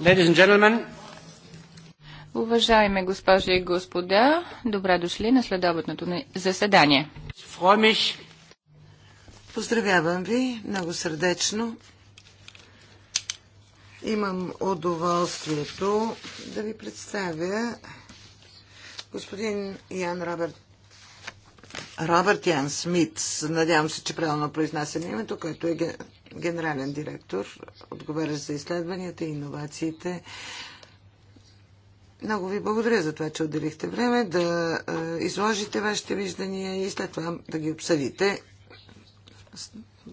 Ladies and gentlemen. Уважаеми госпожи и господа, добре дошли на следобедното ни заседание. Поздравявам ви много сърдечно. Имам удоволствието да ви представя господин Ян Роберт Робърт Ян Смитс, надявам се, че правилно произнасям името, който е генерален директор, отговаря за изследванията и иновациите. Много ви благодаря за това, че отделихте време да е, изложите вашите виждания и след това да ги обсъдите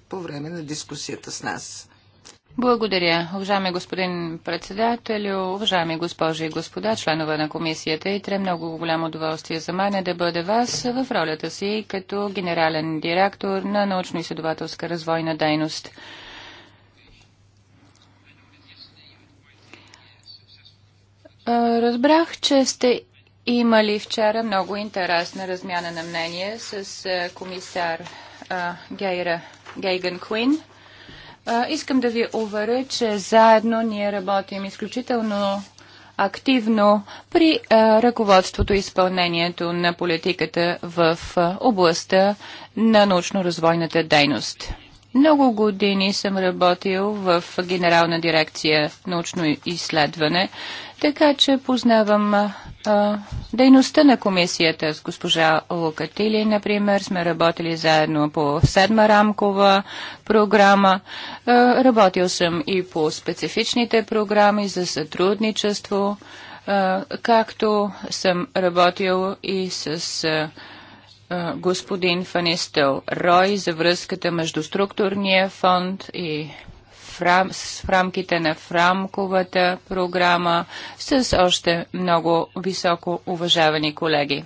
по време на дискусията с нас. Благодаря, уважаеми господин председател, уважаеми госпожи и господа, членове на комисията и тре много голямо удоволствие за мен е да бъде вас в ролята си като генерален директор на научно-изследователска развойна дейност. Разбрах, че сте имали вчера много интересна размяна на мнение с комисар Гейра Гейген Куин. Искам да ви уверя, че заедно ние работим изключително активно при ръководството и изпълнението на политиката в областта на научно-развойната дейност. Много години съм работил в Генерална дирекция научно изследване така че познавам а, дейността на комисията с госпожа Лукатили, например, сме работили заедно по седма рамкова програма. А, работил съм и по специфичните програми за сътрудничество, а, както съм работил и с. А, господин Фанистел Рой за връзката между структурния фонд и в, рам, в рамките на Фрамковата програма с още много високо уважавани колеги.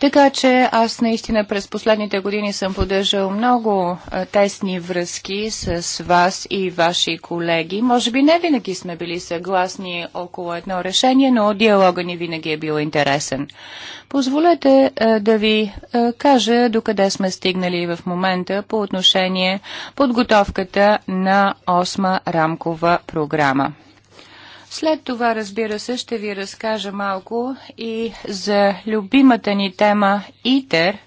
Така че аз наистина през последните години съм поддържал много тесни връзки с вас и ваши колеги. Може би не винаги сме били съгласни около едно решение, но диалога ни винаги е бил интересен. Позволете да ви кажа докъде сме стигнали в момента по отношение подготовката на осма рамкова програма. След това, разбира се, ще ви разкажа малко и за любимата ни тема ИТЕР,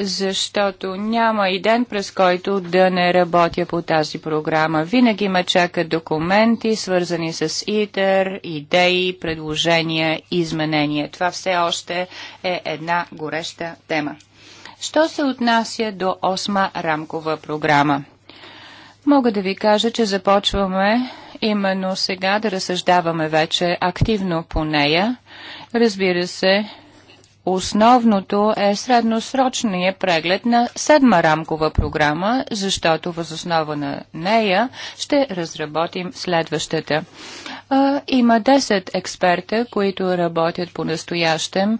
защото няма и ден през който да не работя по тази програма. Винаги ме чакат документи, свързани с ИТЕР, идеи, предложения, изменения. Това все още е една гореща тема. Що се отнася до осма рамкова програма? Мога да ви кажа, че започваме именно сега да разсъждаваме вече активно по нея. Разбира се, Основното е средносрочният преглед на седма рамкова програма, защото възоснова на нея ще разработим следващата. Има 10 експерта, които работят по настоящем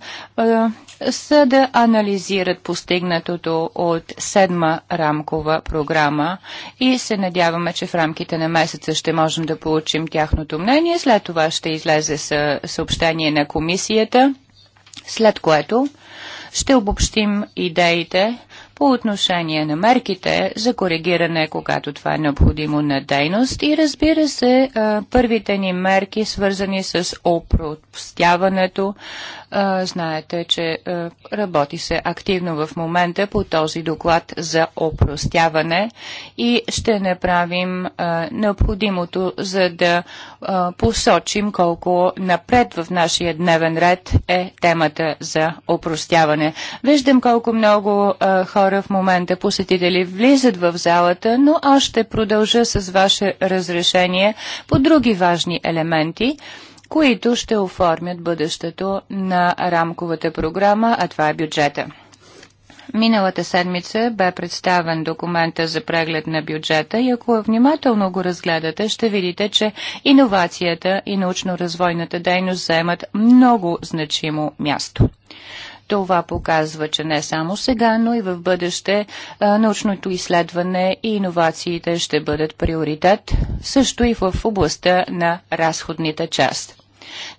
са да анализират постигнатото от седма рамкова програма и се надяваме, че в рамките на месеца ще можем да получим тяхното мнение. След това ще излезе съобщение на комисията, след което ще обобщим идеите по отношение на мерките за коригиране, когато това е необходимо на дейност и разбира се, първите ни мерки, свързани с опростяването, Знаете, че работи се активно в момента по този доклад за опростяване и ще направим необходимото, за да посочим колко напред в нашия дневен ред е темата за опростяване. Виждам колко много хора в момента, посетители, влизат в залата, но аз ще продължа с ваше разрешение по други важни елементи които ще оформят бъдещето на рамковата програма, а това е бюджета. Миналата седмица бе представен документа за преглед на бюджета и ако внимателно го разгледате, ще видите, че иновацията и научно-развойната дейност заемат много значимо място. Това показва, че не само сега, но и в бъдеще научното изследване и иновациите ще бъдат приоритет, също и в областта на разходните част.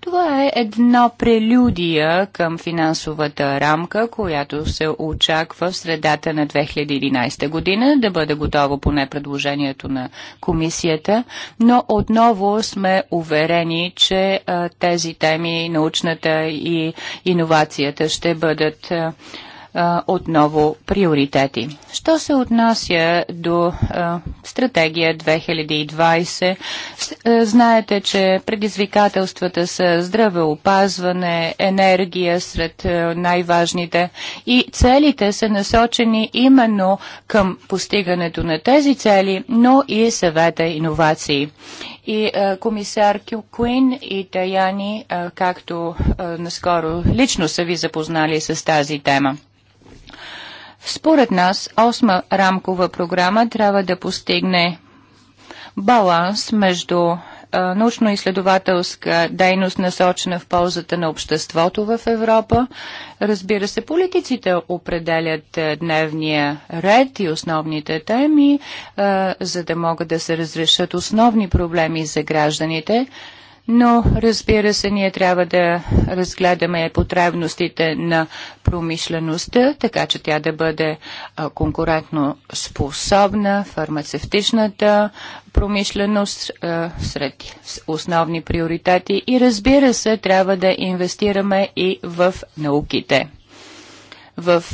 Това е едно прелюдия към финансовата рамка, която се очаква в средата на 2011 година да бъде готово поне предложението на комисията, но отново сме уверени, че тези теми, научната и иновацията ще бъдат а, а, отново приоритети. Що се отнася до а, стратегия 2020, знаете, че предизвикателствата са здравеопазване, енергия сред най-важните и целите са насочени именно към постигането на тези цели, но и съвета иновации. И а, комисар Кюкуин и Таяни, а, както а, наскоро лично са ви запознали с тази тема. Според нас, осма рамкова програма трябва да постигне баланс между научно-изследователска дейност, насочена в ползата на обществото в Европа. Разбира се, политиците определят дневния ред и основните теми, за да могат да се разрешат основни проблеми за гражданите. Но, разбира се, ние трябва да разгледаме потребностите на промишлеността, така че тя да бъде конкурентно способна, фармацевтичната промишленост сред основни приоритети и разбира се, трябва да инвестираме и в науките, в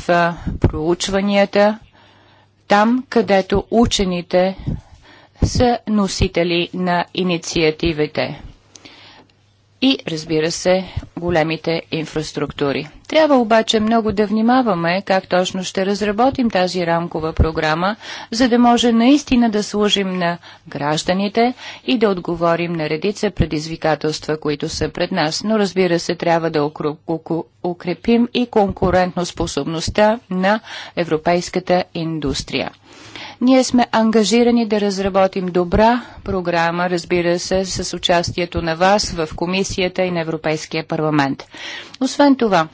проучванията, там където учените са носители на инициативите и, разбира се, големите инфраструктури. Трябва обаче много да внимаваме как точно ще разработим тази рамкова програма, за да може наистина да служим на гражданите и да отговорим на редица предизвикателства, които са пред нас. Но разбира се, трябва да укрепим и конкурентно способността на европейската индустрия. Ние сме ангажирани да разработим добра програма, разбира се, с участието на вас в комисията и на Европейския парламент. Освен това,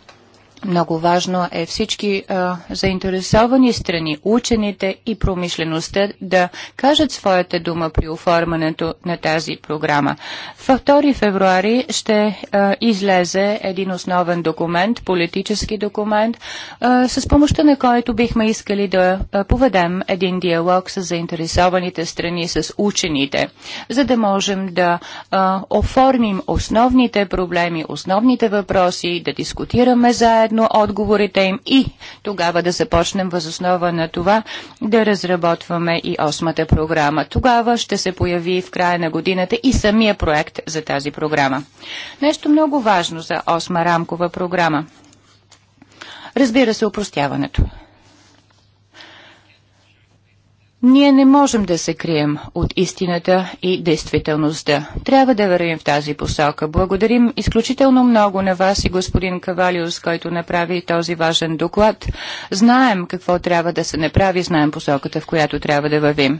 много важно е всички а, заинтересовани страни, учените и промишлеността да кажат своята дума при оформянето на тази програма. Във 2 февруари ще а, излезе един основен документ, политически документ, а, с помощта на който бихме искали да а, поведем един диалог с заинтересованите страни, с учените, за да можем да а, оформим основните проблеми, основните въпроси, да дискутираме заедно съответно отговорите им и тогава да започнем възоснова на това да разработваме и осмата програма. Тогава ще се появи в края на годината и самия проект за тази програма. Нещо много важно за осма рамкова програма. Разбира се, упростяването. Ние не можем да се крием от истината и действителността. Трябва да вървим в тази посока. Благодарим изключително много на вас и господин Кавалиус, който направи този важен доклад. Знаем какво трябва да се направи, знаем посоката, в която трябва да вървим.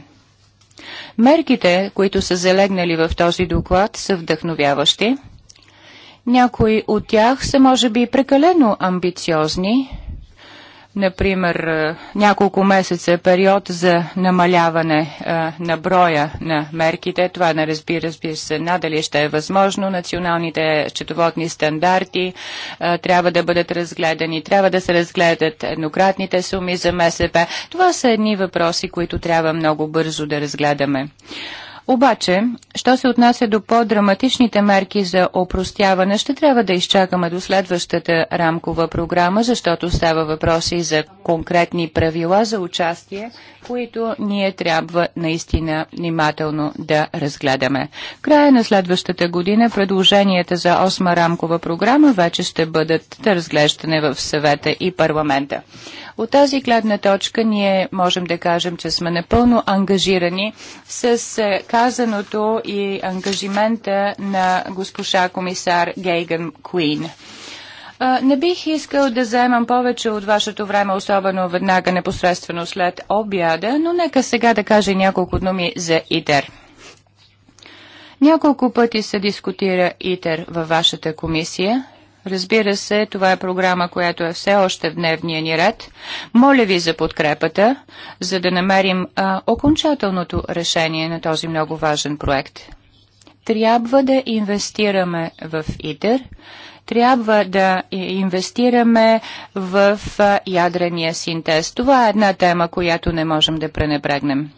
Мерките, които са залегнали в този доклад, са вдъхновяващи. Някои от тях са може би прекалено амбициозни, например, е, няколко месеца е период за намаляване е, на броя на мерките. Това не разбира, разбира се надали ще е възможно. Националните счетоводни стандарти трябва да бъдат разгледани, трябва да се разгледат еднократните суми за МСП. Това са едни въпроси, които трябва много бързо да разгледаме. Обаче, що се отнася до по-драматичните мерки за опростяване, ще трябва да изчакаме до следващата рамкова програма, защото става въпроси за конкретни правила за участие, които ние трябва наистина внимателно да разгледаме. Края на следващата година предложенията за осма рамкова програма вече ще бъдат да разглеждане в съвета и парламента. От тази гледна точка ние можем да кажем, че сме напълно ангажирани с е, казаното и ангажимента на госпожа комисар Гейган Куин. Не бих искал да заемам повече от вашето време, особено веднага непосредствено след обяда, но нека сега да кажа няколко думи за ИТЕР. Няколко пъти се дискутира ИТЕР във вашата комисия Разбира се, това е програма, която е все още в дневния ни ред. Моля ви за подкрепата, за да намерим а, окончателното решение на този много важен проект. Трябва да инвестираме в ИТЕР, трябва да инвестираме в ядрения синтез. Това е една тема, която не можем да пренебрегнем.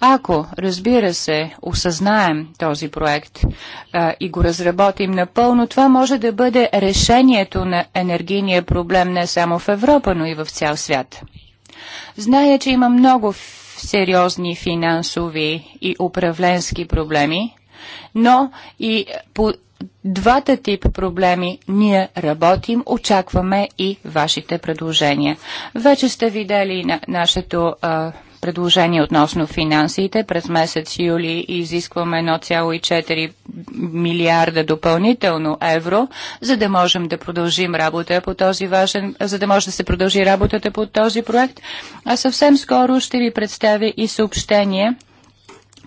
Ако, разбира се, осъзнаем този проект а, и го разработим напълно, това може да бъде решението на енергийния проблем не само в Европа, но и в цял свят. Зная, че има много сериозни финансови и управленски проблеми, но и по двата типа проблеми ние работим, очакваме и вашите предложения. Вече сте видели на нашето а, предложение относно финансите. През месец юли изискваме 1,4 милиарда допълнително евро, за да можем да продължим работа по този важен, за да може да се продължи работата по този проект. А съвсем скоро ще ви представя и съобщение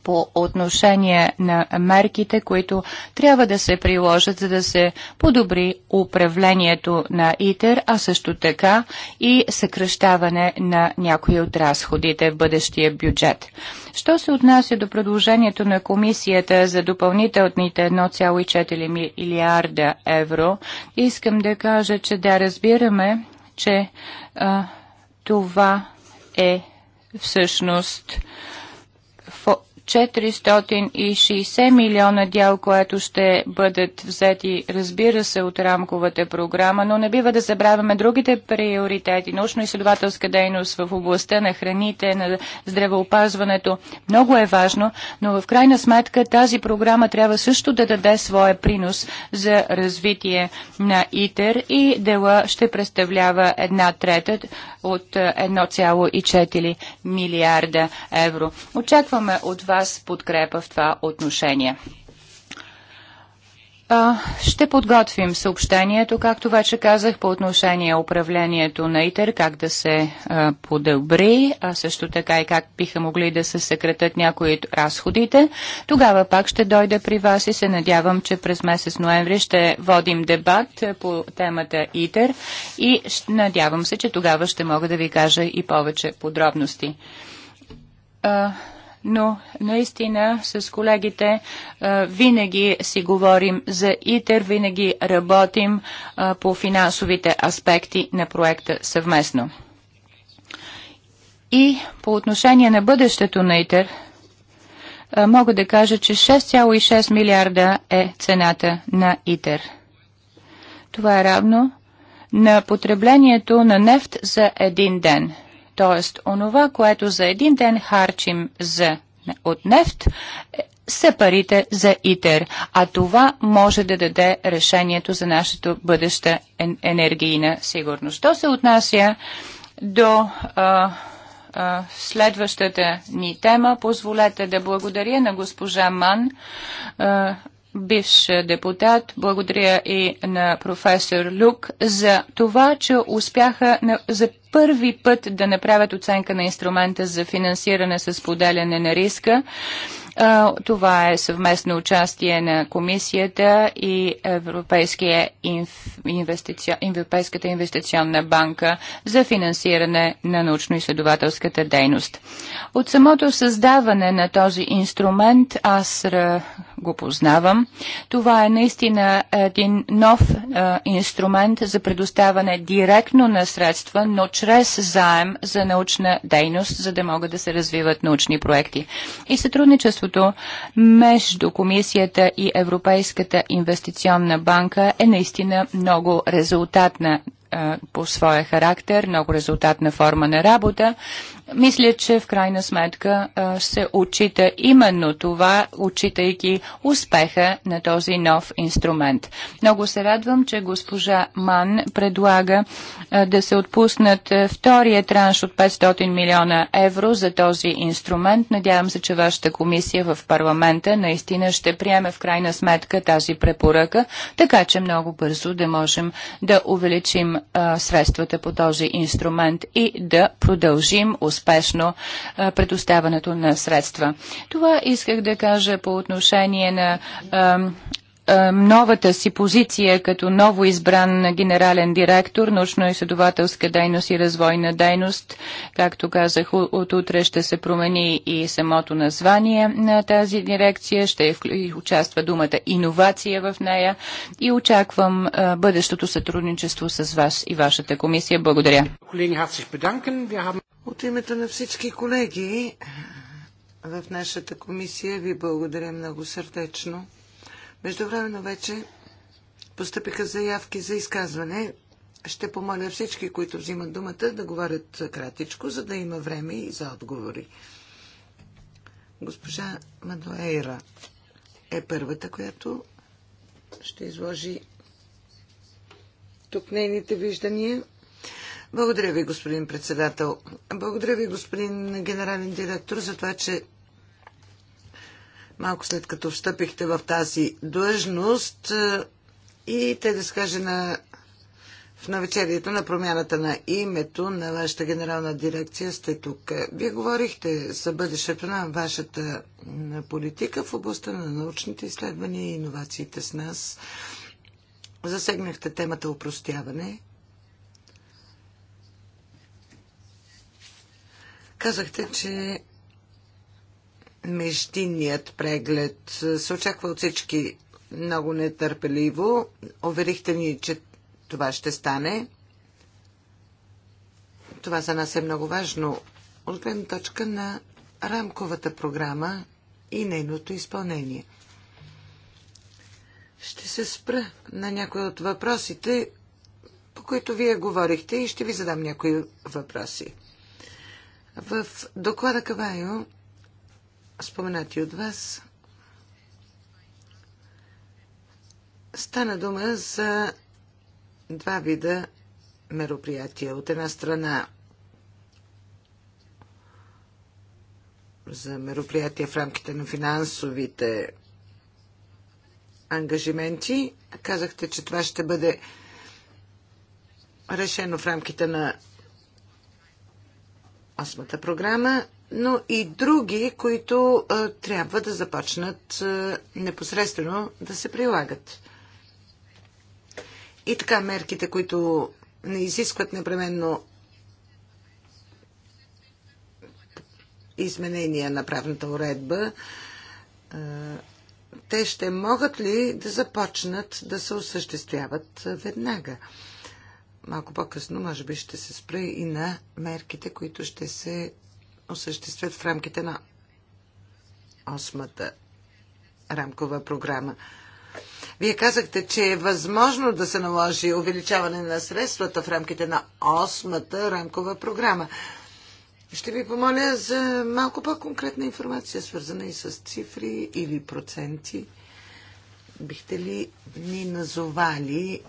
по отношение на мерките, които трябва да се приложат, за да се подобри управлението на ИТЕР, а също така и съкръщаване на някои от разходите в бъдещия бюджет. Що се отнася до предложението на комисията за допълнителните 1,4 милиарда евро, искам да кажа, че да разбираме, че а, това е всъщност 460 милиона дял, което ще бъдат взети, разбира се, от рамковата програма, но не бива да забравяме другите приоритети. Научно-изследователска дейност в областта на храните, на здравеопазването. Много е важно, но в крайна сметка тази програма трябва също да даде своя принос за развитие на ИТЕР и дела ще представлява една трета от 1,4 е, милиарда евро. Очакваме от вас вас подкрепа в това отношение. Ще подготвим съобщението, както вече казах, по отношение управлението на ИТЕР, как да се подобри, а също така и как биха могли да се съкратят някои от разходите. Тогава пак ще дойда при вас и се надявам, че през месец ноември ще водим дебат по темата ИТЕР и надявам се, че тогава ще мога да ви кажа и повече подробности но наистина с колегите винаги си говорим за ИТЕР, винаги работим по финансовите аспекти на проекта съвместно. И по отношение на бъдещето на ИТЕР, мога да кажа, че 6,6 милиарда е цената на ИТЕР. Това е равно на потреблението на нефт за един ден – т.е., онова, което за един ден харчим за, от нефт, е, са парите за ИТЕР, а това може да даде решението за нашето бъдеща енергийна сигурност. Що се отнася до а, а, следващата ни тема, позволете да благодаря на госпожа Ман, а, бивш депутат, благодаря и на професор Люк за това, че успяха за първи път да направят оценка на инструмента за финансиране с поделяне на риска това е съвместно участие на комисията и Европейския инвестици... Европейската инвестиционна банка за финансиране на научно-изследователската дейност. От самото създаване на този инструмент аз го познавам. Това е наистина един нов а, инструмент за предоставане директно на средства, но чрез заем за научна дейност, за да могат да се развиват научни проекти. И сътрудничеството партньорството между Комисията и Европейската инвестиционна банка е наистина много резултатна по своя характер, много резултатна форма на работа мисля, че в крайна сметка се отчита именно това, отчитайки успеха на този нов инструмент. Много се радвам, че госпожа Ман предлага да се отпуснат втория транш от 500 милиона евро за този инструмент. Надявам се, че вашата комисия в парламента наистина ще приеме в крайна сметка тази препоръка, така че много бързо да можем да увеличим средствата по този инструмент и да продължим успеха успешно предоставянето на средства. Това исках да кажа по отношение на е, новата си позиция като ново избран генерален директор научно-изследователска дейност и развойна дейност. Както казах, от утре ще се промени и самото название на тази дирекция. Ще участва думата иновация в нея и очаквам е, бъдещото сътрудничество с вас и вашата комисия. Благодаря. От името на всички колеги е, в нашата комисия ви благодаря много сърдечно. Междувременно вече постъпиха заявки за изказване. Ще помоля всички, които взимат думата, да говорят кратичко, за да има време и за отговори. Госпожа Мадуейра е първата, която ще изложи тук нейните виждания. Благодаря ви, господин председател. Благодаря ви, господин генерален директор, за това, че малко след като встъпихте в тази длъжност е, и те да скаже на в навечерието на промяната на името на вашата генерална дирекция сте тук. Е, вие говорихте за бъдещето на вашата политика в областта на научните изследвания и иновациите с нас. Засегнахте темата упростяване. Казахте, че междинният преглед се очаква от всички много нетърпеливо. Уверихте ни, че това ще стане. Това за нас е много важно от гледна точка на рамковата програма и нейното изпълнение. Ще се спра на някои от въпросите, по които вие говорихте и ще ви задам някои въпроси. В доклада Кавайо споменати от вас, стана дума за два вида мероприятия. От една страна за мероприятия в рамките на финансовите ангажименти. Казахте, че това ще бъде решено в рамките на осмата програма, но и други, които а, трябва да започнат а, непосредствено да се прилагат. И така, мерките, които не изискват непременно изменения на правната уредба, а, те ще могат ли да започнат да се осъществяват веднага? малко по-късно, може би, ще се спра и на мерките, които ще се осъществят в рамките на осмата рамкова програма. Вие казахте, че е възможно да се наложи увеличаване на средствата в рамките на осмата рамкова програма. Ще ви помоля за малко по-конкретна информация, свързана и с цифри или проценти. Бихте ли ни назовали е,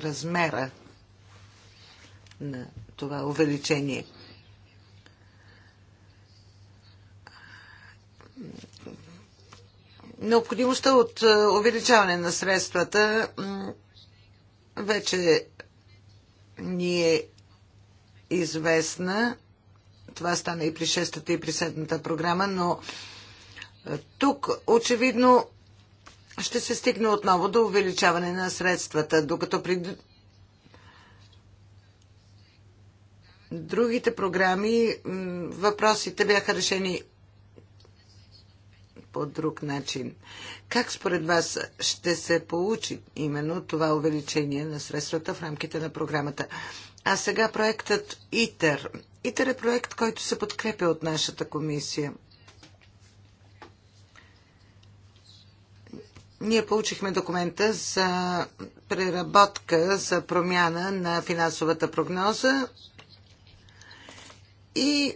размера на това увеличение. Необходимостта от е, увеличаване на средствата вече ни е известна. Това стана и при шестата и при седмата програма, но е, тук очевидно ще се стигне отново до увеличаване на средствата, докато при другите програми въпросите бяха решени по друг начин. Как според вас ще се получи именно това увеличение на средствата в рамките на програмата? А сега проектът ИТЕР. ИТЕР е проект, който се подкрепя от нашата комисия. Ние получихме документа за преработка, за промяна на финансовата прогноза и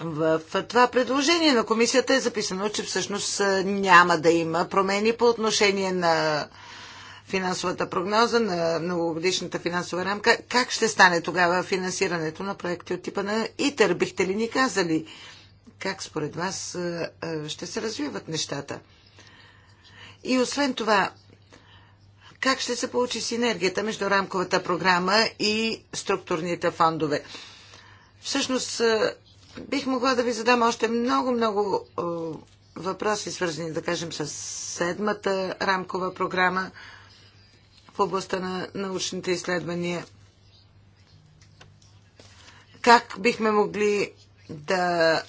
в това предложение на комисията е записано, че всъщност няма да има промени по отношение на финансовата прогноза, на многогодишната финансова рамка. Как ще стане тогава финансирането на проекти от типа на ИТЕР? Бихте ли ни казали как според вас ще се развиват нещата? И освен това, как ще се получи синергията между рамковата програма и структурните фондове? Всъщност, е, бих могла да ви задам още много-много е, въпроси, свързани, да кажем, с седмата рамкова програма в областта на научните изследвания. Как бихме могли да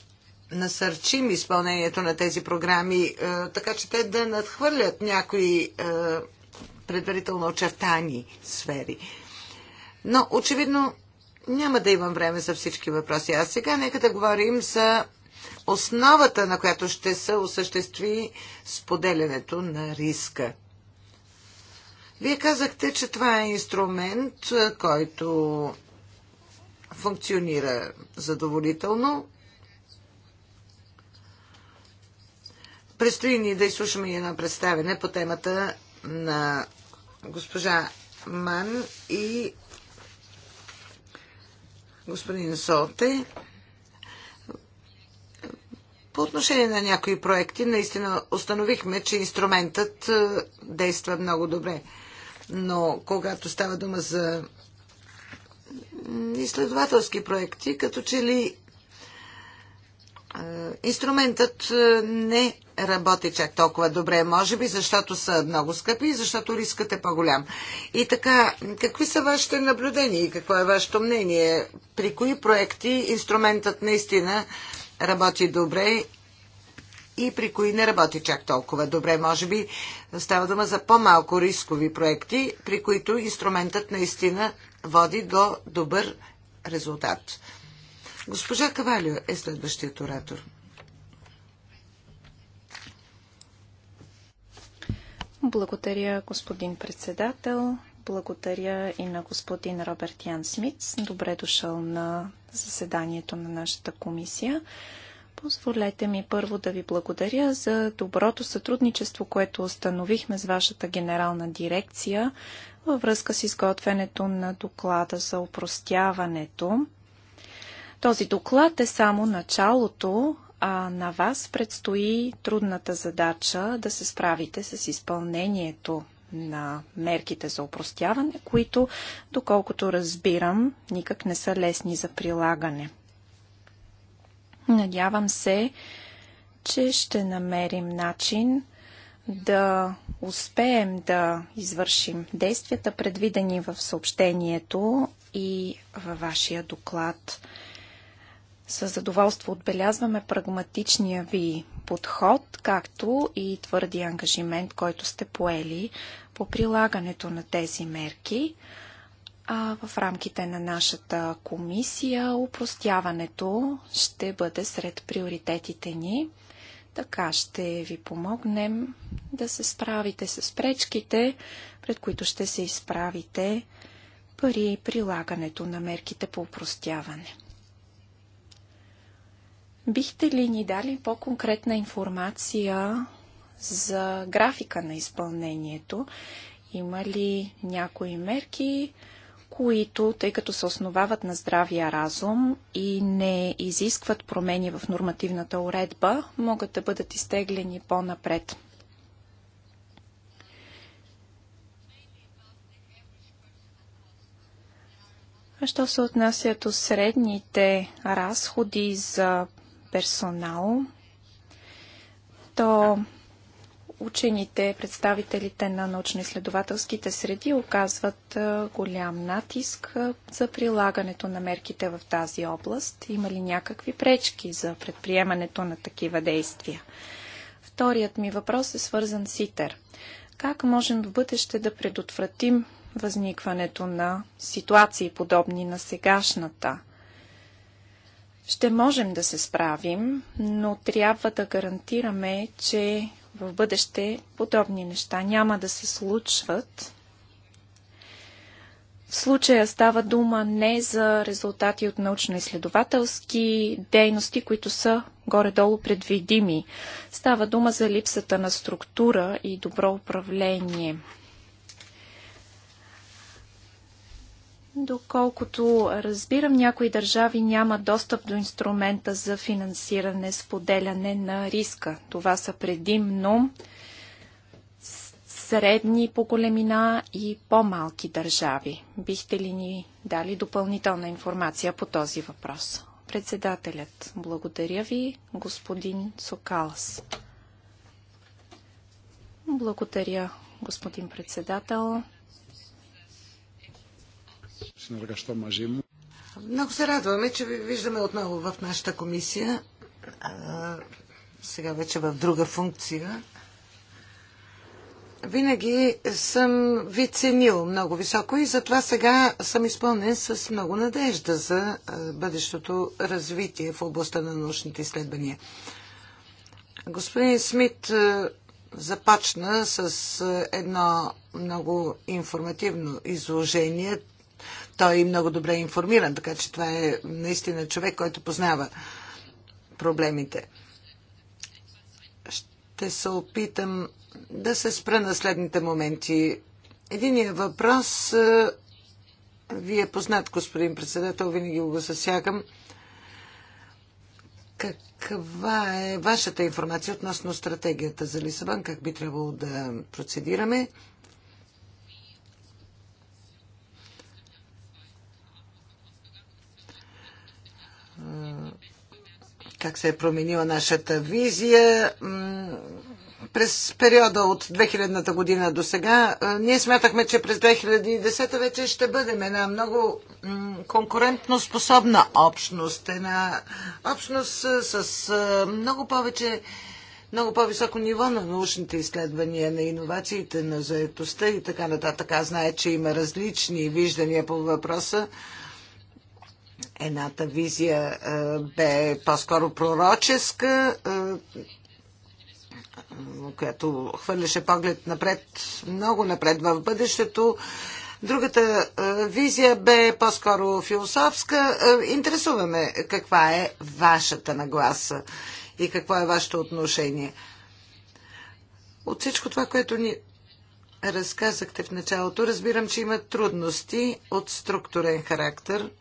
насърчим изпълнението на тези програми, е, така че те да надхвърлят някои предварително очертани сфери. Но очевидно няма да имам време за всички въпроси. А сега нека да говорим за основата, на която ще се осъществи споделянето на риска. Вие казахте, че това е инструмент, който функционира задоволително. Предстои ни да изслушаме и едно представене по темата на госпожа Ман и господин Солте. По отношение на някои проекти, наистина установихме, че инструментът е, действа много добре. Но когато става дума за изследователски проекти, като че ли инструментът не работи чак толкова добре, може би, защото са много скъпи и защото рискът е по-голям. И така, какви са вашите наблюдения и какво е вашето мнение? При кои проекти инструментът наистина работи добре и при кои не работи чак толкова добре? Може би става дума за по-малко рискови проекти, при които инструментът наистина води до добър резултат. Госпожа Кавалио е следващият оратор. Благодаря, господин председател. Благодаря и на господин Роберт Ян Смитс. Добре дошъл на заседанието на нашата комисия. Позволете ми първо да ви благодаря за доброто сътрудничество, което установихме с вашата генерална дирекция във връзка с изготвянето на доклада за упростяването. Този доклад е само началото, а на вас предстои трудната задача да се справите с изпълнението на мерките за упростяване, които, доколкото разбирам, никак не са лесни за прилагане. Надявам се, че ще намерим начин да успеем да извършим действията, предвидени в съобщението и във вашия доклад. С задоволство отбелязваме прагматичния ви подход, както и твърди ангажимент, който сте поели по прилагането на тези мерки. А в рамките на нашата комисия упростяването ще бъде сред приоритетите ни. Така ще ви помогнем да се справите с пречките, пред които ще се изправите при прилагането на мерките по упростяване. Бихте ли ни дали по-конкретна информация за графика на изпълнението? Има ли някои мерки, които, тъй като се основават на здравия разум и не изискват промени в нормативната уредба, могат да бъдат изтеглени по-напред? А що се отнася до средните разходи за персонал, то учените, представителите на научно-изследователските среди оказват голям натиск за прилагането на мерките в тази област. Има ли някакви пречки за предприемането на такива действия? Вторият ми въпрос е свързан с ИТЕР. Как можем в бъдеще да предотвратим възникването на ситуации подобни на сегашната – ще можем да се справим, но трябва да гарантираме, че в бъдеще подобни неща няма да се случват. В случая става дума не за резултати от научно-изследователски дейности, които са горе-долу предвидими. Става дума за липсата на структура и добро управление – Доколкото разбирам, някои държави няма достъп до инструмента за финансиране, споделяне на риска. Това са предимно средни по големина и по-малки държави. Бихте ли ни дали допълнителна информация по този въпрос? Председателят, благодаря ви, господин Сокалас. Благодаря, господин председател. Много се радваме, че ви виждаме отново в нашата комисия. А, сега вече в друга функция. Винаги съм ви ценил много високо и затова сега съм изпълнен с много надежда за бъдещото развитие в областта на научните изследвания. Господин Смит започна с едно много информативно изложение. Той е много добре информиран, така че това е наистина човек, който познава проблемите. Ще се опитам да се спра на следните моменти. Единият въпрос, е, вие е познат, господин председател, винаги го засягам. Каква е вашата информация относно стратегията за Лисабон? Как би трябвало да процедираме? как се е променила нашата визия. През периода от 2000-та година до сега, ние смятахме, че през 2010 вече ще бъдем една много конкурентно способна общност, една общност с много повече много по-високо ниво на научните изследвания, на иновациите, на заетостта и така нататък. Аз знае, че има различни виждания по въпроса. Едната визия бе по-скоро пророческа, която хвърляше поглед напред, много напред в бъдещето. Другата визия бе по-скоро философска. Интересуваме каква е вашата нагласа и какво е вашето отношение. От всичко това, което ни разказахте в началото, разбирам, че има трудности от структурен характер –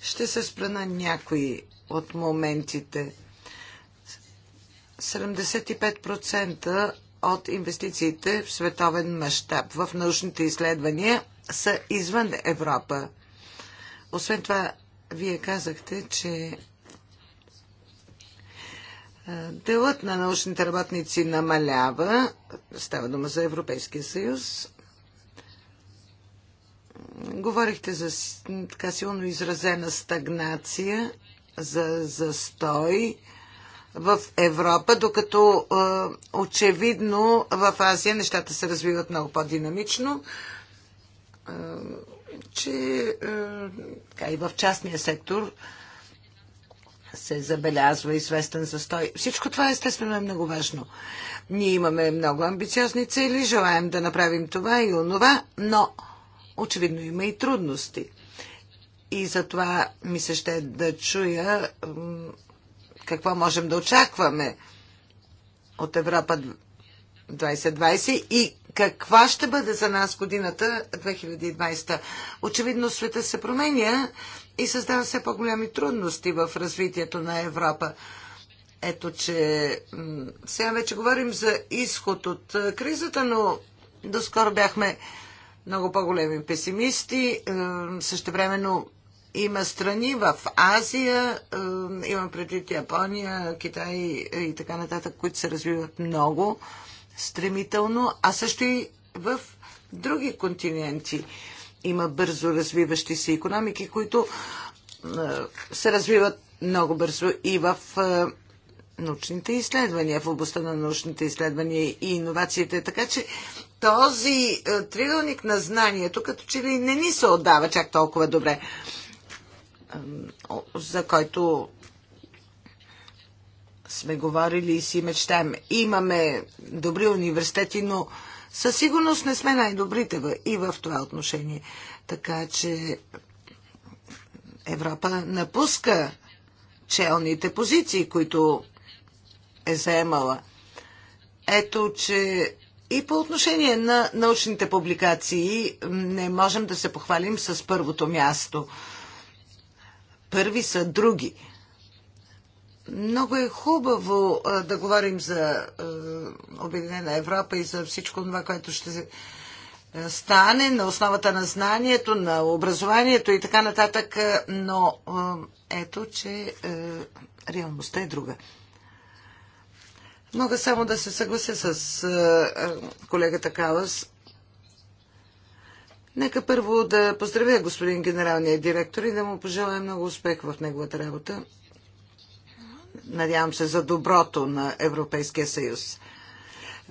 ще се спра на някои от моментите. 75% от инвестициите в световен мащаб в научните изследвания са извън Европа. Освен това, вие казахте, че делът на научните работници намалява. Става дума за Европейския съюз. Говорихте за така силно изразена стагнация, за застой в Европа, докато е, очевидно в Азия нещата се развиват много по-динамично, е, че е, така и в частния сектор се забелязва известен застой. Всичко това естествено е много важно. Ние имаме много амбициозни цели, желаем да направим това и онова, но очевидно има и трудности. И затова ми се ще да чуя какво можем да очакваме от Европа 2020 и каква ще бъде за нас годината 2020. Очевидно света се променя и създава все по-големи трудности в развитието на Европа. Ето, че сега вече говорим за изход от кризата, но доскоро бяхме много по-големи песимисти. Е, също времено има страни в Азия, е, имам предвид Япония, Китай и така нататък, които се развиват много стремително, а също и в други континенти има бързо развиващи се економики, които е, се развиват много бързо и в научните изследвания, в областта на научните изследвания и иновациите. Така че този е, триъгълник на знанието като че ли не ни се отдава чак толкова добре, за който сме говорили и си мечтаем. Имаме добри университети, но със сигурност не сме най-добрите и в това отношение. Така че Европа напуска челните позиции, които е заемала. Ето, че и по отношение на научните публикации не можем да се похвалим с първото място. Първи са други. Много е хубаво да говорим за Обединена Европа и за всичко това, което ще се стане на основата на знанието, на образованието и така нататък, но ето, че реалността е друга. Мога само да се съглася с колегата Калас. Нека първо да поздравя господин генералния директор и да му пожелая много успех в неговата работа. Надявам се за доброто на Европейския съюз.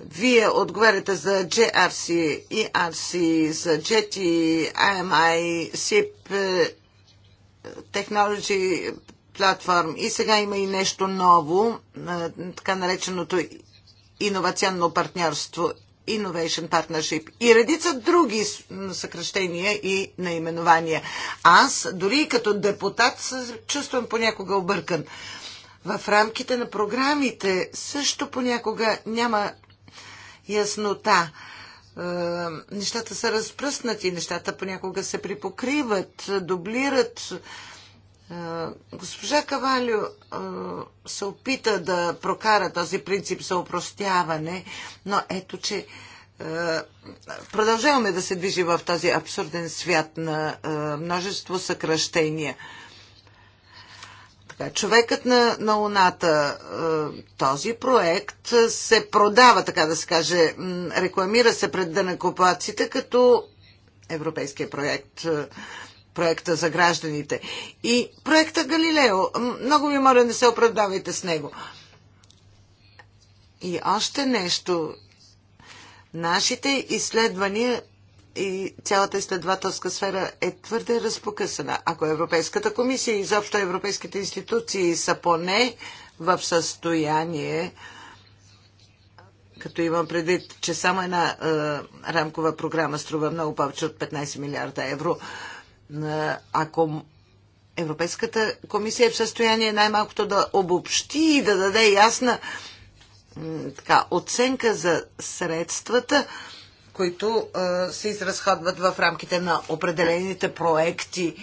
Вие отговаряте за JRC, ERC, за JETI, IMI, SIP, Technology платформ. И сега има и нещо ново, е, така нареченото иновационно партньорство, Innovation Partnership и редица други съкръщения и наименования. Аз, дори и като депутат, се чувствам понякога объркан. В рамките на програмите също понякога няма яснота. Е, нещата са разпръснати, нещата понякога се припокриват, дублират. Госпожа Кавалю се опита да прокара този принцип за упростяване, но ето, че продължаваме да се движи в този абсурден свят на множество съкръщения. Така, човекът на, на Луната, този проект се продава, така да се каже, рекламира се пред дънакопаците като европейския проект проекта за гражданите. И проекта Галилео, много ви моля, не се оправдавайте с него. И още нещо. Нашите изследвания и цялата изследователска сфера е твърде разпокъсана. Ако Европейската комисия и изобщо европейските институции са поне в състояние, като имам предвид, че само една е, рамкова програма струва много повече от 15 милиарда евро, е, ако Европейската комисия е в състояние най-малкото да обобщи и да даде ясна така, оценка за средствата, които а, се изразходват в рамките на определените проекти.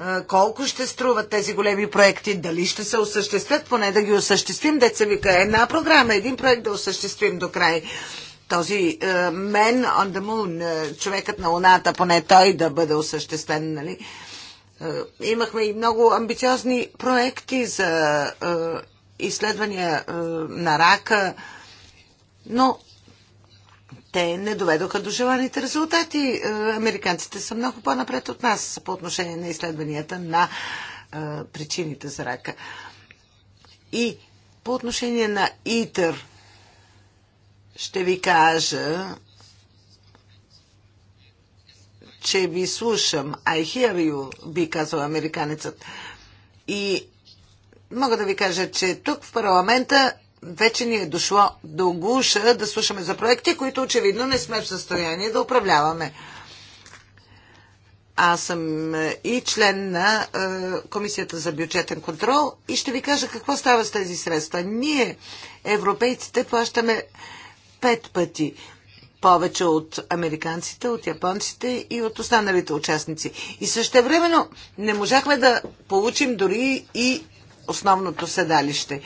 А, колко ще струват тези големи проекти, дали ще се осъществят, поне да ги осъществим, деца вика една програма, един проект да осъществим до край. А, този мен on the moon, е, човекът на луната, поне той да бъде осъществен, нали? Е, имахме и много амбициозни проекти за е, изследвания на рака, но те не доведоха до желаните резултати. Американците са много по-напред от нас по отношение на изследванията на причините за рака. И по отношение на ИТЕР, ще ви кажа, че ви слушам. I hear you, би казал американецът. И мога да ви кажа, че тук в парламента вече ни е дошло до гуша да слушаме за проекти, които очевидно не сме в състояние да управляваме. Аз съм и член на е, Комисията за бюджетен контрол и ще ви кажа какво става с тези средства. Ние, европейците, плащаме пет пъти повече от американците, от японците и от останалите участници. И също времено не можахме да получим дори и основното седалище.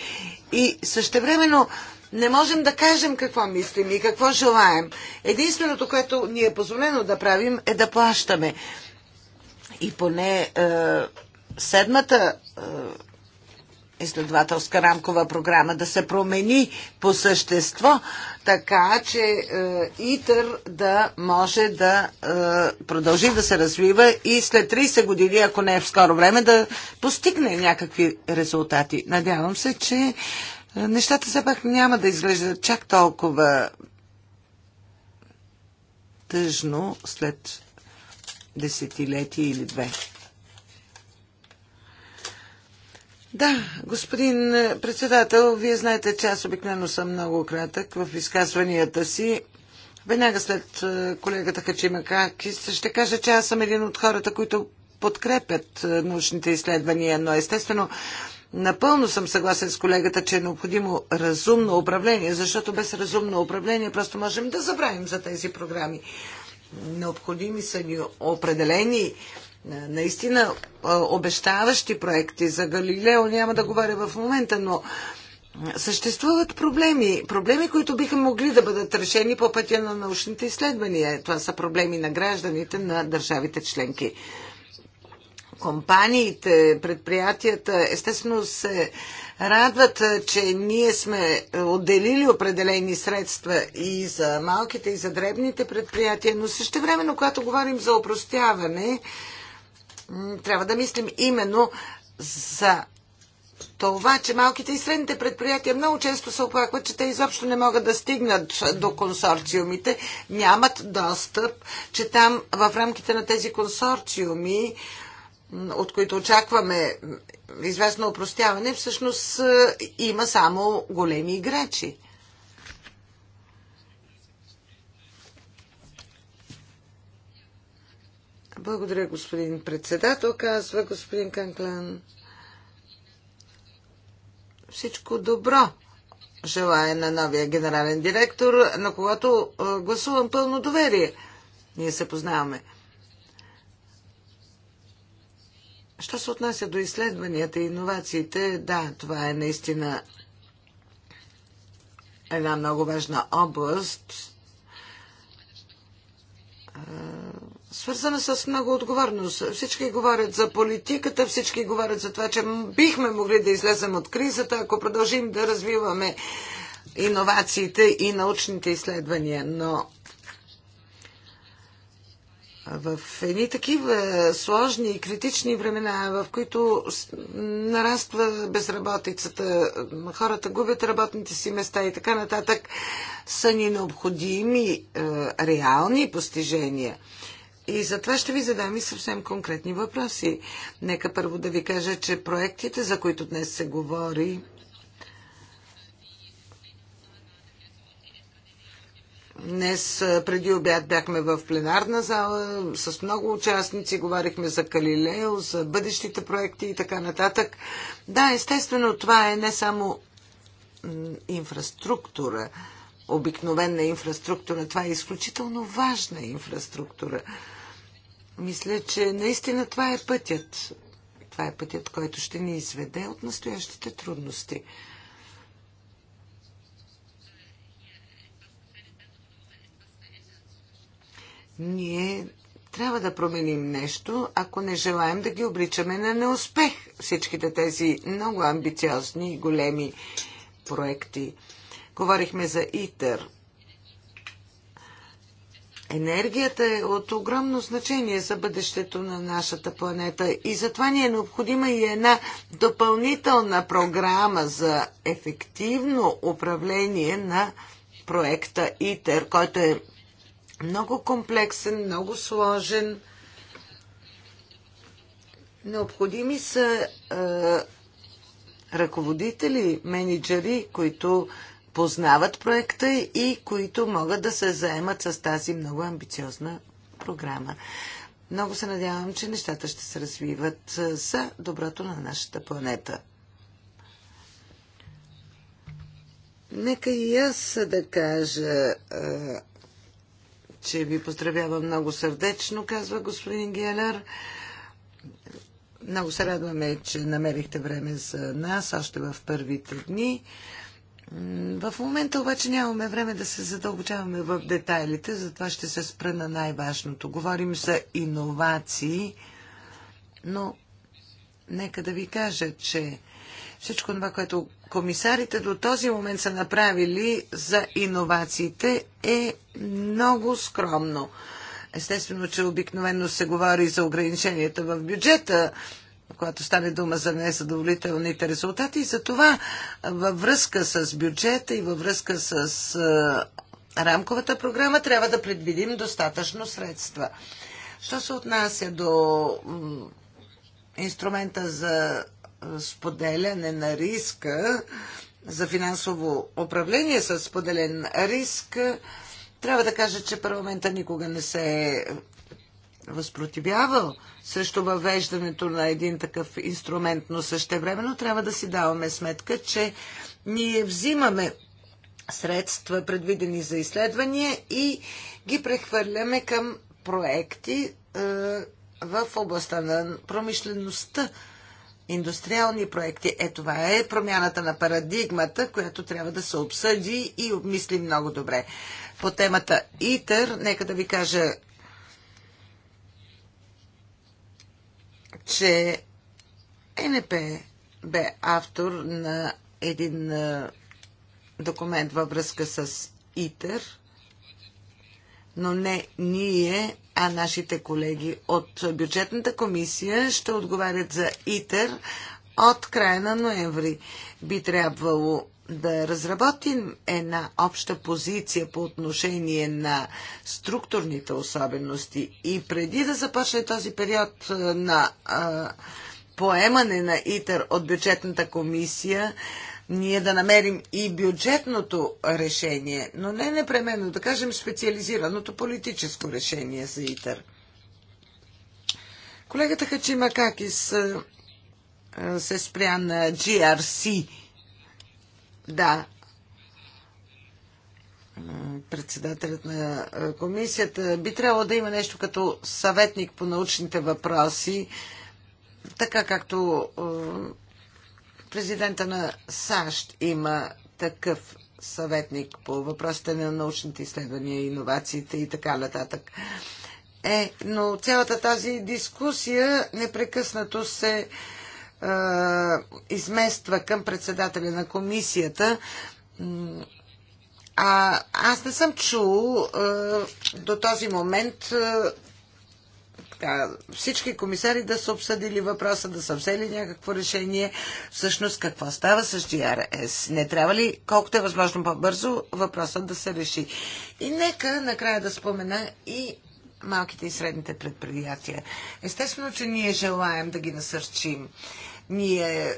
И също времено не можем да кажем какво мислим и какво желаем. Единственото, което ни е позволено да правим, е да плащаме. И поне е, седмата е, изследователска рамкова програма да се промени по същество, така че е, ИТър да може да е, продължи да се развива и след 30 години, ако не е в скоро време, да постигне някакви резултати. Надявам се, че е, нещата все пак няма да изглеждат чак толкова тъжно след десетилетие или две. Да, господин председател, вие знаете, че аз обикновено съм много кратък в изказванията си. Веднага след е, колегата Хачима ще кажа, че аз съм един от хората, които подкрепят е, научните изследвания, но естествено Напълно съм съгласен с колегата, че е необходимо разумно управление, защото без разумно управление просто можем да забравим за тези програми. Необходими са ни определени е, наистина е, обещаващи проекти за Галилео, няма да говоря в момента, но Съществуват проблеми. Проблеми, които биха могли да бъдат решени по пътя на научните изследвания. Е, това са проблеми на гражданите на държавите членки. Компаниите, предприятията, естествено се радват, че ние сме отделили определени средства и за малките, и за дребните предприятия, но също времено, когато говорим за опростяване, трябва да мислим именно за това, че малките и средните предприятия много често се оплакват, че те изобщо не могат да стигнат до консорциумите, нямат достъп, че там в рамките на тези консорциуми, от които очакваме известно упростяване, всъщност е, има само големи играчи. Благодаря, господин председател, казва господин Канклан. Всичко добро желая на новия генерален директор, на когато гласувам пълно доверие. Ние се познаваме. Що се отнася до изследванията и иновациите, да, това е наистина една много важна област свързана с много отговорност. Всички говорят за политиката, всички говорят за това, че бихме могли да излезем от кризата, ако продължим да развиваме иновациите и научните изследвания. Но в едни такива сложни и критични времена, в които нараства безработицата, хората губят работните си места и така нататък, са ни необходими е, реални постижения – и затова ще ви задам и съвсем конкретни въпроси. Нека първо да ви кажа, че проектите, за които днес се говори, Днес преди обяд бяхме в пленарна зала с много участници, говорихме за Калилео, за бъдещите проекти и така нататък. Да, естествено, това е не само инфраструктура, обикновена инфраструктура, това е изключително важна инфраструктура. Мисля, че наистина това е пътят. Това е пътят, който ще ни изведе от настоящите трудности. Ние трябва да променим нещо, ако не желаем да ги обличаме на неуспех всичките тези много амбициозни и големи проекти. Говорихме за ИТЕР – Енергията е от огромно значение за бъдещето на нашата планета и затова ни е необходима и една допълнителна програма за ефективно управление на проекта ИТЕР, който е много комплексен, много сложен. Необходими са е, ръководители, менеджери, които познават проекта и които могат да се заемат с тази много амбициозна програма. Много се надявам, че нещата ще се развиват за доброто на нашата планета. Нека и аз да кажа, че ви поздравявам много сърдечно, казва господин Гелер. Много се радваме, че намерихте време за нас още в първите дни. В момента обаче нямаме време да се задълбочаваме в детайлите, затова ще се спра на най-важното. Говорим за иновации, но нека да ви кажа, че всичко това, което комисарите до този момент са направили за иновациите е много скромно. Естествено, че обикновено се говори за ограниченията в бюджета когато стане дума за незадоволителните резултати. И за това във връзка с бюджета и във връзка с рамковата програма трябва да предвидим достатъчно средства. Що се отнася до инструмента за споделяне на риска, за финансово управление с споделен риск, трябва да кажа, че парламента никога не се е възпротивявал срещу въвеждането на един такъв инструмент, но същевременно трябва да си даваме сметка, че ние взимаме средства, предвидени за изследвания и ги прехвърляме към проекти е, в областта на промишлеността, индустриални проекти. Е, това е промяната на парадигмата, която трябва да се обсъди и обмисли много добре. По темата ИТЕР, нека да ви кажа че е НП бе автор на един документ във връзка с ИТЕР, но не ние, а нашите колеги от бюджетната комисия ще отговарят за ИТЕР от края на ноември. Би трябвало да разработим една обща позиция по отношение на структурните особености и преди да започне този период на а, поемане на ИТЕР от бюджетната комисия, ние да намерим и бюджетното решение, но не непременно, да кажем специализираното политическо решение за ИТЕР. Колегата Хачима Какис се спря на GRC да. Председателят на комисията би трябвало да има нещо като съветник по научните въпроси, така както президента на САЩ има такъв съветник по въпросите на научните изследвания, иновациите и така нататък. Е, но цялата тази дискусия непрекъснато се измества към председателя на комисията. А, аз не съм чул а, до този момент а, така, всички комисари да са обсъдили въпроса, да са взели някакво решение. Всъщност какво става с GRS? Не трябва ли колкото е възможно по-бързо въпросът да се реши? И нека накрая да спомена и малките и средните предприятия. Естествено, че ние желаем да ги насърчим. Ние е,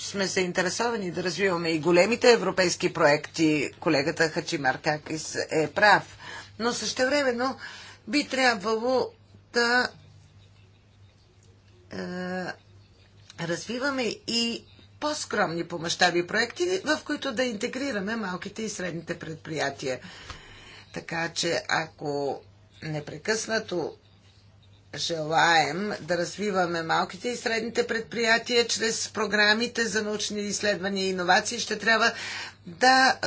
сме заинтересовани да развиваме и големите европейски проекти. Колегата Хачимар Какис е прав. Но същевременно би трябвало да е, развиваме и по-скромни по мащаби проекти, в които да интегрираме малките и средните предприятия. Така че ако непрекъснато желаем да развиваме малките и средните предприятия чрез програмите за научни изследвания и иновации, ще трябва да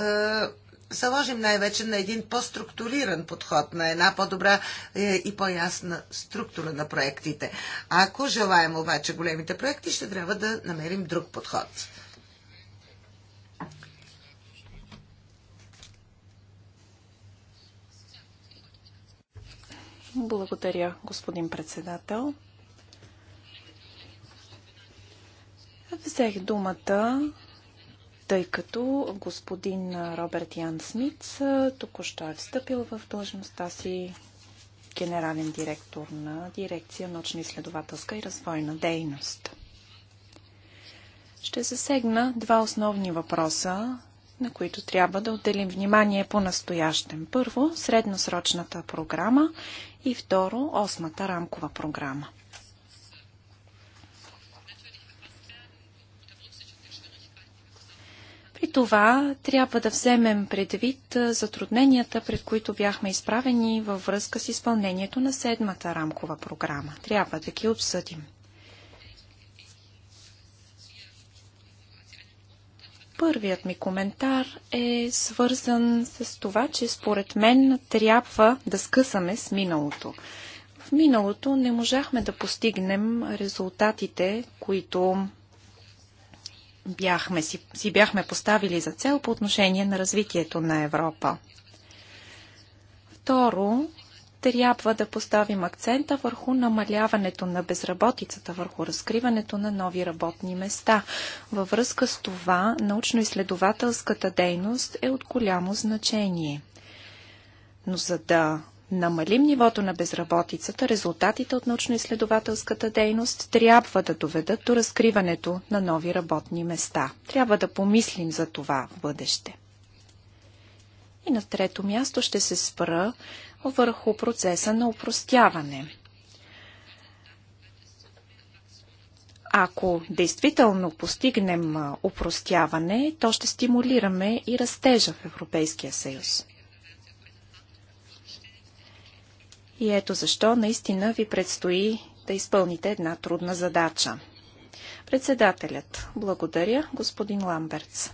е, заложим най-вече на един по-структуриран подход, на една по-добра е, и по-ясна структура на проектите. Ако желаем обаче големите проекти, ще трябва да намерим друг подход. Благодаря, господин председател. Взех думата, тъй като господин Роберт Ян Смитс току-що е встъпил в длъжността си генерален директор на дирекция научно-изследователска и развойна дейност. Ще засегна два основни въпроса, на които трябва да отделим внимание по-настоящем. Първо, средносрочната програма и второ, осмата рамкова програма. При това трябва да вземем предвид затрудненията, пред които бяхме изправени във връзка с изпълнението на седмата рамкова програма. Трябва да ги обсъдим. Първият ми коментар е свързан с това, че според мен трябва да скъсаме с миналото. В миналото не можахме да постигнем резултатите, които бяхме, си, си бяхме поставили за цел по отношение на развитието на Европа. Второ, трябва да поставим акцента върху намаляването на безработицата, върху разкриването на нови работни места. Във връзка с това, научно-изследователската дейност е от голямо значение. Но за да намалим нивото на безработицата, резултатите от научно-изследователската дейност трябва да доведат до разкриването на нови работни места. Трябва да помислим за това в бъдеще. И на трето място ще се спра върху процеса на упростяване. Ако действително постигнем упростяване, то ще стимулираме и растежа в Европейския съюз. И ето защо наистина ви предстои да изпълните една трудна задача. Председателят, благодаря, господин Ламберц.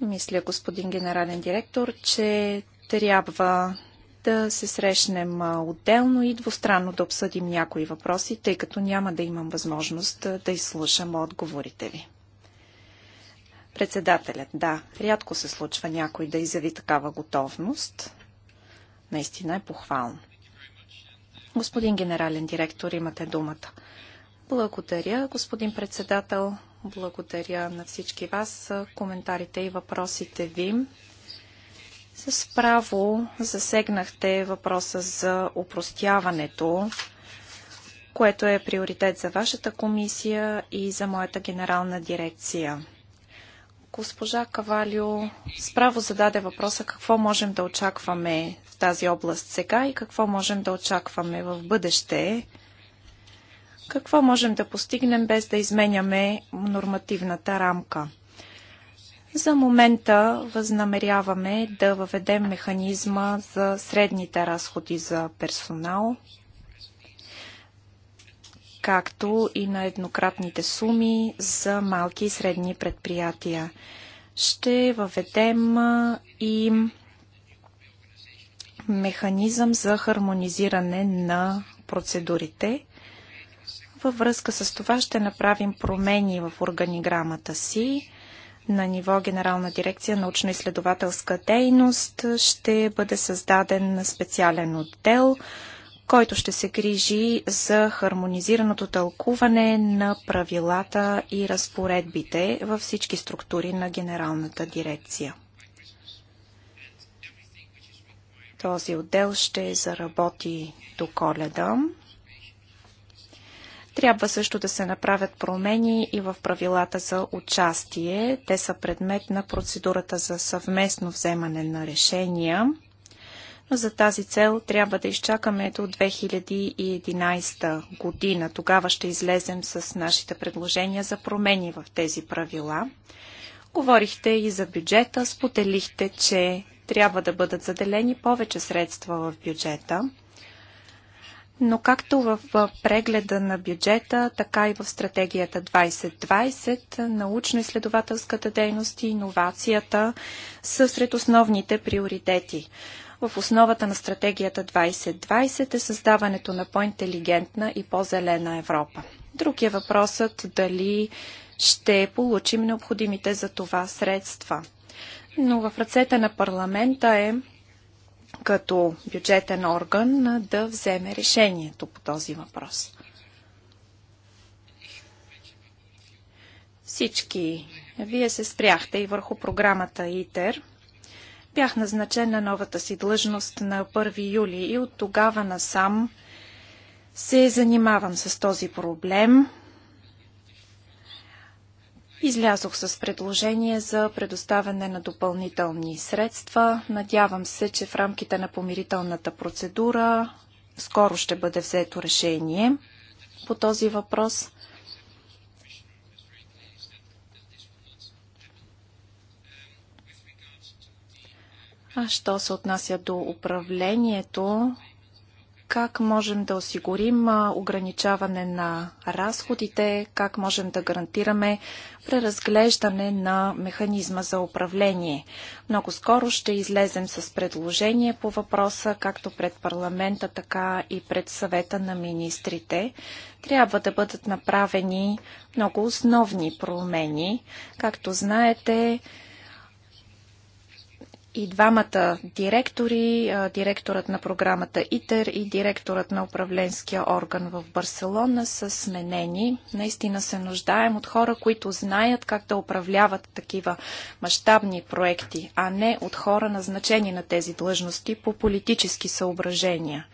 Мисля, господин генерален директор, че трябва да се срещнем отделно и двустранно да обсъдим някои въпроси, тъй като няма да имам възможност да изслушам отговорите ви. Председателят, да, рядко се случва някой да изяви такава готовност. Наистина е похвално. Господин генерален директор, имате думата. Благодаря, господин председател. Благодаря на всички вас за коментарите и въпросите ви. С право засегнахте въпроса за упростяването, което е приоритет за вашата комисия и за моята генерална дирекция. Госпожа Кавалио справо зададе въпроса какво можем да очакваме в тази област сега и какво можем да очакваме в бъдеще. Какво можем да постигнем без да изменяме нормативната рамка? За момента възнамеряваме да въведем механизма за средните разходи за персонал, както и на еднократните суми за малки и средни предприятия. Ще въведем и механизъм за хармонизиране на процедурите. Във връзка с това ще направим промени в органиграмата си на ниво Генерална дирекция научно-изследователска дейност ще бъде създаден специален отдел, който ще се грижи за хармонизираното тълкуване на правилата и разпоредбите във всички структури на Генералната дирекция. Този отдел ще заработи до коледа. Трябва също да се направят промени и в правилата за участие. Те са предмет на процедурата за съвместно вземане на решения. Но за тази цел трябва да изчакаме до 2011 година. Тогава ще излезем с нашите предложения за промени в тези правила. Говорихте и за бюджета, споделихте, че трябва да бъдат заделени повече средства в бюджета. Но както в прегледа на бюджета, така и в стратегията 2020, научно-изследователската дейност и иновацията са сред основните приоритети. В основата на стратегията 2020 е създаването на по-интелигентна и по-зелена Европа. Друг е въпросът дали ще получим необходимите за това средства. Но в ръцете на парламента е като бюджетен орган да вземе решението по този въпрос. Всички вие се спряхте и върху програмата ИТЕР. Бях назначен на новата си длъжност на 1 юли и от тогава насам се занимавам с този проблем. Излязох с предложение за предоставяне на допълнителни средства. Надявам се, че в рамките на помирителната процедура скоро ще бъде взето решение по този въпрос. А що се отнася до управлението как можем да осигурим ограничаване на разходите, как можем да гарантираме преразглеждане на механизма за управление. Много скоро ще излезем с предложение по въпроса, както пред парламента, така и пред съвета на министрите. Трябва да бъдат направени много основни промени. Както знаете, и двамата директори, директорът на програмата ИТЕР и директорът на управленския орган в Барселона са сменени. Наистина се нуждаем от хора, които знаят как да управляват такива мащабни проекти, а не от хора назначени на тези длъжности по политически съображения.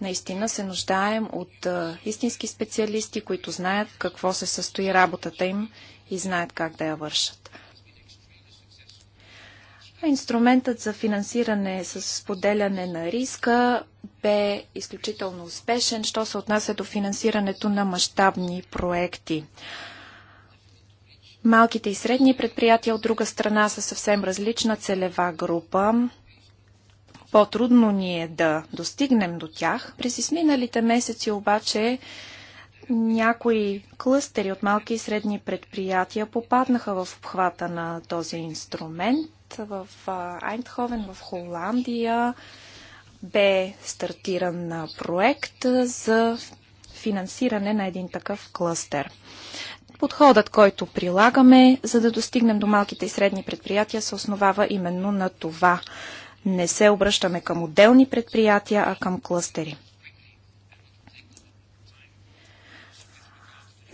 Наистина се нуждаем от истински специалисти, които знаят какво се състои работата им и знаят как да я вършат. Инструментът за финансиране с споделяне на риска бе изключително успешен, що се отнася до финансирането на мащабни проекти. Малките и средни предприятия от друга страна са съвсем различна целева група. По-трудно ни е да достигнем до тях. През изминалите месеци обаче някои клъстери от малки и средни предприятия попаднаха в обхвата на този инструмент в Айндховен, в Холандия, бе стартиран проект за финансиране на един такъв клъстер. Подходът, който прилагаме, за да достигнем до малките и средни предприятия, се основава именно на това. Не се обръщаме към отделни предприятия, а към клъстери.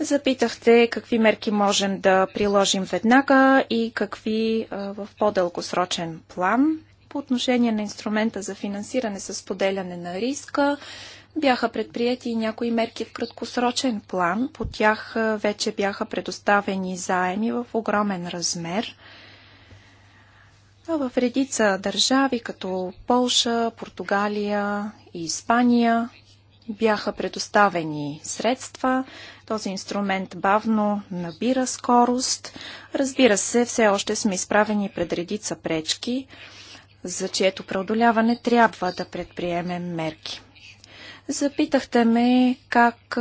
Запитахте какви мерки можем да приложим веднага и какви а, в по-дългосрочен план. По отношение на инструмента за финансиране с поделяне на риска, бяха предприяти и някои мерки в краткосрочен план. По тях вече бяха предоставени заеми в огромен размер. в редица държави, като Полша, Португалия и Испания, бяха предоставени средства този инструмент бавно набира скорост. Разбира се, все още сме изправени пред редица пречки, за чието преодоляване трябва да предприемем мерки. Запитахте ме как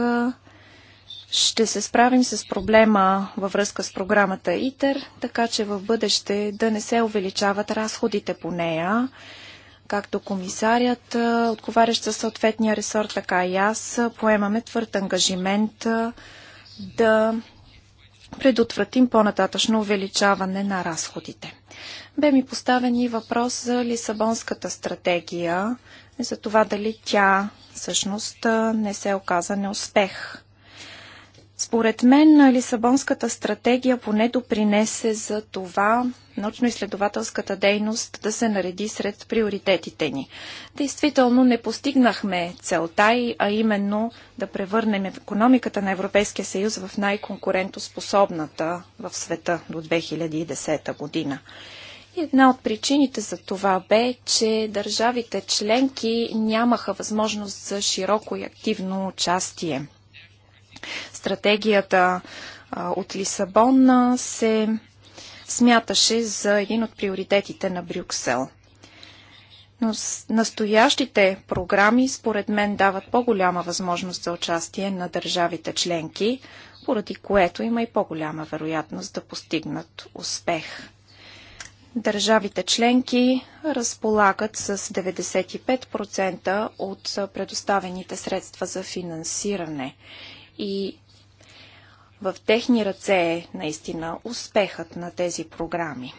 ще се справим с проблема във връзка с програмата ИТЕР, така че в бъдеще да не се увеличават разходите по нея Както комисарят, отговарящ със съответния ресор, така и аз, поемаме твърд ангажимент да предотвратим по-нататъчно увеличаване на разходите. Бе ми поставен и въпрос за Лисабонската стратегия, за това дали тя всъщност не се оказа неуспех. Според мен Лисабонската стратегия поне допринесе за това научно-изследователската дейност да се нареди сред приоритетите ни. Действително не постигнахме целта и, а именно да превърнем економиката на Европейския съюз в най-конкурентоспособната в света до 2010 година. Една от причините за това бе, че държавите членки нямаха възможност за широко и активно участие Стратегията от Лисабон се смяташе за един от приоритетите на Брюксел. Но настоящите програми, според мен, дават по-голяма възможност за участие на държавите членки, поради което има и по-голяма вероятност да постигнат успех. Държавите членки разполагат с 95% от предоставените средства за финансиране и в техни ръце е наистина успехът на тези програми.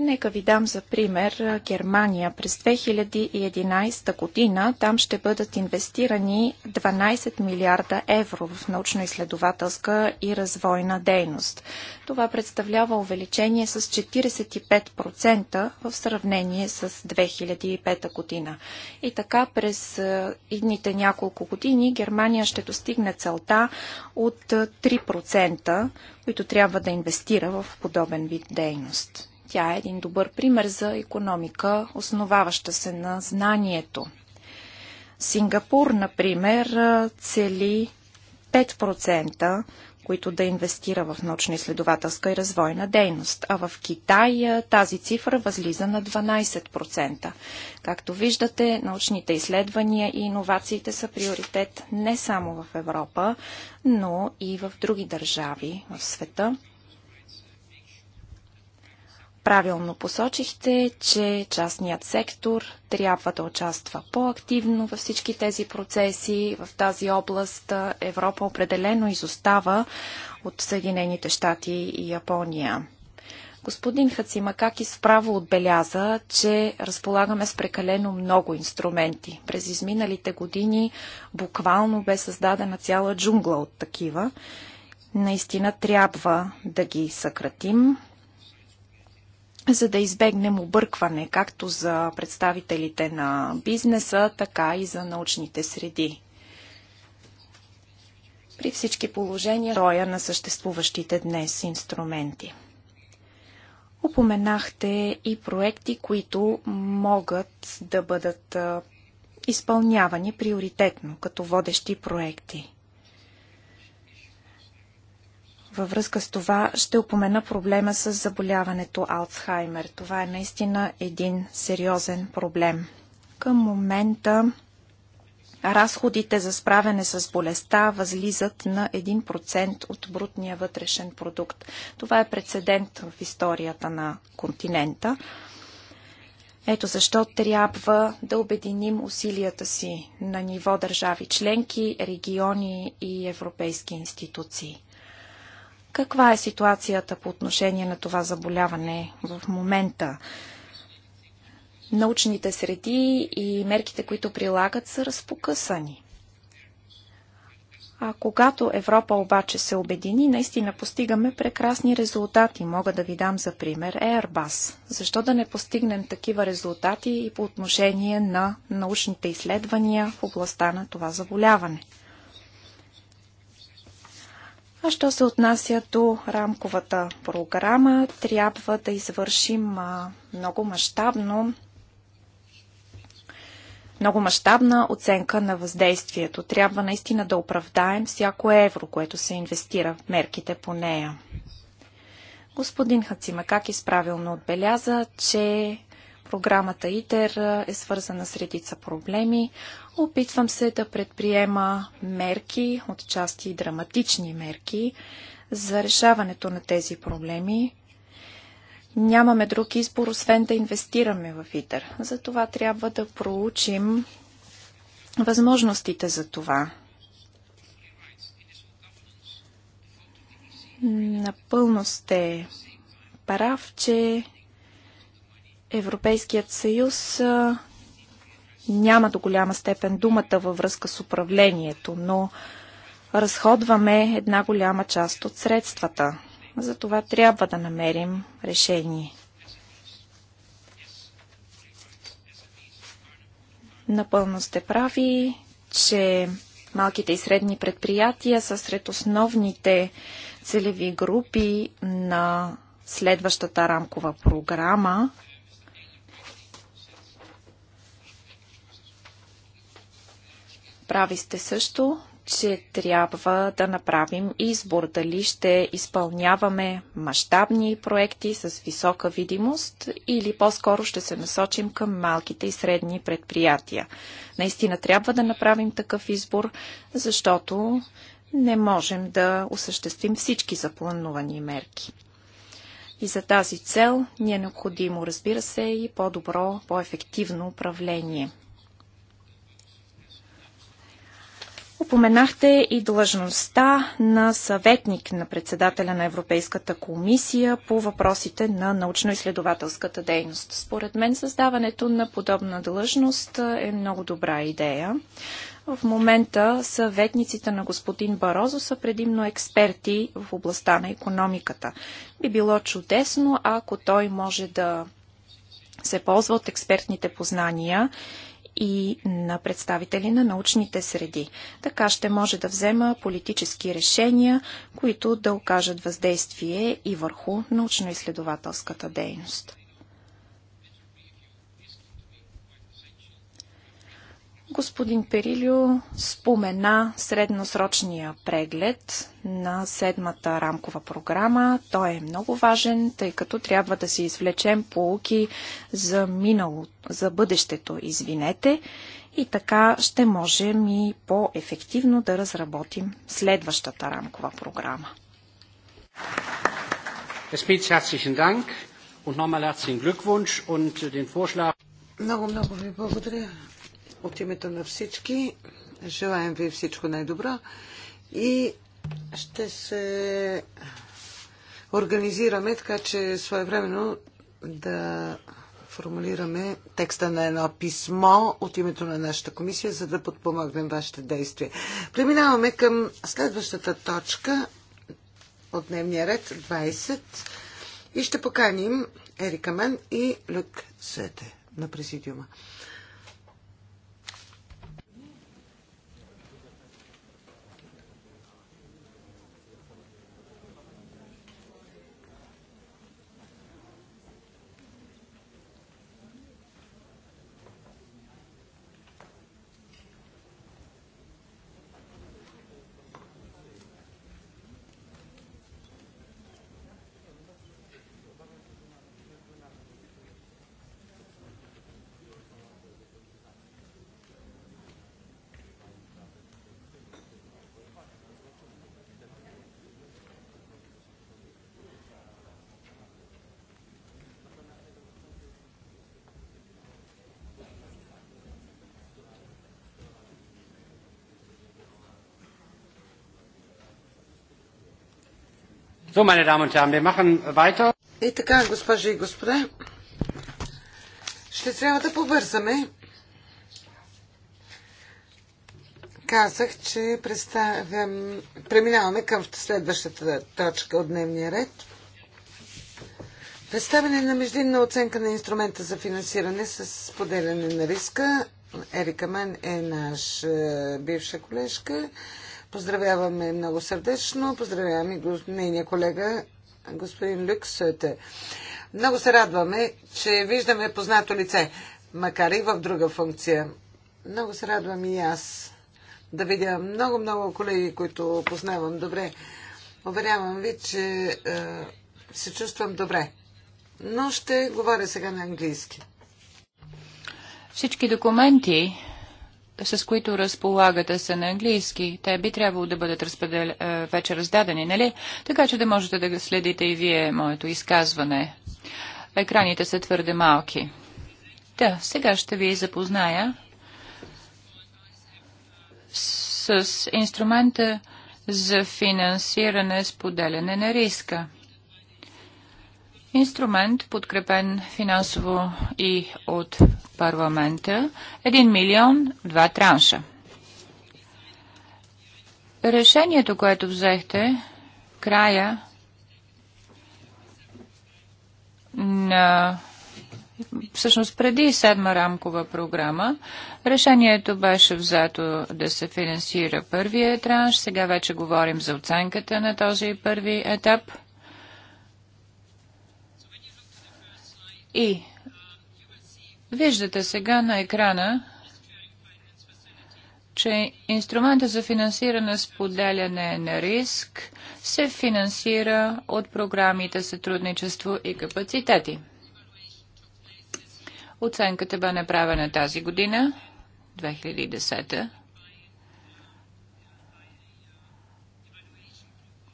Нека ви дам за пример Германия. През 2011 година там ще бъдат инвестирани 12 милиарда евро в научно-изследователска и развойна дейност. Това представлява увеличение с 45% в сравнение с 2005 година. И така през идните няколко години Германия ще достигне целта от 3%, които трябва да инвестира в подобен вид дейност. Тя е един добър пример за економика, основаваща се на знанието. Сингапур, например, цели 5%, които да инвестира в научно-изследователска и развойна дейност, а в Китай тази цифра възлиза на 12%. Както виждате, научните изследвания и иновациите са приоритет не само в Европа, но и в други държави в света. Правилно посочихте, че частният сектор трябва да участва по-активно във всички тези процеси. В тази област Европа определено изостава от Съединените щати и Япония. Господин Хацимакаки справо отбеляза, че разполагаме с прекалено много инструменти. През изминалите години буквално бе създадена цяла джунгла от такива. Наистина трябва да ги съкратим, за да избегнем объркване, както за представителите на бизнеса, така и за научните среди. При всички положения роя на съществуващите днес инструменти. Упоменахте и проекти, които могат да бъдат изпълнявани приоритетно като водещи проекти. Във връзка с това ще упомена проблема с заболяването Алцхаймер. Това е наистина един сериозен проблем. Към момента разходите за справяне с болестта възлизат на 1% от брутния вътрешен продукт. Това е прецедент в историята на континента. Ето защо трябва да обединим усилията си на ниво държави членки, региони и европейски институции. Каква е ситуацията по отношение на това заболяване в момента? Научните среди и мерките, които прилагат, са разпокъсани. А когато Европа обаче се обедини, наистина постигаме прекрасни резултати. Мога да ви дам за пример Airbus. Защо да не постигнем такива резултати и по отношение на научните изследвания в областта на това заболяване? А що се отнася до рамковата програма, трябва да извършим много мащабно много мащабна оценка на въздействието. Трябва наистина да оправдаем всяко евро, което се инвестира в мерките по нея. Господин Хацима, правилно изправилно отбеляза, че Програмата ИТЕР е свързана с редица проблеми. Опитвам се да предприема мерки, отчасти драматични мерки, за решаването на тези проблеми. Нямаме друг избор, освен да инвестираме в ИТЕР. Затова трябва да проучим възможностите за това. Напълно сте прав, че Европейският съюз няма до голяма степен думата във връзка с управлението, но разходваме една голяма част от средствата. това трябва да намерим решение. Напълно сте прави, че малките и средни предприятия са сред основните целеви групи на следващата рамкова програма. Прави сте също, че трябва да направим избор дали ще изпълняваме мащабни проекти с висока видимост или по-скоро ще се насочим към малките и средни предприятия. Наистина трябва да направим такъв избор, защото не можем да осъществим всички запланувани мерки. И за тази цел ни е необходимо, разбира се, и по-добро, по-ефективно управление – упоменахте и длъжността на съветник на председателя на Европейската комисия по въпросите на научно-изследователската дейност. Според мен създаването на подобна длъжност е много добра идея. В момента съветниците на господин Барозо са предимно експерти в областта на економиката. Би било чудесно, ако той може да се ползва от експертните познания и на представители на научните среди. Така ще може да взема политически решения, които да окажат въздействие и върху научно-изследователската дейност. Господин Перилио спомена средносрочния преглед на седмата рамкова програма. Той е много важен, тъй като трябва да си извлечем полуки за минало, за бъдещето, извинете, и така ще можем и по-ефективно да разработим следващата рамкова програма. Много, много ви благодаря от името на всички. Желаем ви всичко най-добро и ще се организираме така, че своевременно да формулираме текста на едно писмо от името на нашата комисия, за да подпомогнем вашите действия. Преминаваме към следващата точка от дневния ред 20 и ще поканим Ерика Мен и Люк Свете на президиума. So, meine Damen und Herren, wir machen weiter. И така, госпожи и господа, ще трябва да побързаме. Казах, че представям, преминаваме към следващата точка от дневния ред. Представяне на междинна оценка на инструмента за финансиране с поделяне на риска. Ерика Мен е наш е, бивша колежка. Поздравяваме много сърдечно. Поздравяваме го, нейния колега, господин Люк Сете. Много се радваме, че виждаме познато лице, макар и в друга функция. Много се радвам и аз да видя много-много колеги, които познавам добре. Уверявам ви, че е, се чувствам добре. Но ще говоря сега на английски. Всички документи, с които разполагате са на английски. Те би трябвало да бъдат разпредел... Е, вече раздадени, нали? Така че да можете да следите и вие моето изказване. Екраните са твърде малки. Да, сега ще ви запозная с инструмента за финансиране, споделяне на риска инструмент, подкрепен финансово и от парламента. 1 милион, два транша. Решението, което взехте, края на всъщност преди седма рамкова програма, решението беше взето да се финансира първия транш. Сега вече говорим за оценката на този първи етап – И виждате сега на екрана, че инструмента за финансиране с поделяне на риск се финансира от програмите сътрудничество и капацитети. Оценката бе направена тази година, 2010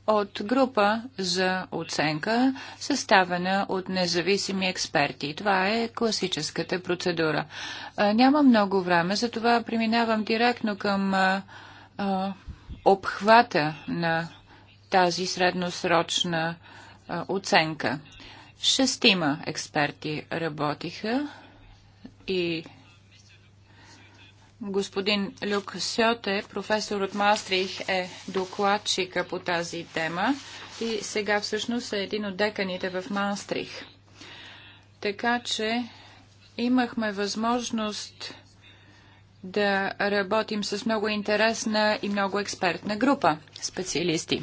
от група за оценка, съставена от независими експерти. Това е класическата процедура. Няма много време, затова преминавам директно към обхвата на тази средносрочна оценка. Шестима експерти работиха и Господин Люк Сьоте, професор от Мастрих, е докладчика по тази тема и сега всъщност е един от деканите в Мастрих. Така че имахме възможност да работим с много интересна и много експертна група специалисти.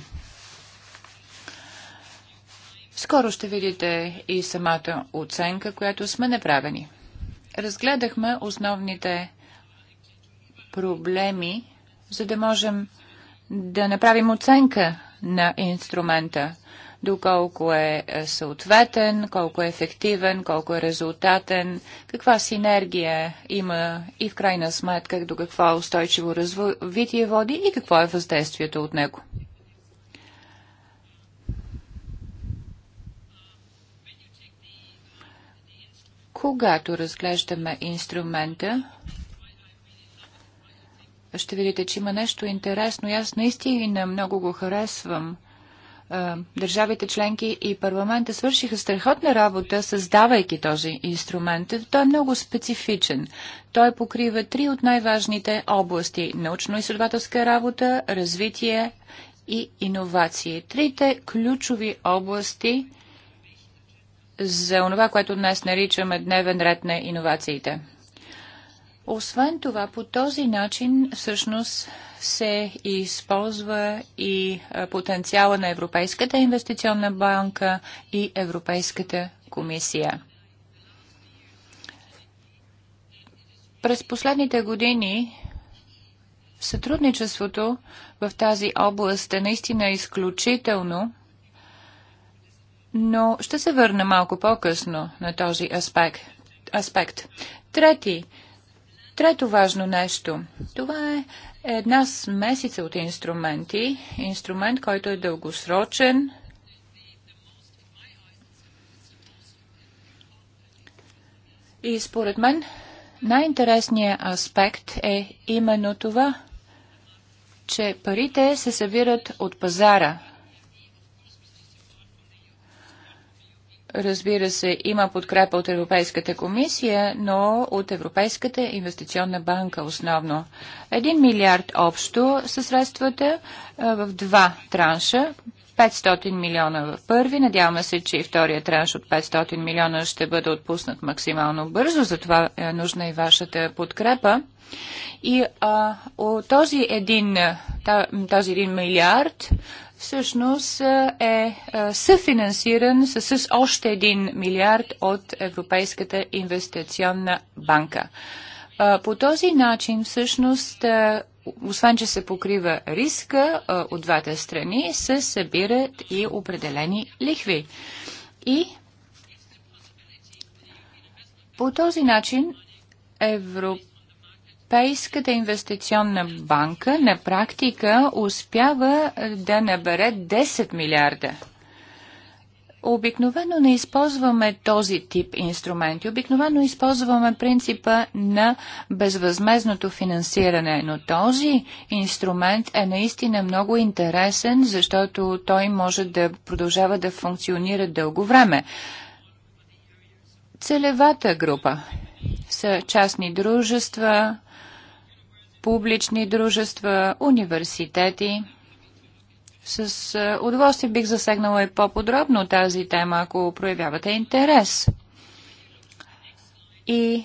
Скоро ще видите и самата оценка, която сме направени. Разгледахме основните проблеми, за да можем да направим оценка на инструмента, доколко е, е съответен, колко е ефективен, колко е резултатен, каква синергия има и в крайна сметка до какво е устойчиво развитие води и какво е въздействието от него. Когато разглеждаме инструмента, ще видите, че има нещо интересно. И аз наистина много го харесвам. Държавите членки и парламента свършиха страхотна работа, създавайки този инструмент. Той е много специфичен. Той покрива три от най-важните области – научно-изследователска работа, развитие и иновации. Трите ключови области за това, което днес наричаме дневен ред на иновациите – освен това, по този начин всъщност се използва и потенциала на Европейската инвестиционна банка и Европейската комисия. През последните години сътрудничеството в тази област е наистина изключително, но ще се върна малко по-късно на този аспект. аспект. Трети Трето важно нещо. Това е една смесица от инструменти. Инструмент, който е дългосрочен, И според мен най-интересният аспект е именно това, че парите се събират от пазара, Разбира се, има подкрепа от Европейската комисия, но от Европейската инвестиционна банка основно. Един милиард общо са средствата в два транша. 500 милиона в първи. Надяваме се, че и втория транш от 500 милиона ще бъде отпуснат максимално бързо. Затова е нужна и вашата подкрепа. И а, о, този един, този един милиард всъщност е, е съфинансиран с още 1 милиард от Европейската инвестиционна банка. По този начин всъщност е, освен че се покрива риска е, от двата страни, се събират и определени лихви. И по този начин Европейската Европейската инвестиционна банка на практика успява да набере 10 милиарда. Обикновено не използваме този тип инструменти. Обикновено използваме принципа на безвъзмезното финансиране, но този инструмент е наистина много интересен, защото той може да продължава да функционира дълго време. Целевата група са частни дружества, публични дружества, университети. С е, удоволствие бих засегнала и по-подробно тази тема, ако проявявате интерес. И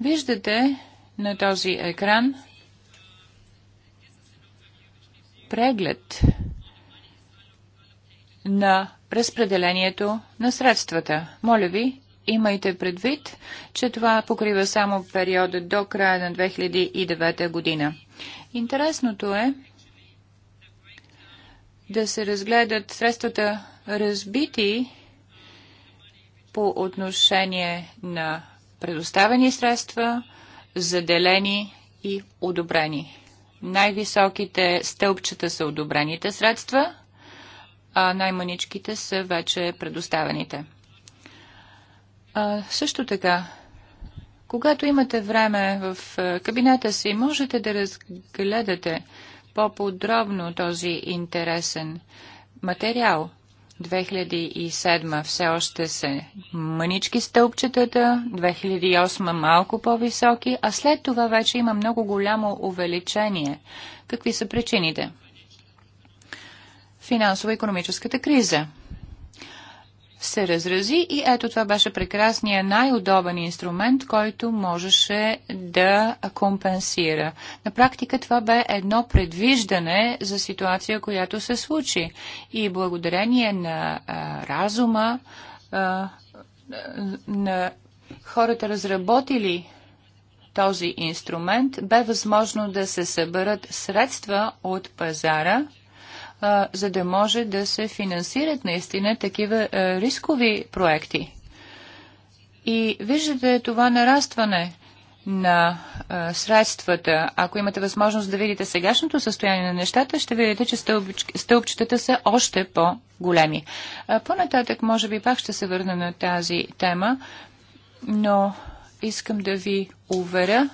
виждате на този екран преглед на разпределението на средствата. Моля ви, Имайте предвид, че това покрива само периода до края на 2009 година. Интересното е да се разгледат средствата разбити по отношение на предоставени средства, заделени и одобрени. Най-високите стълбчета са одобрените средства, а най-маничките са вече предоставените. А, също така, когато имате време в кабинета си, можете да разгледате по-подробно този интересен материал. 2007 все още са мънички стълбчетата, 2008 малко по-високи, а след това вече има много голямо увеличение. Какви са причините? Финансово-економическата криза – се разрази и ето това беше прекрасният най-удобен инструмент, който можеше да компенсира. На практика това бе едно предвиждане за ситуация, която се случи. И благодарение на а, разума а, на хората разработили този инструмент, бе възможно да се съберат средства от пазара – а, за да може да се финансират наистина такива а, рискови проекти. И виждате това нарастване на а, средствата. Ако имате възможност да видите сегашното състояние на нещата, ще видите, че стълбчетата са още по-големи. по-нататък, може би, пак ще се върна на тази тема, но искам да ви уверя,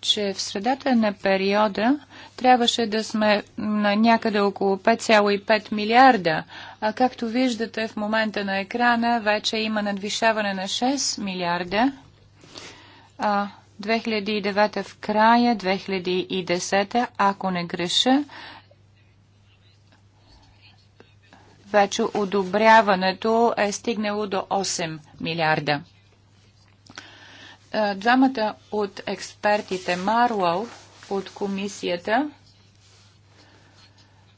че в средата на периода трябваше да сме на някъде около 5,5 милиарда, а както виждате в момента на екрана, вече има надвишаване на 6 милиарда. А 2009 в края, 2010, ако не греша, вече одобряването е стигнало до 8 милиарда. Двамата от експертите Марлоу от комисията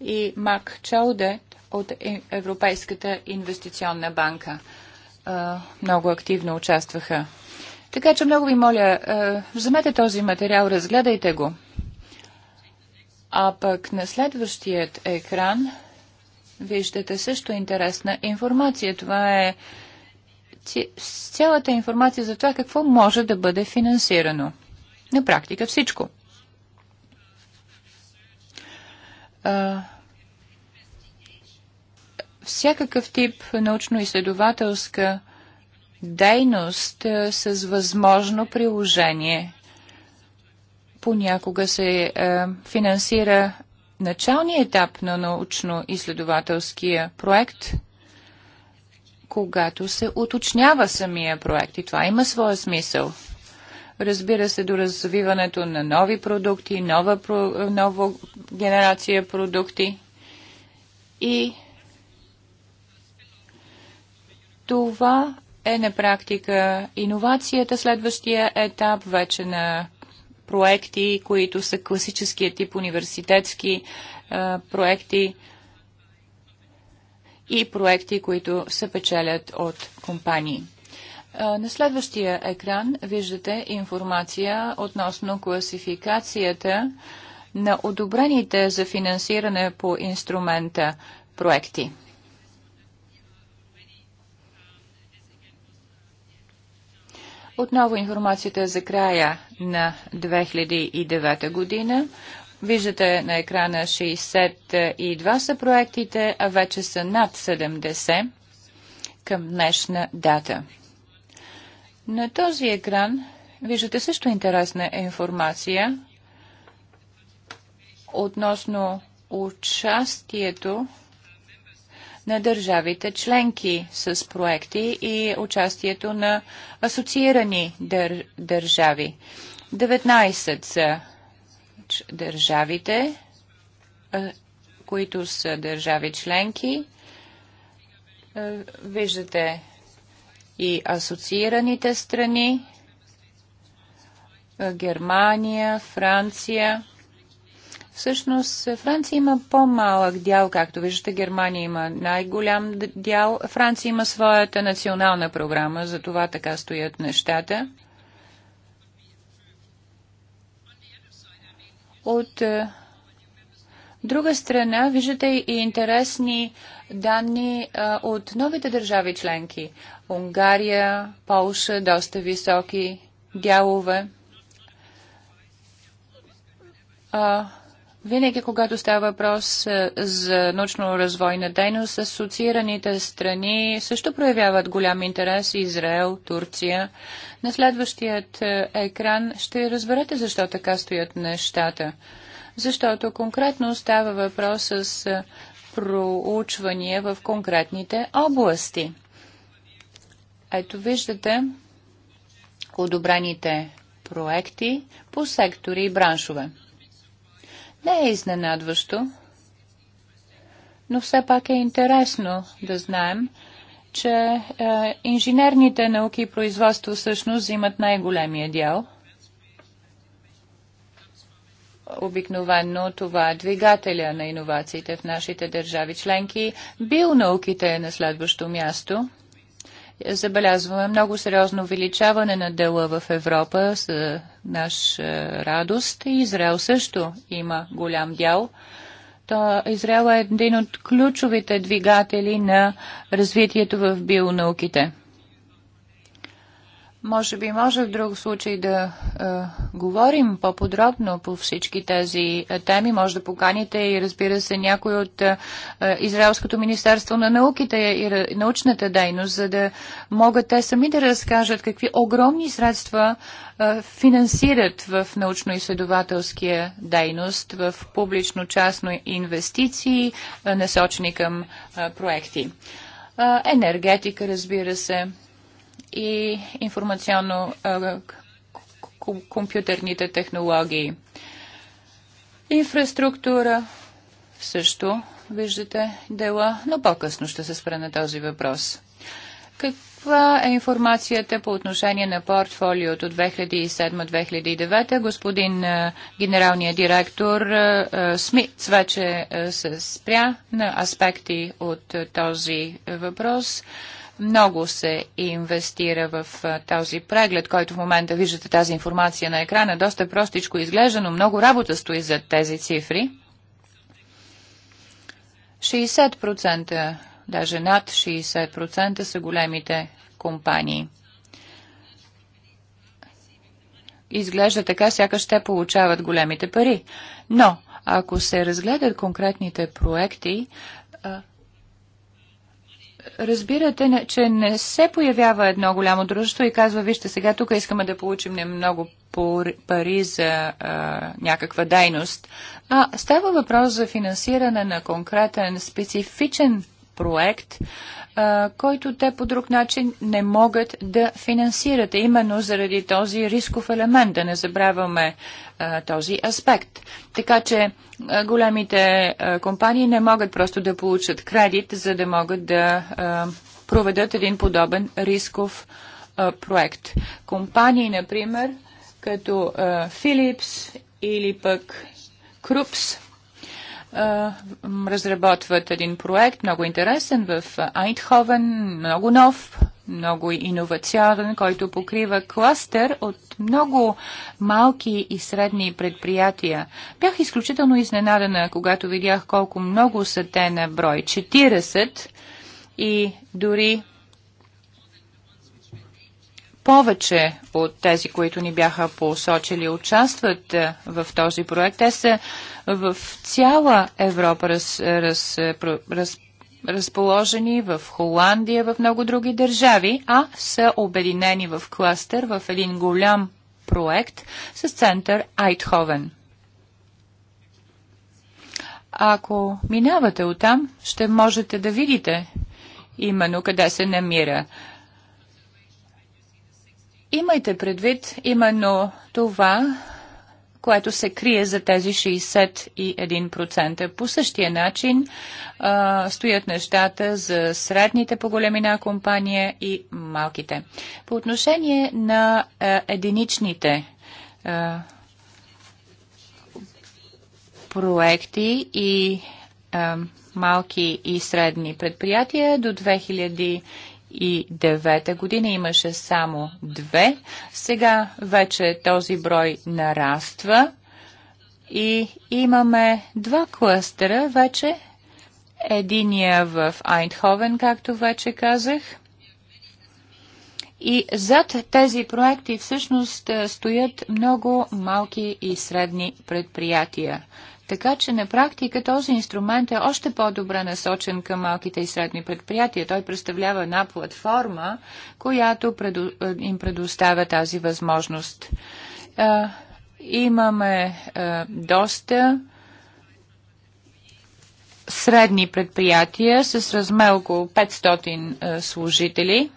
и Мак Чауде от е, Европейската инвестиционна банка. Много активно участваха. Така че много ви моля, вземете този материал, разгледайте го. А пък на следващият екран виждате също интересна информация. Това е цялата информация за това какво може да бъде финансирано. На практика всичко всякакъв тип научно-изследователска дейност е, с възможно приложение. Понякога се е, финансира началния етап на научно-изследователския проект, когато се уточнява самия проект и това има своя смисъл. Разбира се, до развиването на нови продукти, нова, нова генерация продукти и това е на практика иновацията, следващия етап вече на проекти, които са класическия тип университетски а, проекти и проекти, които се печелят от компании. На следващия екран виждате информация относно класификацията на одобрените за финансиране по инструмента проекти. Отново информацията за края на 2009 година. Виждате на екрана 62 са проектите, а вече са над 70 към днешна дата. На този екран виждате също интересна информация относно участието на държавите членки с проекти и участието на асоциирани дър държави. 19 са държавите, които са държави членки. Виждате и асоциираните страни Германия, Франция, Всъщност Франция има по-малък дял, както виждате, Германия има най-голям дял. Франция има своята национална програма, за това така стоят нещата. От е, друга страна, виждате и интересни данни е, от новите държави членки. Унгария, Полша, доста високи дялове. Винаги, когато става въпрос е, за научно-развойна дейност, асоциираните страни също проявяват голям интерес Израел, Турция. На следващият е, екран ще разберете защо така стоят нещата. Защото конкретно става въпрос с е, проучвания в конкретните области. Ето виждате одобрените проекти по сектори и браншове. Не е изненадващо, но все пак е интересно да знаем, че е, инженерните науки и производство всъщност имат най-големия дял. Обикновено това е двигателя на иновациите в нашите държави членки. науките е на следващо място – Забелязваме много сериозно увеличаване на дела в Европа с наша е, радост. И Израел също има голям дял. То Израел е един от ключовите двигатели на развитието в бионауките. Може би може в друг случай да е, говорим по-подробно по всички тези е, теми. Може да поканите и разбира се някой от е, е Израелското министерство на науките и научната дейност, за да могат те сами да разкажат какви огромни средства е, финансират в научно-изследователския дейност, в публично-частно инвестиции, е, насочени към е, проекти. Е, енергетика, разбира се и информационно-компютърните технологии. Инфраструктура също виждате дела, но по-късно ще се спра на този въпрос. Каква е информацията по отношение на портфолиото 2007-2009? Господин генералният директор Смит вече се спря на аспекти от този въпрос. Много се инвестира в този преглед, който в момента виждате тази информация на екрана. Доста простичко изглежда, но много работа стои за тези цифри. 60%, даже над 60% са големите компании. Изглежда така, сякаш те получават големите пари. Но, ако се разгледат конкретните проекти, разбирате, че не се появява едно голямо дружество и казва, вижте, сега тук искаме да получим много пари за а, някаква дайност, а става въпрос за финансиране на конкретен, специфичен проект, който те по друг начин не могат да финансират. Именно заради този рисков елемент, да не забравяме този аспект. Така че големите компании не могат просто да получат кредит, за да могат да проведат един подобен рисков проект. Компании, например, като Philips или пък Крупс, разработват един проект, много интересен в Айтховен, много нов, много иновационен, който покрива кластер от много малки и средни предприятия. Бях изключително изненадана, когато видях колко много са те на брой. 40 и дори повече от тези, които ни бяха посочили, участват е, в този проект. Те са в цяла Европа раз, раз, раз, разположени в Холандия, в много други държави, а са обединени в кластър в един голям проект с център Айтховен. Ако минавате оттам, ще можете да видите именно къде се намира Имайте предвид именно това, което се крие за тези 61%. По същия начин а, стоят нещата за средните по големина компания и малките. По отношение на а, единичните а, проекти и а, малки и средни предприятия до 2009 година имаше само две. Сега вече този брой нараства и имаме два клъстера вече. Единия в Айндховен, както вече казах. И зад тези проекти всъщност стоят много малки и средни предприятия. Така че на практика този инструмент е още по-добре насочен към малките и средни предприятия. Той представлява една платформа, която е, им предоставя тази възможност. Имаме е, доста средни предприятия с размер около 500 е, служители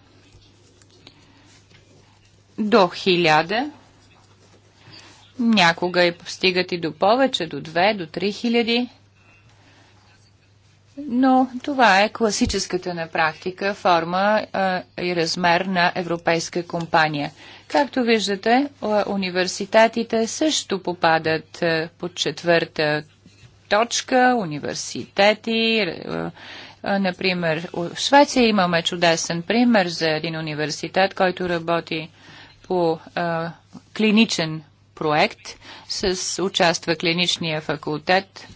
до 1000 Някога и стигат и до повече, до 2, до 3 хиляди. Но това е класическата на практика форма а, и размер на европейска компания. Както виждате, университетите също попадат под четвърта точка. Университети, например, в Швеция имаме чудесен пример за един университет, който работи по а, клиничен проект с участва клиничния факултет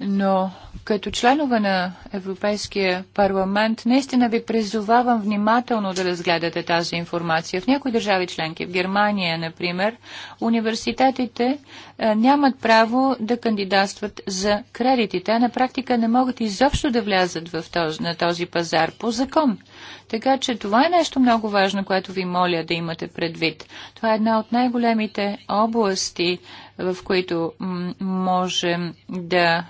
но като членове на Европейския парламент, наистина ви призовавам внимателно да разгледате тази информация. В някои държави членки, в Германия, например, университетите е, нямат право да кандидатстват за кредити. Те на практика не могат изобщо да влязат в този, на този пазар по закон. Така че това е нещо много важно, което ви моля да имате предвид. Това е една от най-големите области, в които можем да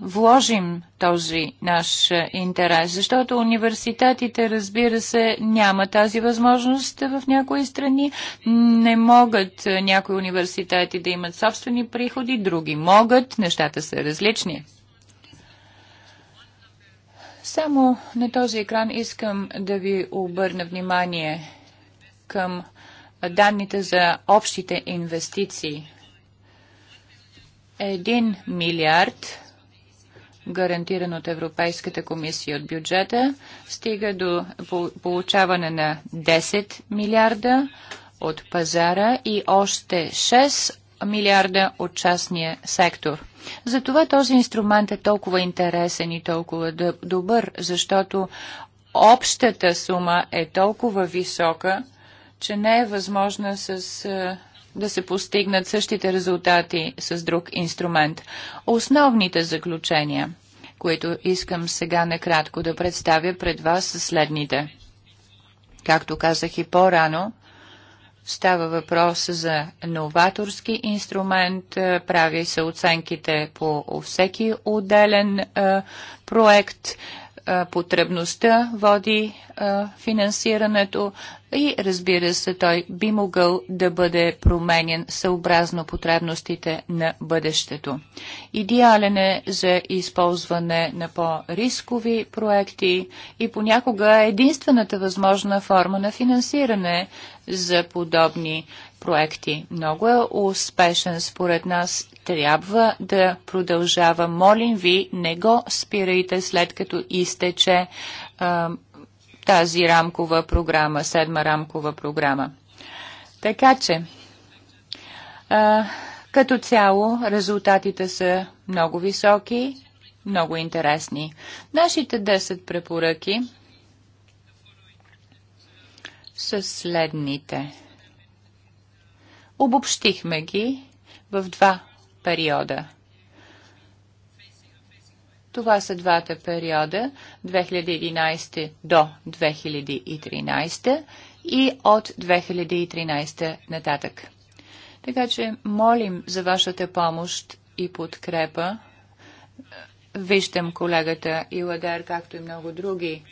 вложим този наш интерес. Защото университетите, разбира се, няма тази възможност в някои страни. Не могат някои университети да имат собствени приходи, други могат. Нещата са различни. Само на този екран искам да ви обърна внимание към данните за общите инвестиции. Един милиард, гарантиран от Европейската комисия от бюджета, стига до получаване на 10 милиарда от пазара и още 6 милиарда от частния сектор. Затова този инструмент е толкова интересен и толкова добър, защото общата сума е толкова висока, че не е възможна с е, да се постигнат същите резултати с друг инструмент. Основните заключения, които искам сега накратко да представя пред вас, са следните. Както казах и по-рано, Става въпрос за новаторски инструмент, е, прави се оценките по всеки отделен е, проект, потребността води финансирането и разбира се, той би могъл да бъде променен съобразно потребностите на бъдещето. Идеален е за използване на по-рискови проекти и понякога е единствената възможна форма на финансиране за подобни проекти. Много е успешен според нас. Трябва да продължава. Молим ви, не го спирайте след като изтече а, тази рамкова програма, седма рамкова програма. Така че, а, като цяло, резултатите са много високи, много интересни. Нашите 10 препоръки са следните. Обобщихме ги в два периода. Това са двата периода 2011 до 2013 и от 2013 нататък. Така че молим за вашата помощ и подкрепа. Виждам колегата Иладер, както и много други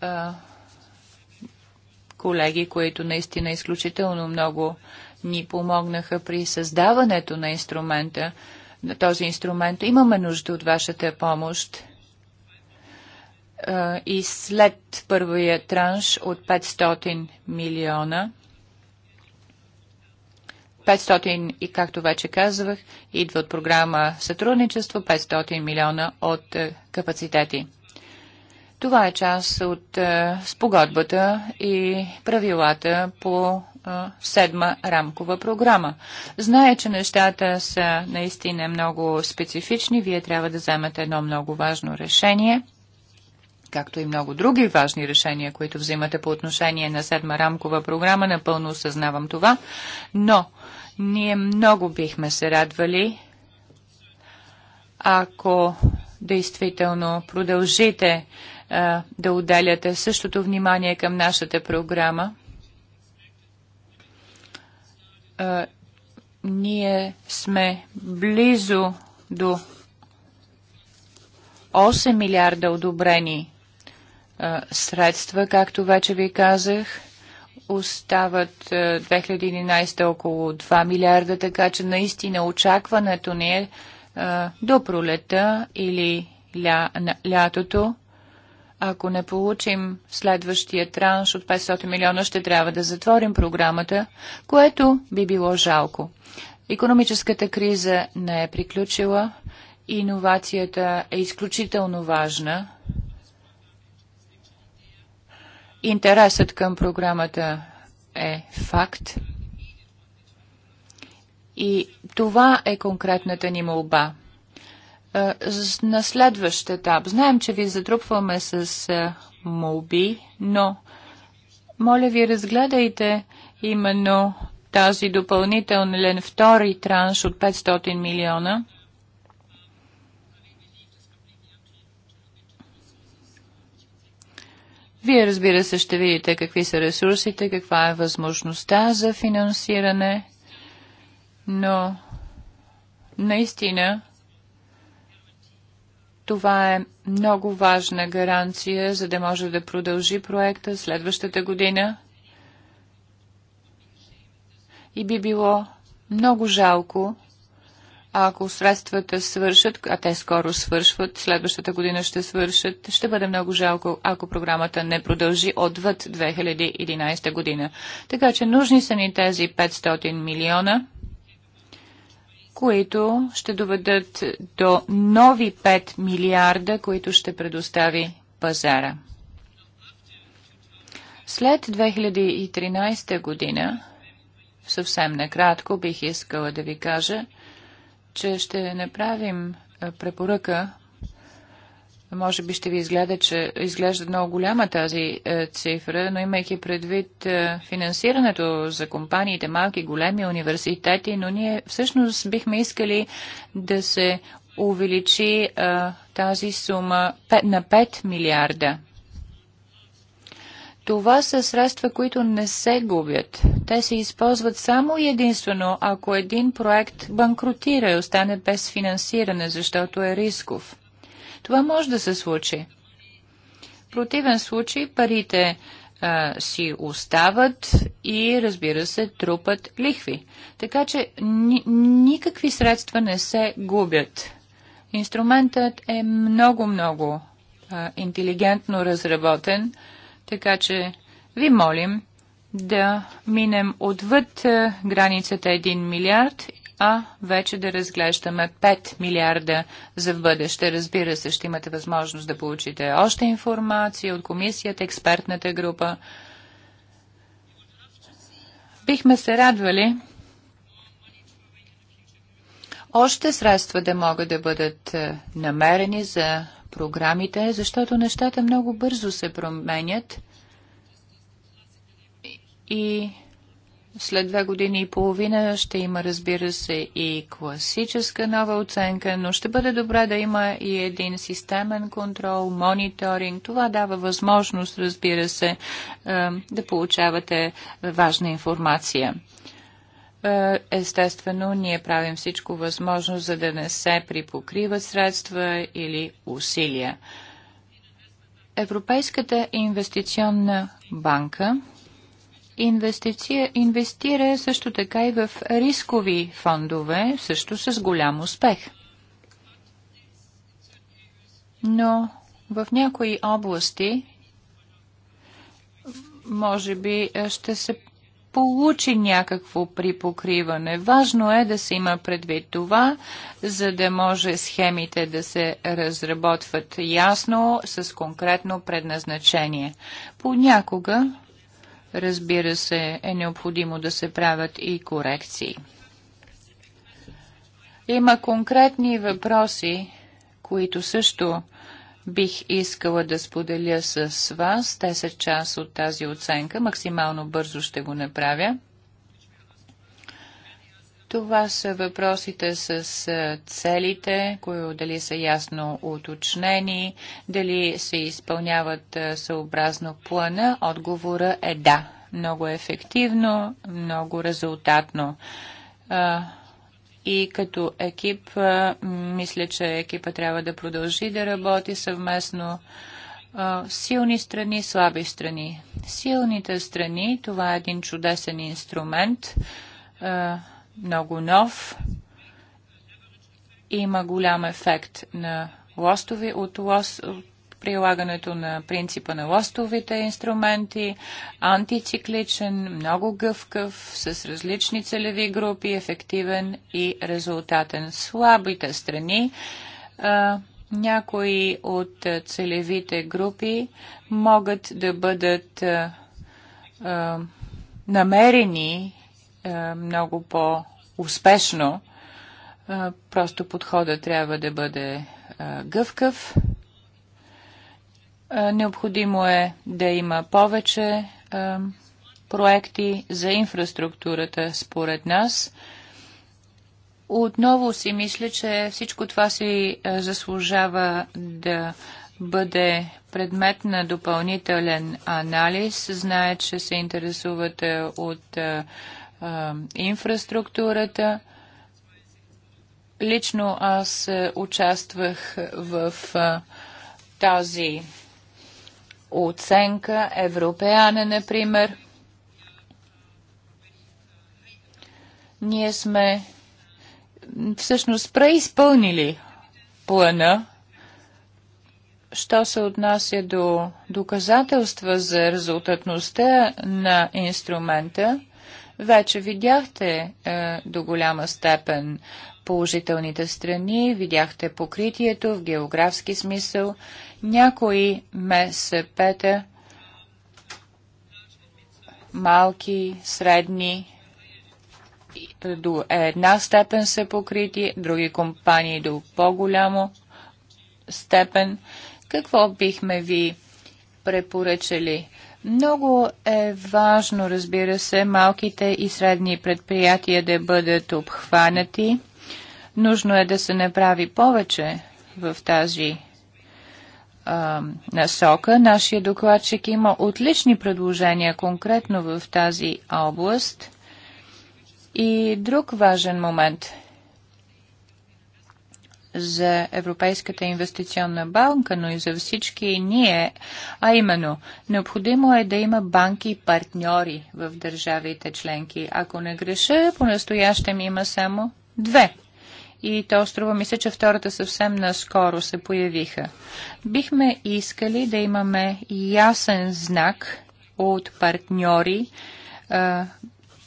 а, колеги, които наистина изключително много ни помогнаха при създаването на инструмента, на този инструмент. Имаме нужда от вашата помощ. И след първия транш от 500 милиона, 500 и както вече казвах, идва от програма Сътрудничество 500 милиона от капацитети. Това е част от спогодбата и правилата по седма рамкова програма. Знае, че нещата са наистина много специфични. Вие трябва да вземете едно много важно решение както и много други важни решения, които взимате по отношение на седма рамкова програма, напълно осъзнавам това, но ние много бихме се радвали, ако действително продължите а, да отделяте същото внимание към нашата програма, а, ние сме близо до 8 милиарда одобрени а, средства, както вече ви казах. Остават 2011 около 2 милиарда, така че наистина очакването ни е а, до пролета или ля, на, лятото ако не получим следващия транш от 500 милиона, ще трябва да затворим програмата, което би било жалко. Економическата криза не е приключила. Иновацията е изключително важна. Интересът към програмата е факт. И това е конкретната ни молба на следващ етап. Знаем, че ви затрупваме с молби, но моля ви разгледайте именно тази допълнителен втори транш от 500 милиона. Вие, разбира се, ще видите какви са ресурсите, каква е възможността за финансиране, но наистина това е много важна гаранция, за да може да продължи проекта следващата година. И би било много жалко, ако средствата свършат, а те скоро свършват, следващата година ще свършат, ще бъде много жалко, ако програмата не продължи отвъд 2011 година. Така че нужни са ни тези 500 милиона които ще доведат до нови 5 милиарда, които ще предостави пазара. След 2013 година, съвсем накратко бих искала да ви кажа, че ще направим препоръка може би ще ви изгледа, че изглежда много голяма тази е, цифра, но имайки предвид е, финансирането за компаниите, малки, големи университети, но ние всъщност бихме искали да се увеличи е, тази сума 5, на 5 милиарда. Това са средства, които не се губят. Те се използват само и единствено, ако един проект банкротира и остане без финансиране, защото е рисков. Това може да се случи. В противен случай парите а, си остават и, разбира се, трупат лихви. Така че ни, никакви средства не се губят. Инструментът е много-много интелигентно разработен, така че ви молим да минем отвъд границата 1 милиард а вече да разглеждаме 5 милиарда за в бъдеще. Разбира се, ще имате възможност да получите още информация от комисията, експертната група. Бихме се радвали още средства да могат да бъдат е, намерени за програмите, защото нещата много бързо се променят и след две години и половина ще има, разбира се, и класическа нова оценка, но ще бъде добре да има и един системен контрол, мониторинг. Това дава възможност, разбира се, е, да получавате важна информация. Е, естествено, ние правим всичко възможно, за да не се припокриват средства или усилия. Европейската инвестиционна банка – инвестиция, инвестира също така и в рискови фондове, също с голям успех. Но в някои области може би ще се получи някакво припокриване. Важно е да се има предвид това, за да може схемите да се разработват ясно, с конкретно предназначение. Понякога Разбира се, е необходимо да се правят и корекции. Има конкретни въпроси, които също бих искала да споделя с вас. Те са част от тази оценка. Максимално бързо ще го направя. Това са въпросите с целите, които дали са ясно уточнени, дали се изпълняват съобразно плана. Отговора е да. Много ефективно, много резултатно. И като екип, мисля, че екипа трябва да продължи да работи съвместно. Силни страни, слаби страни. Силните страни, това е един чудесен инструмент много нов. Има голям ефект на лостови от лос, прилагането на принципа на лостовите инструменти, антицикличен, много гъвкав, с различни целеви групи, ефективен и резултатен. Слабите страни, а, някои от целевите групи могат да бъдат а, намерени е, много по-успешно. Е, просто подхода трябва да бъде е, гъвкав. Необходимо е да има повече проекти за инфраструктурата, според нас. Отново си мисля, че всичко това си заслужава да бъде предмет на допълнителен анализ. Знае, че се интересувате от инфраструктурата. Лично аз е, участвах в тази оценка, Европеане, например. Ние сме всъщност преизпълнили плана, що се отнася до доказателства за резултатността на инструмента, вече видяхте е, до голяма степен положителните страни, видяхте покритието в географски смисъл. Някои МСП-та, малки, средни, до една степен са покрити, други компании до по-голямо степен. Какво бихме ви препоръчали? Много е важно, разбира се, малките и средни предприятия да бъдат обхванати. Нужно е да се направи повече в тази а, насока. Нашия докладчик има отлични предложения конкретно в тази област. И друг важен момент – за Европейската инвестиционна банка, но и за всички ние, а именно, необходимо е да има банки и партньори в държавите членки. Ако не греша, по-настоящем има само две и то струва ми се, че втората съвсем наскоро се появиха. Бихме искали да имаме ясен знак от партньори,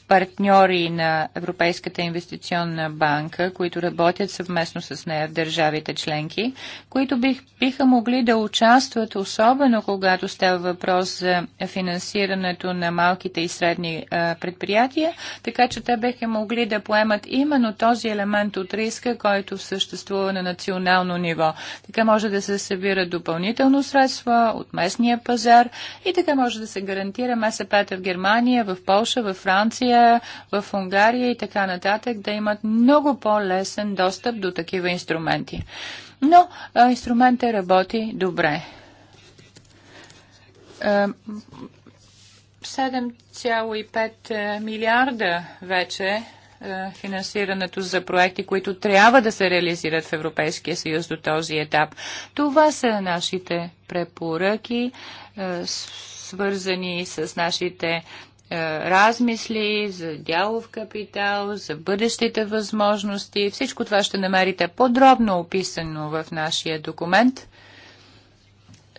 партньори на Европейската инвестиционна банка, които работят съвместно с нея в държавите членки, които бих, биха могли да участват, особено когато става въпрос за финансирането на малките и средни а, предприятия, така че те биха могли да поемат именно този елемент от риска, който съществува на национално ниво. Така може да се събира допълнително средства от местния пазар и така може да се гарантира МСП-та в Германия, в Полша, в Франция, Румъния, в Унгария и така нататък, да имат много по-лесен достъп до такива инструменти. Но а, инструментът работи добре. 7,5 милиарда вече финансирането за проекти, които трябва да се реализират в Европейския съюз до този етап. Това са нашите препоръки, свързани с нашите е, размисли за дялов капитал, за бъдещите възможности. Всичко това ще намерите подробно описано в нашия документ.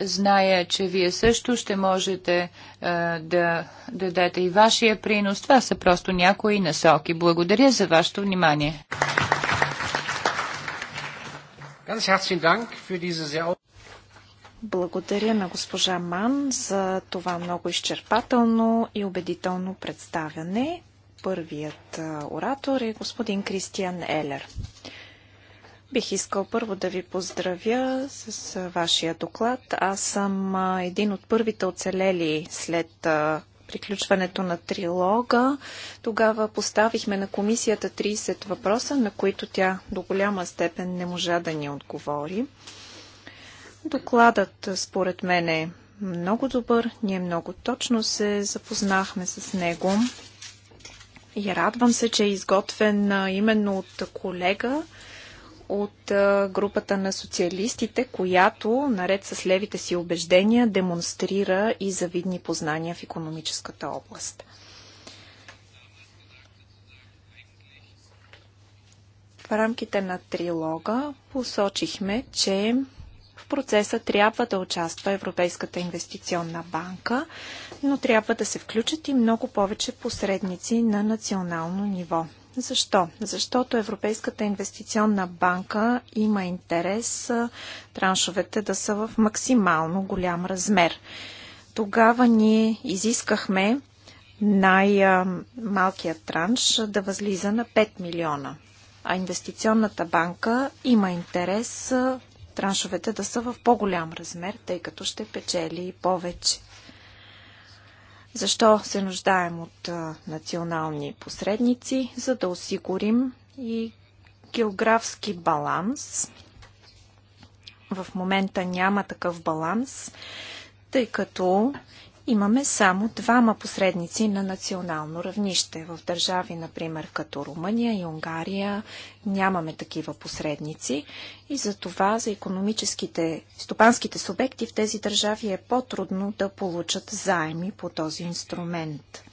Зная, че вие също ще можете а, е, да дадете и вашия принос. Това са просто някои насоки. Благодаря за вашето внимание. Благодаря на госпожа Ман за това много изчерпателно и убедително представяне. Първият оратор е господин Кристиан Елер. Бих искал първо да ви поздравя с вашия доклад. Аз съм един от първите оцелели след приключването на трилога. Тогава поставихме на комисията 30 въпроса, на които тя до голяма степен не можа да ни отговори. Докладът, според мен, е много добър. Ние много точно се запознахме с него. И радвам се, че е изготвен именно от колега от групата на социалистите, която, наред с левите си убеждения, демонстрира и завидни познания в економическата област. В рамките на трилога посочихме, че процеса трябва да участва Европейската инвестиционна банка, но трябва да се включат и много повече посредници на национално ниво. Защо? Защото Европейската инвестиционна банка има интерес траншовете да са в максимално голям размер. Тогава ние изискахме най-малкият транш да възлиза на 5 милиона. А инвестиционната банка има интерес траншовете да са в по-голям размер, тъй като ще печели повече. Защо се нуждаем от национални посредници? За да осигурим и географски баланс. В момента няма такъв баланс, тъй като имаме само двама посредници на национално равнище. В държави, например, като Румъния и Унгария, нямаме такива посредници и за това за економическите, стопанските субекти в тези държави е по-трудно да получат заеми по този инструмент.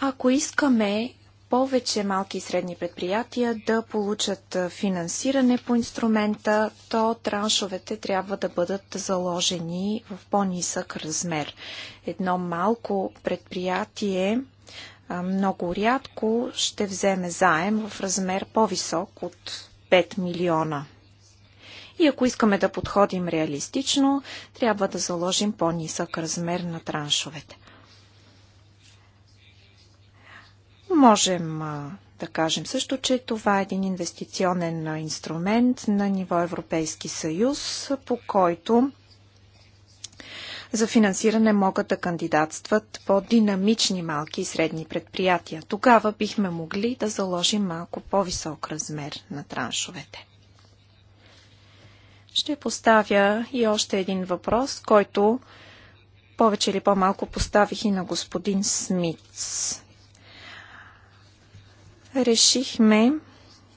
Ако искаме повече малки и средни предприятия да получат финансиране по инструмента, то траншовете трябва да бъдат заложени в по-нисък размер. Едно малко предприятие много рядко ще вземе заем в размер по-висок от 5 милиона. И ако искаме да подходим реалистично, трябва да заложим по-нисък размер на траншовете. Можем да кажем също, че това е един инвестиционен инструмент на ниво Европейски съюз, по който за финансиране могат да кандидатстват по-динамични малки и средни предприятия. Тогава бихме могли да заложим малко по-висок размер на траншовете. Ще поставя и още един въпрос, който повече или по-малко поставих и на господин Смитс решихме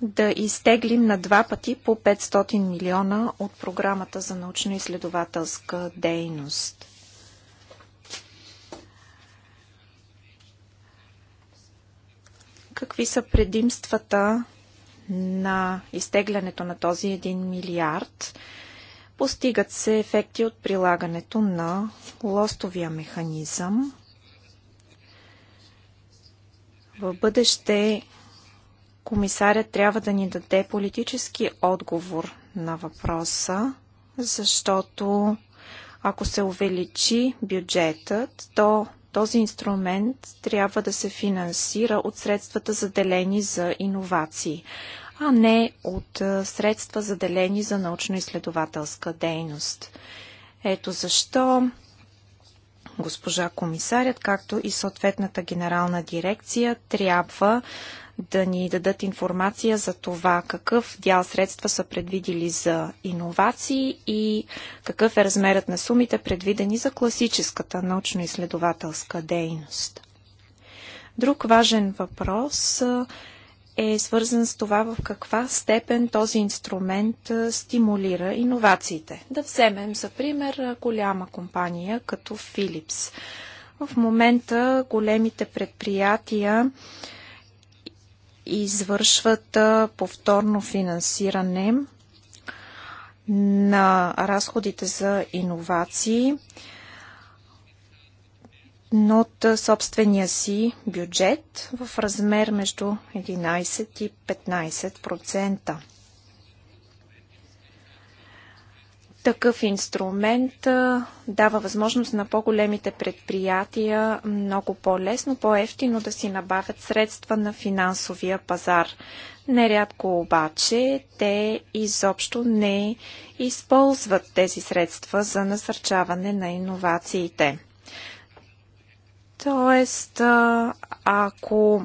да изтеглим на два пъти по 500 милиона от програмата за научно-изследователска дейност. Какви са предимствата на изтеглянето на този 1 милиард? Постигат се ефекти от прилагането на лостовия механизъм. В бъдеще Комисарят трябва да ни даде политически отговор на въпроса, защото ако се увеличи бюджетът, то този инструмент трябва да се финансира от средствата заделени за иновации, а не от средства заделени за научно-изследователска дейност. Ето защо госпожа комисарят, както и съответната генерална дирекция, трябва да ни дадат информация за това какъв дял средства са предвидили за иновации и какъв е размерът на сумите предвидени за класическата научно-изследователска дейност. Друг важен въпрос е свързан с това в каква степен този инструмент стимулира иновациите. Да вземем за пример голяма компания като Philips. В момента големите предприятия извършват повторно финансиране на разходите за иновации, от собствения си бюджет в размер между 11 и 15%. Такъв инструмент дава възможност на по-големите предприятия много по-лесно, по-ефтино да си набавят средства на финансовия пазар. Нерядко обаче те изобщо не използват тези средства за насърчаване на иновациите. Тоест, ако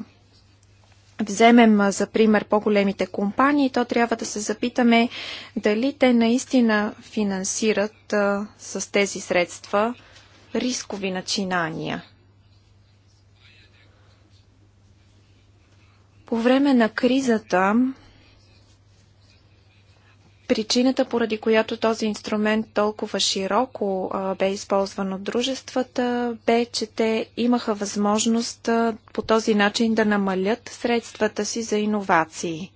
вземем за пример по-големите компании, то трябва да се запитаме дали те наистина финансират а, с тези средства рискови начинания. По време на кризата Причината, поради която този инструмент толкова широко а, бе използван от дружествата, бе, че те имаха възможност а, по този начин да намалят средствата си за иновации.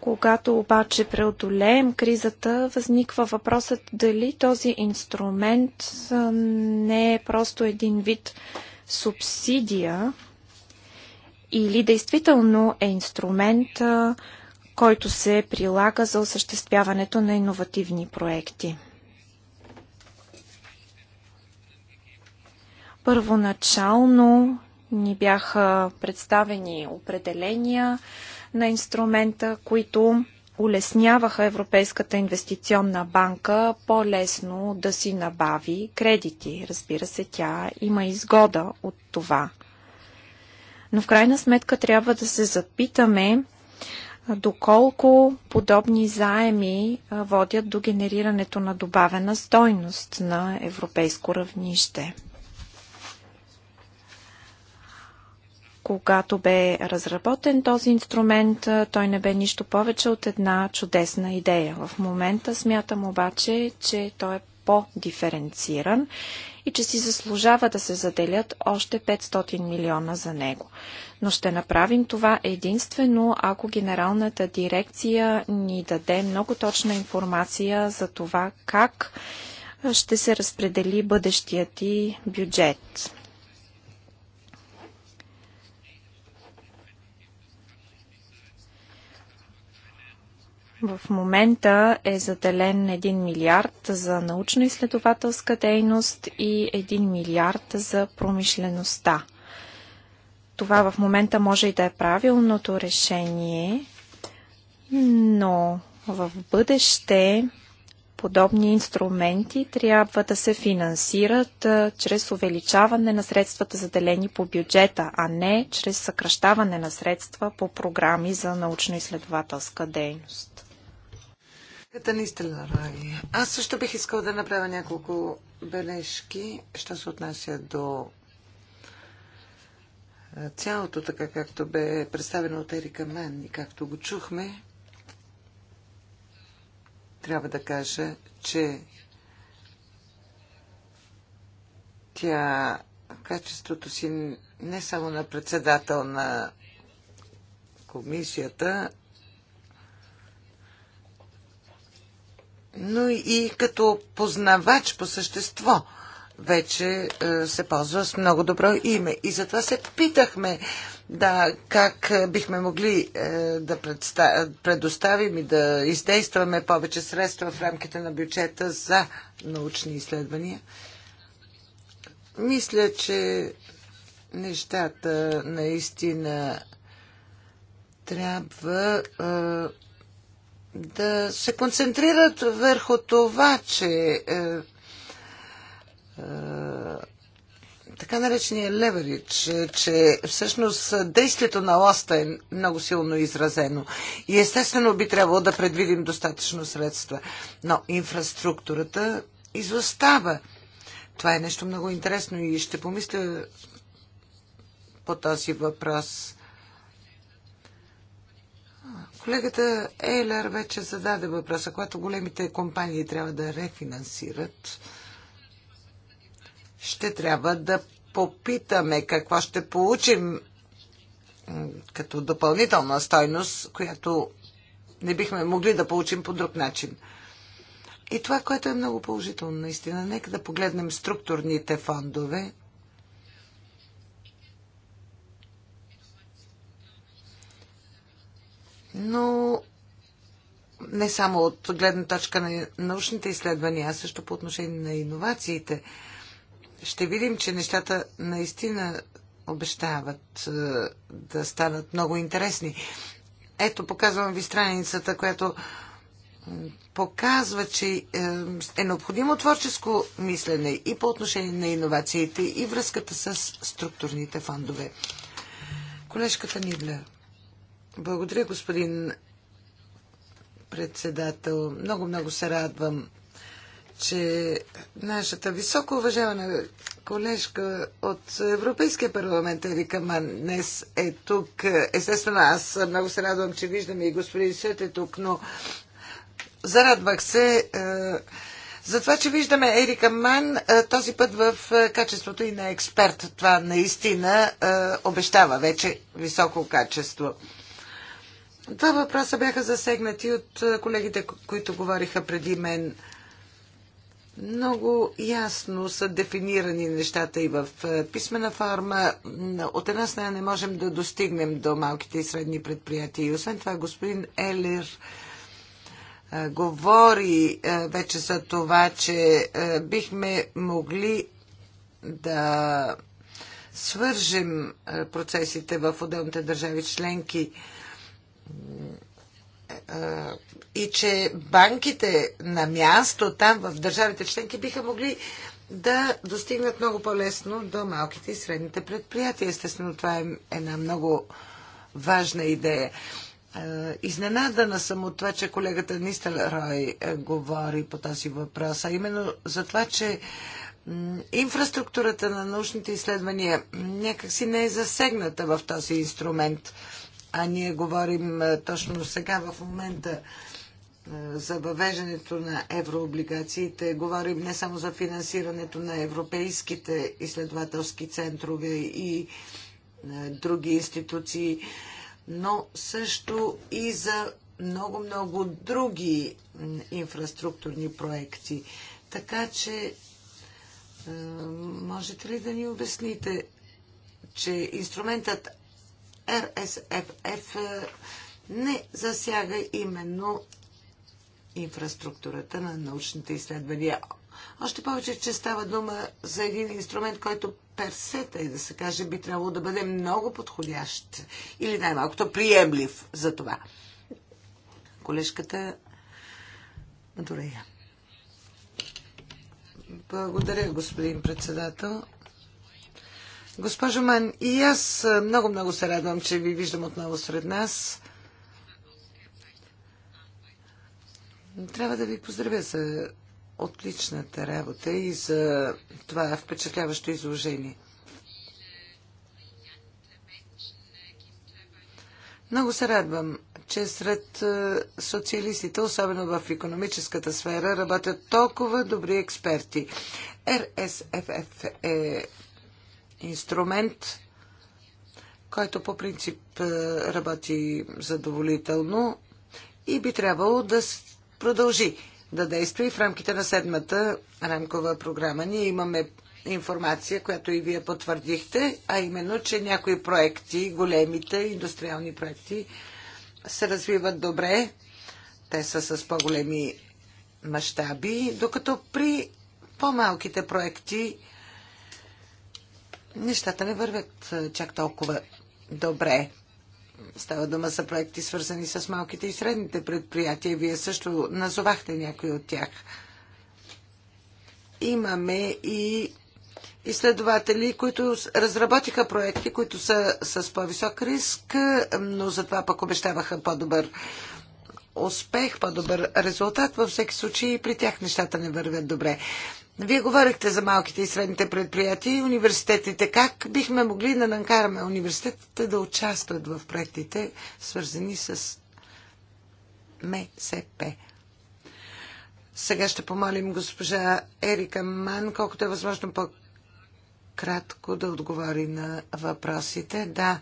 Когато обаче преодолеем кризата, възниква въпросът дали този инструмент не е просто един вид субсидия или действително е инструмент, който се прилага за осъществяването на иновативни проекти. Първоначално ни бяха представени определения на инструмента, които улесняваха Европейската инвестиционна банка по-лесно да си набави кредити. Разбира се, тя има изгода от това. Но в крайна сметка трябва да се запитаме доколко подобни заеми водят до генерирането на добавена стойност на европейско равнище. Когато бе разработен този инструмент, той не бе нищо повече от една чудесна идея. В момента смятам обаче, че той е по-диференциран и че си заслужава да се заделят още 500 милиона за него. Но ще направим това единствено, ако генералната дирекция ни даде много точна информация за това как ще се разпредели бъдещият ти бюджет. В момента е заделен 1 милиард за научно-изследователска дейност и 1 милиард за промишлеността. Това в момента може и да е правилното решение, но в бъдеще подобни инструменти трябва да се финансират чрез увеличаване на средствата заделени по бюджета, а не чрез съкръщаване на средства по програми за научно-изследователска дейност. Ката наистина рави. Аз също бих искал да направя няколко бележки, що се отнася до цялото, така както бе представено от Ерика Мен и както го чухме. Трябва да кажа, че тя качеството си не само на председател на комисията, но и като познавач по същество вече е, се ползва с много добро име. И затова се питахме да, как е, бихме могли е, да предоставим и да издействаме повече средства в рамките на бюджета за научни изследвания. Мисля, че нещата наистина трябва да се концентрират върху това, че е, е, така наречения леверидж, че всъщност действието на ласта е много силно изразено. И естествено би трябвало да предвидим достатъчно средства. Но инфраструктурата изостава. Това е нещо много интересно и ще помисля по този въпрос. Колегата Ейлер вече зададе въпроса, когато големите компании трябва да рефинансират, ще трябва да попитаме какво ще получим като допълнителна стойност, която не бихме могли да получим по друг начин. И това, което е много положително наистина, нека да погледнем структурните фондове. но не само от гледна точка на научните изследвания, а също по отношение на иновациите. Ще видим, че нещата наистина обещават е, да станат много интересни. Ето, показвам ви страницата, която показва, че е, е необходимо творческо мислене и по отношение на иновациите, и връзката с структурните фондове. Колежката Нидля. Благодаря, господин председател. Много-много се радвам, че нашата високо уважавана колежка от Европейския парламент Ерика Ман днес е тук. Естествено, аз много се радвам, че виждаме и господин Сет е тук, но зарадвах се е, за това, че виждаме Ерика Ман е, този път в е, качеството и на експерт. Това наистина е, обещава вече високо качество. Два въпроса бяха засегнати от е, колегите, които говориха преди мен. Много ясно са дефинирани нещата и в е, писмена форма. От една страна не можем да достигнем до малките и средни предприятия. И освен това, господин Елер е, говори вече за това, че бихме могли да свържем процесите в отделните държави членки и че банките на място там в държавите членки биха могли да достигнат много по-лесно до малките и средните предприятия. Естествено, това е една много важна идея. Е, изненадана съм от това, че колегата Нистел Рой е, говори по този въпрос, а именно за това, че инфраструктурата на научните изследвания някакси не е засегната в този инструмент – а ние говорим точно сега в момента за въвеждането на еврооблигациите. Говорим не само за финансирането на европейските изследователски центрове и други институции, но също и за много-много други инфраструктурни проекти. Така че можете ли да ни обясните, че инструментът РСФФ е, не засяга именно инфраструктурата на научните изследвания. Още повече, че става дума за един инструмент, който персета и да се каже би трябвало да бъде много подходящ или най-малкото приемлив за това. Колежката Матурея. Благодаря, господин председател. Госпожо Мен, и аз много-много се радвам, че ви виждам отново сред нас. Трябва да ви поздравя за отличната работа и за това впечатляващо изложение. Много се радвам, че сред социалистите, особено в економическата сфера, работят толкова добри експерти. РСФФ е инструмент, който по принцип е, работи задоволително и би трябвало да продължи да действа и в рамките на седмата рамкова програма. Ние имаме информация, която и вие потвърдихте, а именно, че някои проекти, големите индустриални проекти, се развиват добре. Те са с по-големи мащаби, докато при по-малките проекти нещата не вървят чак толкова добре. Става дума за проекти, свързани с малките и средните предприятия. Вие също назовахте някои от тях. Имаме и изследователи, които разработиха проекти, които са с по-висок риск, но затова пък обещаваха по-добър успех, по-добър резултат. Във всеки случай и при тях нещата не вървят добре. Вие говорихте за малките и средните предприятия и университетите. Как бихме могли да накараме университетите да участват в проектите, свързани с МСП? Сега ще помолим госпожа Ерика Ман, колкото е възможно по-кратко да отговори на въпросите. Да,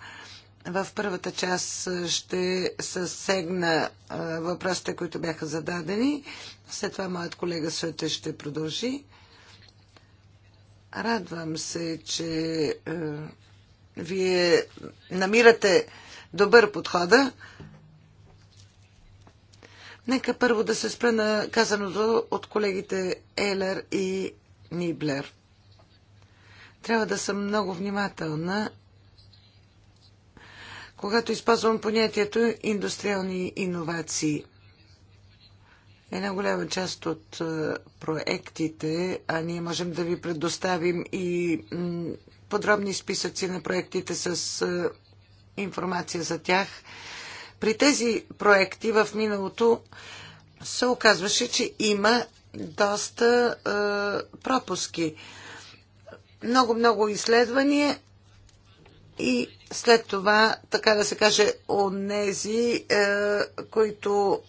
в първата част ще съсегна въпросите, които бяха зададени. След това моят колега Суете ще продължи. Радвам се, че е, вие намирате добър подхода. Нека първо да се спра на казаното от колегите Елер и Ниблер. Трябва да съм много внимателна, когато използвам понятието индустриални иновации – Една голяма част от е, проектите, а ние можем да ви предоставим и подробни списъци на проектите с е, информация за тях. При тези проекти в миналото се оказваше, че има доста е, пропуски. Много-много изследвания и след това, така да се каже, онези, е, които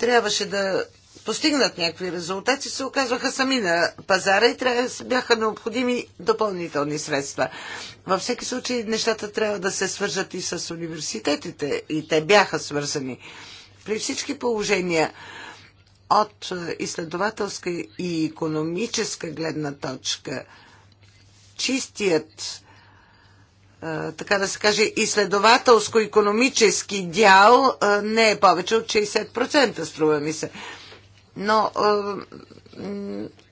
трябваше да постигнат някакви резултати, се оказваха сами на пазара и трябва, бяха необходими допълнителни средства. Във всеки случай нещата трябва да се свържат и с университетите и те бяха свързани. При всички положения от изследователска и економическа гледна точка чистият е, така да се каже, изследователско-економически дял е, не е повече от 60%, струва ми се. Но е,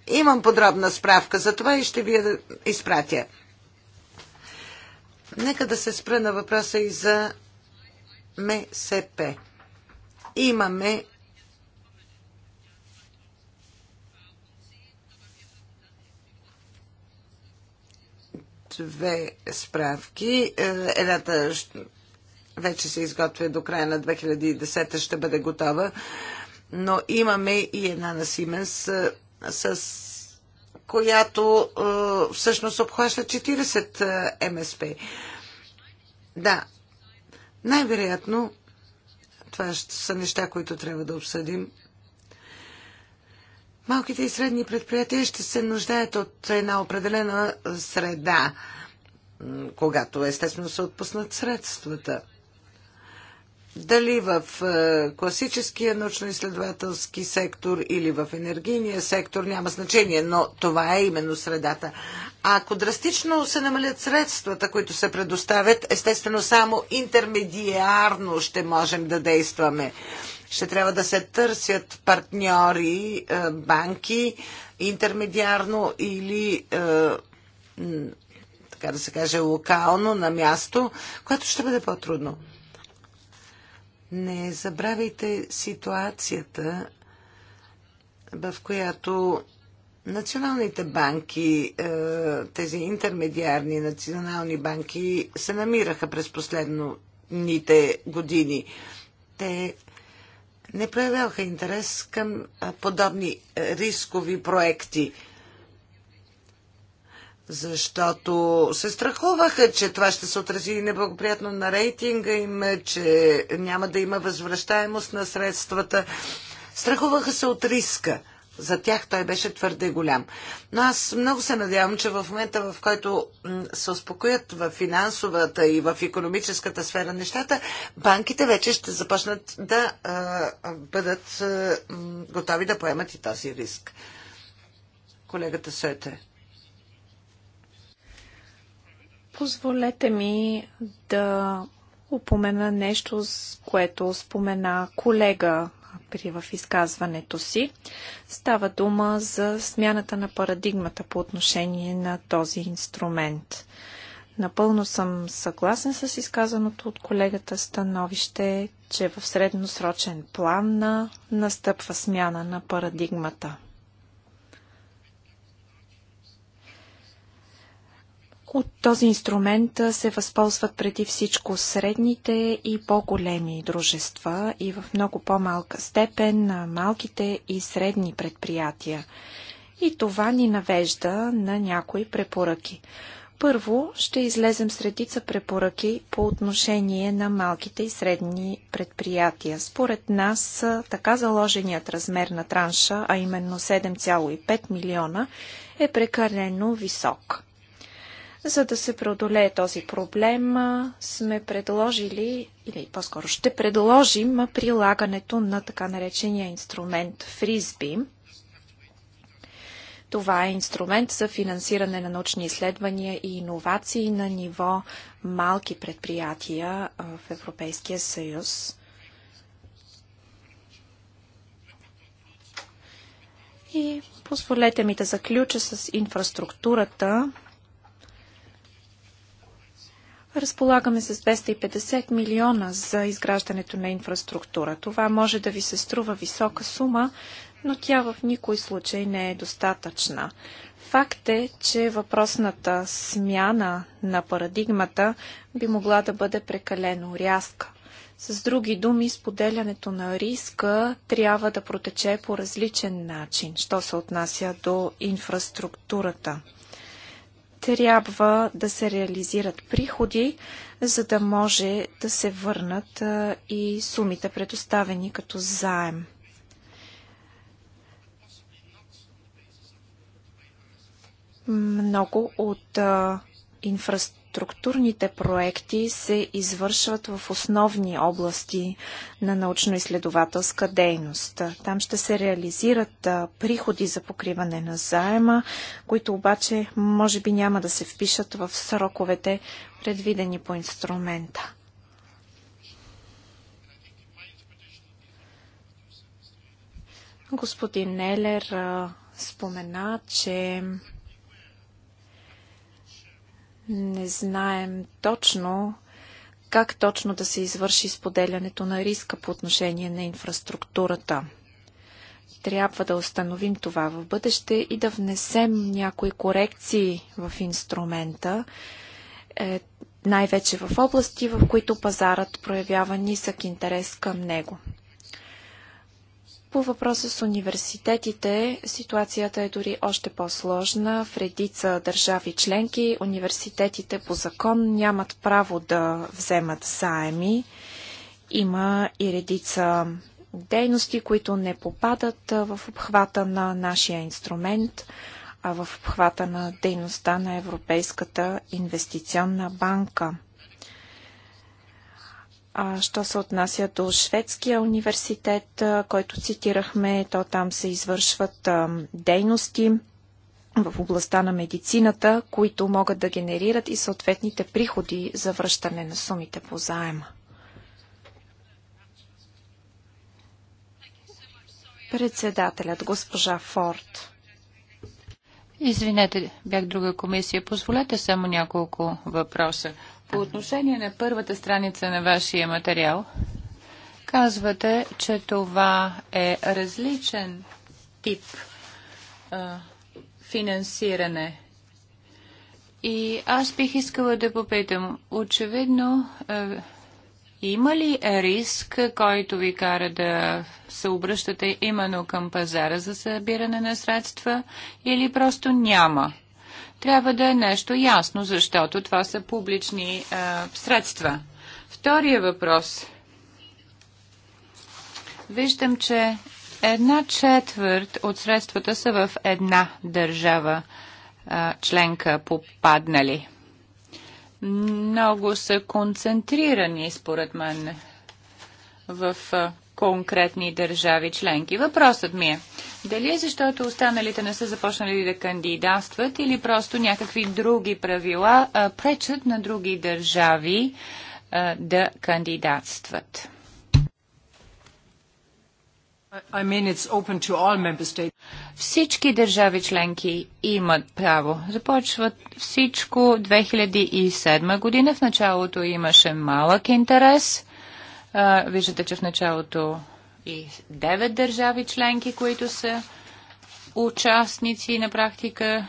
имам подробна справка за това и ще ви я изпратя. Нека да се спра на въпроса и за МСП. Имаме две справки. Е, едната вече се изготвя до края на 2010 ще бъде готова. Но имаме и една на Сименс, е, с която е, всъщност обхваща 40 МСП. Да, най-вероятно това са неща, които трябва да обсъдим Малките и средни предприятия ще се нуждаят от една определена среда, когато естествено се отпуснат средствата. Дали в е, класическия научно-изследователски сектор или в енергийния сектор няма значение, но това е именно средата. Ако драстично се намалят средствата, които се предоставят, естествено само интермедиарно ще можем да действаме. Ще трябва да се търсят партньори, е, банки, интермедиарно или е, така да се каже, локално, на място, което ще бъде по-трудно. Не забравяйте ситуацията, в която националните банки, е, тези интермедиарни национални банки се намираха през последните години. Те не проявяваха интерес към подобни е, рискови проекти, защото се страхуваха, че това ще се отрази неблагоприятно на рейтинга им, че няма да има възвръщаемост на средствата. Страхуваха се от риска за тях той беше твърде голям. Но аз много се надявам, че в момента, в който се успокоят в финансовата и в економическата сфера нещата, банките вече ще започнат да а, бъдат а, готови да поемат и този риск. Колегата Сете. Позволете ми да упомена нещо, с което спомена колега при в изказването си. Става дума за смяната на парадигмата по отношение на този инструмент. Напълно съм съгласен с изказаното от колегата становище, че в средносрочен план на настъпва смяна на парадигмата. От този инструмент се възползват преди всичко средните и по-големи дружества и в много по-малка степен на малките и средни предприятия. И това ни навежда на някои препоръки. Първо ще излезем с редица препоръки по отношение на малките и средни предприятия. Според нас така заложеният размер на транша, а именно 7,5 милиона, е прекалено висок. За да се преодолее този проблем, сме предложили, или по-скоро ще предложим прилагането на така наречения инструмент фризби. Това е инструмент за финансиране на научни изследвания и иновации на ниво малки предприятия в Европейския съюз. И позволете ми да заключа с инфраструктурата Разполагаме с 250 милиона за изграждането на инфраструктура. Това може да ви се струва висока сума, но тя в никой случай не е достатъчна. Факт е, че въпросната смяна на парадигмата би могла да бъде прекалено рязка. С други думи, споделянето на риска трябва да протече по различен начин, що се отнася до инфраструктурата трябва да се реализират приходи, за да може да се върнат и сумите предоставени като заем. Много от инфраструктурата структурните проекти се извършват в основни области на научно-изследователска дейност. Там ще се реализират приходи за покриване на заема, които обаче може би няма да се впишат в сроковете, предвидени по инструмента. Господин Нелер спомена, че не знаем точно как точно да се извърши споделянето на риска по отношение на инфраструктурата. Трябва да установим това в бъдеще и да внесем някои корекции в инструмента, е, най-вече в области, в които пазарът проявява нисък интерес към него. По въпроса с университетите, ситуацията е дори още по-сложна. В редица държави членки университетите по закон нямат право да вземат заеми. Има и редица дейности, които не попадат в обхвата на нашия инструмент, а в обхвата на дейността на Европейската инвестиционна банка – а що се отнася до Шведския университет, който цитирахме, то там се извършват дейности в областта на медицината, които могат да генерират и съответните приходи за връщане на сумите по заема. Председателят госпожа Форд. Извинете, бях друга комисия. Позволете само няколко въпроса. По отношение на първата страница на вашия материал, казвате, че това е различен тип а, финансиране. И аз бих искала да попитам, очевидно, а, има ли риск, който ви кара да се обръщате именно към пазара за събиране на средства или просто няма трябва да е нещо ясно, защото това са публични а, средства. Втория въпрос. Виждам, че една четвърт от средствата са в една държава а, членка попаднали. Много са концентрирани, според мен, в конкретни държави членки. Въпросът ми е, дали е защото останалите не са започнали да кандидатстват или просто някакви други правила а, пречат на други държави а, да кандидатстват? I mean Всички държави членки имат право. Започват всичко 2007 година. В началото имаше малък интерес виждате, че в началото и 9 държави членки, които са участници на практика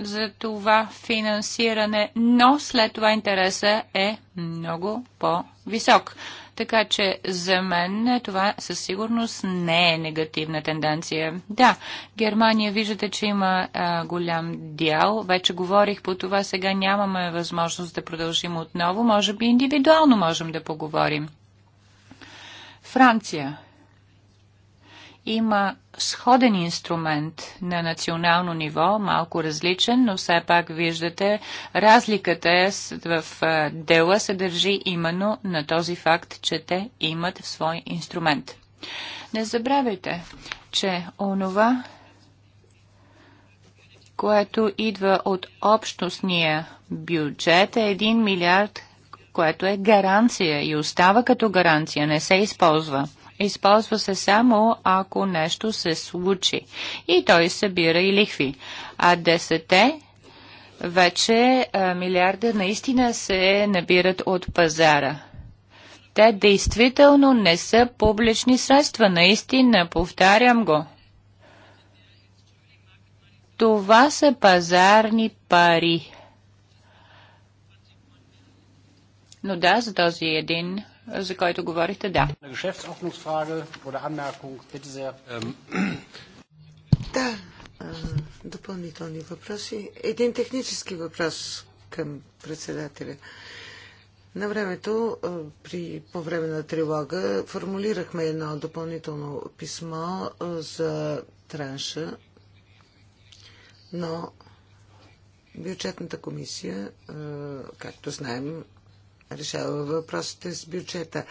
за това финансиране, но след това интереса е много по-висок. Така че за мен това със сигурност не е негативна тенденция. Да, Германия виждате, че има а, голям дял. Вече говорих по това, сега нямаме възможност да продължим отново. Може би индивидуално можем да поговорим. Франция има сходен инструмент на национално ниво, малко различен, но все пак виждате разликата е в дела се държи именно на този факт, че те имат свой инструмент. Не забравяйте, че онова, което идва от общностния бюджет е 1 милиард което е гаранция и остава като гаранция, не се използва. Използва се само ако нещо се случи и той събира и лихви. А десете вече а, милиарда наистина се набират от пазара. Те действително не са публични средства, наистина, повтарям го. Това са пазарни пари. Но да, за този един, за който говорихте, да. Да, допълнителни въпроси. Един технически въпрос към председателя. На времето, при, по време на трилога, формулирахме едно допълнително писмо за транша, но бюджетната комисия, както знаем, решава въпросите с бюджета.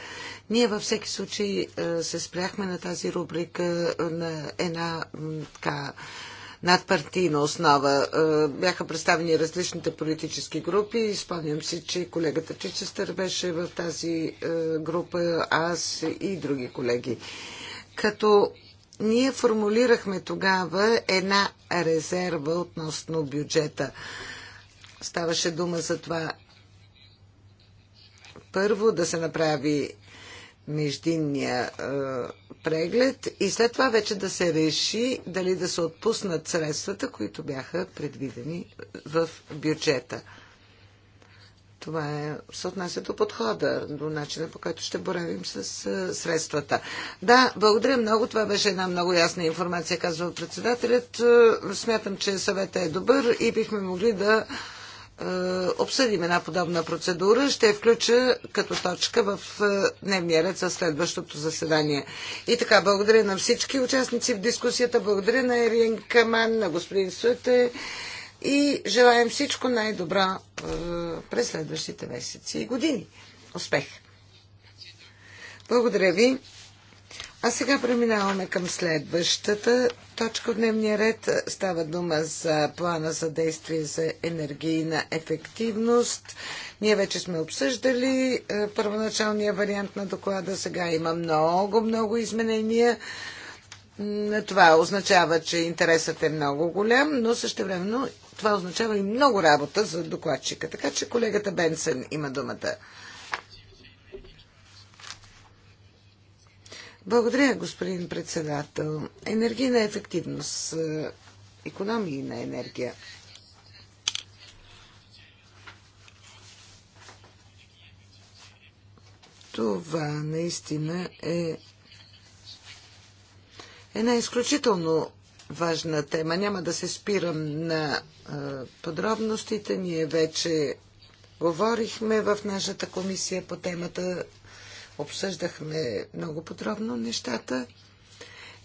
Ние във всеки случай е, се спряхме на тази рубрика е, на една така надпартийна основа. Е, бяха представени различните политически групи. Спомням си, че колегата Чичестър беше в тази група, аз и други колеги. Като ние формулирахме тогава една резерва относно бюджета. Ставаше дума за това първо да се направи междинния е, преглед и след това вече да се реши дали да се отпуснат средствата, които бяха предвидени в бюджета. Това е, се отнася до подхода, до начина по който ще боравим с е, средствата. Да, благодаря много. Това беше една много ясна информация, казва председателят. Е, смятам, че съветът е добър и бихме могли да е, обсъдим една подобна процедура, ще я включа като точка в е, дневния ред за следващото заседание. И така, благодаря на всички участници в дискусията, благодаря на Ерин Каман, на господин Суете и желаем всичко най-добро е, през следващите месеци и години. Успех! Благодаря ви! А сега преминаваме към следващата точка от дневния ред. Става дума за плана за действие за енергийна ефективност. Ние вече сме обсъждали е, първоначалния вариант на доклада. Сега има много, много изменения. Това означава, че интересът е много голям, но времено това означава и много работа за докладчика. Така че колегата Бенсен има думата. Благодаря, господин председател. Енергийна ефективност, е, економии на енергия. Това наистина е една изключително важна тема. Няма да се спирам на е, подробностите. Ние вече говорихме в нашата комисия по темата Обсъждахме много подробно нещата.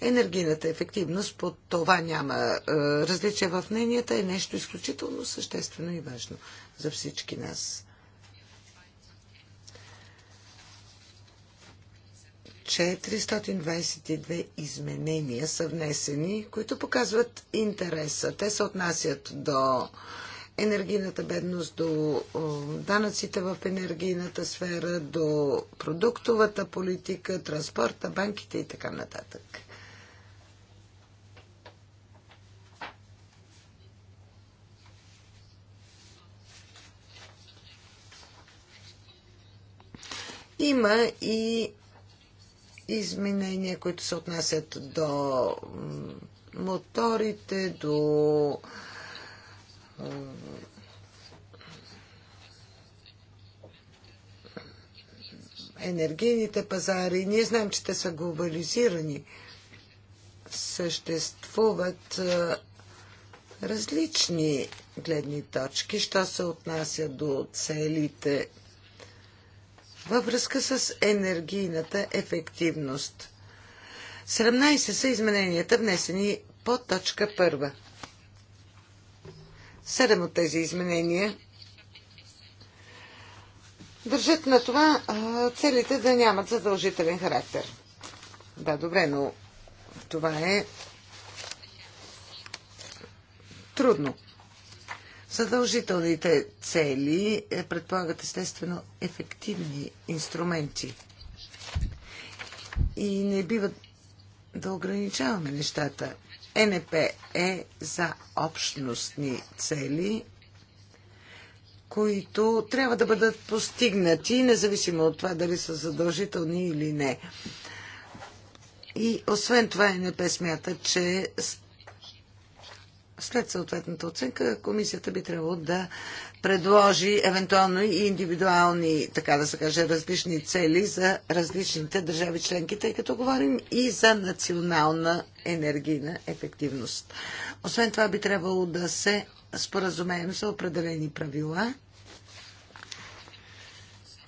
Енергийната ефективност, по това няма е, различие в мненията, е нещо изключително съществено и важно за всички нас. че 322 изменения са внесени, които показват интереса. Те се отнасят до енергийната бедност, до данъците в енергийната сфера, до продуктовата политика, транспорта, банките и така нататък. Има и изменения, които се отнасят до моторите, до е, енергийните пазари. Ние знаем, че те са глобализирани. Съществуват различни гледни точки, що се отнася до целите във връзка с енергийната ефективност. 17 са измененията внесени по точка 1. Седем от тези изменения държат на това целите да нямат задължителен характер. Да, добре, но това е трудно. Задължителните цели е, предполагат естествено ефективни инструменти. И не бива да ограничаваме нещата. НП е за общностни цели, които трябва да бъдат постигнати, независимо от това дали са задължителни или не. И освен това НП смята, че след съответната оценка комисията би трябвало да предложи евентуално и индивидуални, така да се каже, различни цели за различните държави членки, тъй като говорим и за национална енергийна ефективност. Освен това би трябвало да се споразумеем за определени правила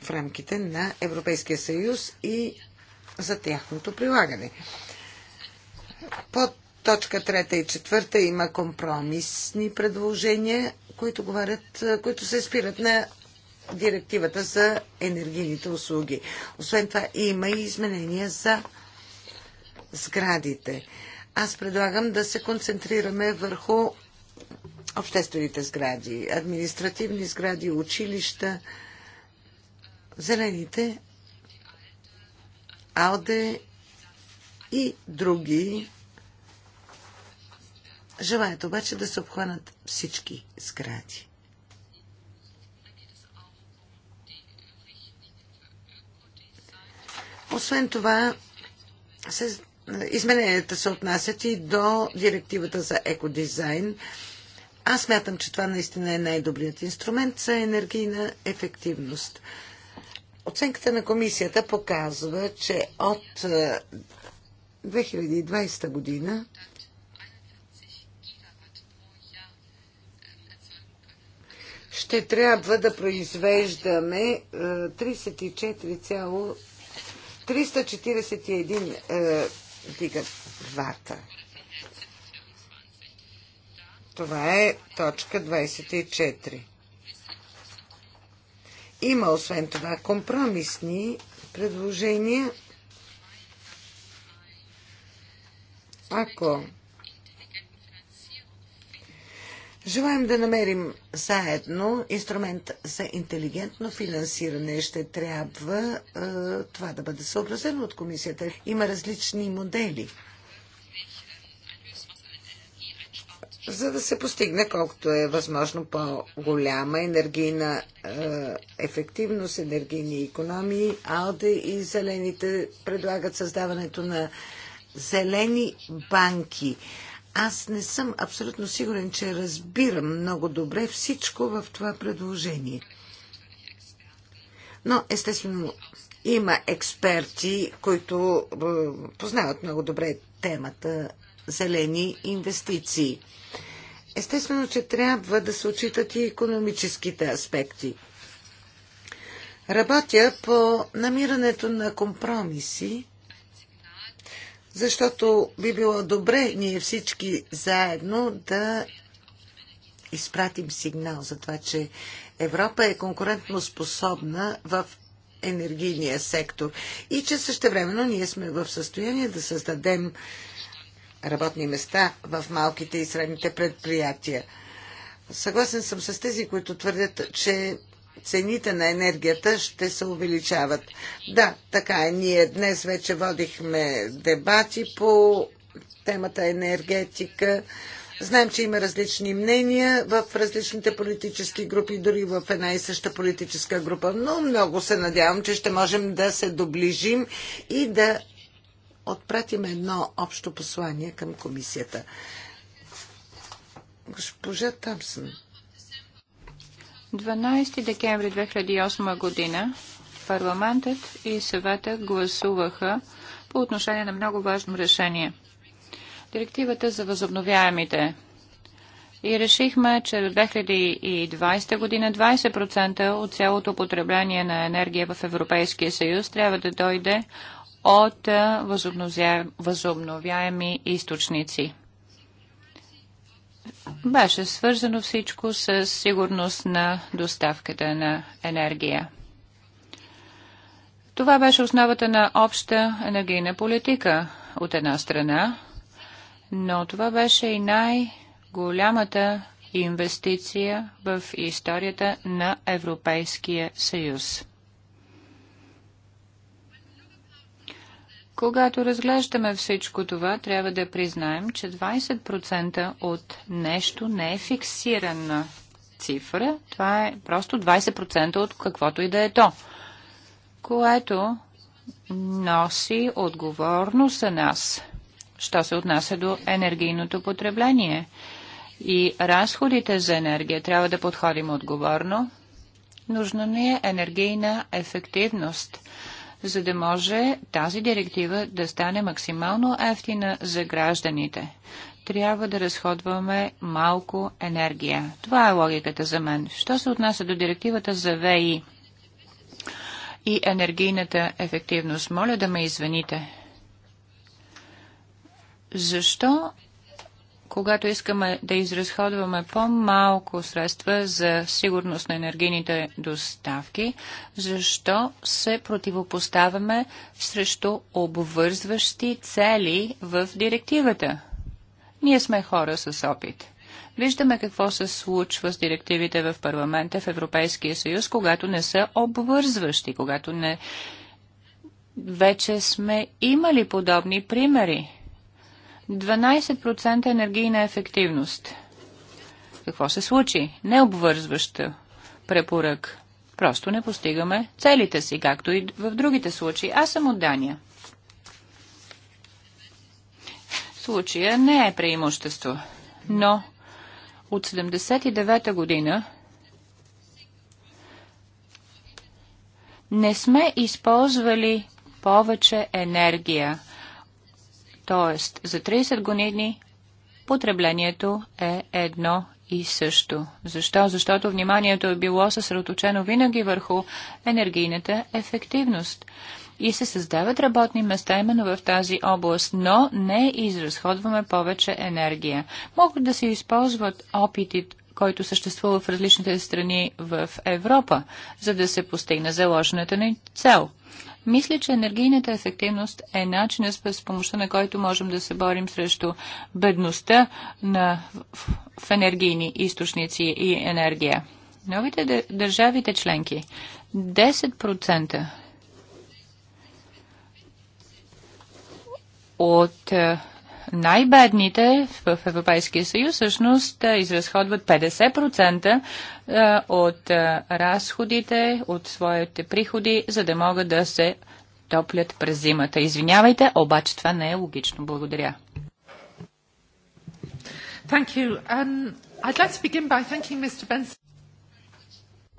в рамките на Европейския съюз и за тяхното прилагане. Под точка 3 и 4 има компромисни предложения, които, говорят, които се спират на директивата за енергийните услуги. Освен това има и изменения за сградите. Аз предлагам да се концентрираме върху обществените сгради, административни сгради, училища, зелените, алде и други Желаят обаче да се обхванат всички сгради. Освен това, се, измененията се отнасят и до директивата за екодизайн. Аз мятам, че това наистина е най-добрият инструмент за енергийна ефективност. Оценката на комисията показва, че от 2020 е, година ще трябва да произвеждаме 34,341 е, е, гигавата. Това е точка 24. Има освен това компромисни предложения. Ако Желаем да намерим заедно инструмент за интелигентно финансиране. Ще трябва е, това да бъде съобразено от комисията. Има различни модели. За да се постигне колкото е възможно по-голяма енергийна е, ефективност, енергийни економии, АЛДЕ и зелените предлагат създаването на зелени банки. Аз не съм абсолютно сигурен, че разбирам много добре всичко в това предложение. Но, естествено, има експерти, които е, познават много добре темата зелени инвестиции. Естествено, че трябва да се отчитат и економическите аспекти. Работя по намирането на компромиси, защото би било добре ние всички заедно да изпратим сигнал за това, че Европа е конкурентно способна в енергийния сектор и че същевременно ние сме в състояние да създадем работни места в малките и средните предприятия. Съгласен съм с тези, които твърдят, че цените на енергията ще се увеличават. Да, така е. Ние днес вече водихме дебати по темата енергетика. Знаем, че има различни мнения в различните политически групи, дори в една и съща политическа група, но много се надявам, че ще можем да се доближим и да отпратим едно общо послание към комисията. Госпожа Тамсън. 12 декември 2008 година парламентът и съвета гласуваха по отношение на много важно решение. Директивата за възобновяемите. И решихме, че до 2020 година 20% от цялото потребление на енергия в Европейския съюз трябва да дойде от възобновяеми източници беше свързано всичко с сигурност на доставката на енергия. Това беше основата на обща енергийна политика от една страна, но това беше и най-голямата инвестиция в историята на Европейския съюз. Когато разглеждаме всичко това, трябва да признаем, че 20% от нещо не е фиксирана цифра. Това е просто 20% от каквото и да е то, което носи отговорност за нас, що се отнася до енергийното потребление. И разходите за енергия трябва да подходим отговорно. Нужна ни е енергийна ефективност – за да може тази директива да стане максимално ефтина за гражданите. Трябва да разходваме малко енергия. Това е логиката за мен. Що се отнася до директивата за ВИ и енергийната ефективност? Моля да ме извините. Защо когато искаме да изразходваме по-малко средства за сигурност на енергийните доставки, защо се противопоставяме срещу обвързващи цели в директивата? Ние сме хора с опит. Виждаме какво се случва с директивите в парламента в Европейския съюз, когато не са обвързващи, когато не вече сме имали подобни примери. 12% енергийна ефективност. Какво се случи? Необвързваща препорък. Просто не постигаме целите си, както и в другите случаи. Аз съм от Дания. Случая не е преимущество, но от 79-та година не сме използвали повече енергия – Тоест, за 30 години потреблението е едно и също. Защо? Защото вниманието е било съсредоточено винаги върху енергийната ефективност. И се създават работни места именно в тази област, но не изразходваме повече енергия. Могат да се използват опити, който съществува в различните страни в Европа, за да се постигне заложената ни цел. Мисля, че енергийната ефективност е начинът с помощта на който можем да се борим срещу бедността на, в, в енергийни източници и енергия. Новите държавите членки 10% от е, най-бедните в Европейския съюз всъщност е, изразходват 50% е, от е, разходите, от своите приходи, за да могат да се топлят през зимата. Извинявайте, обаче това не е логично. Благодаря. Thank you. Um, I'd like to begin by thanking Mr. Benson.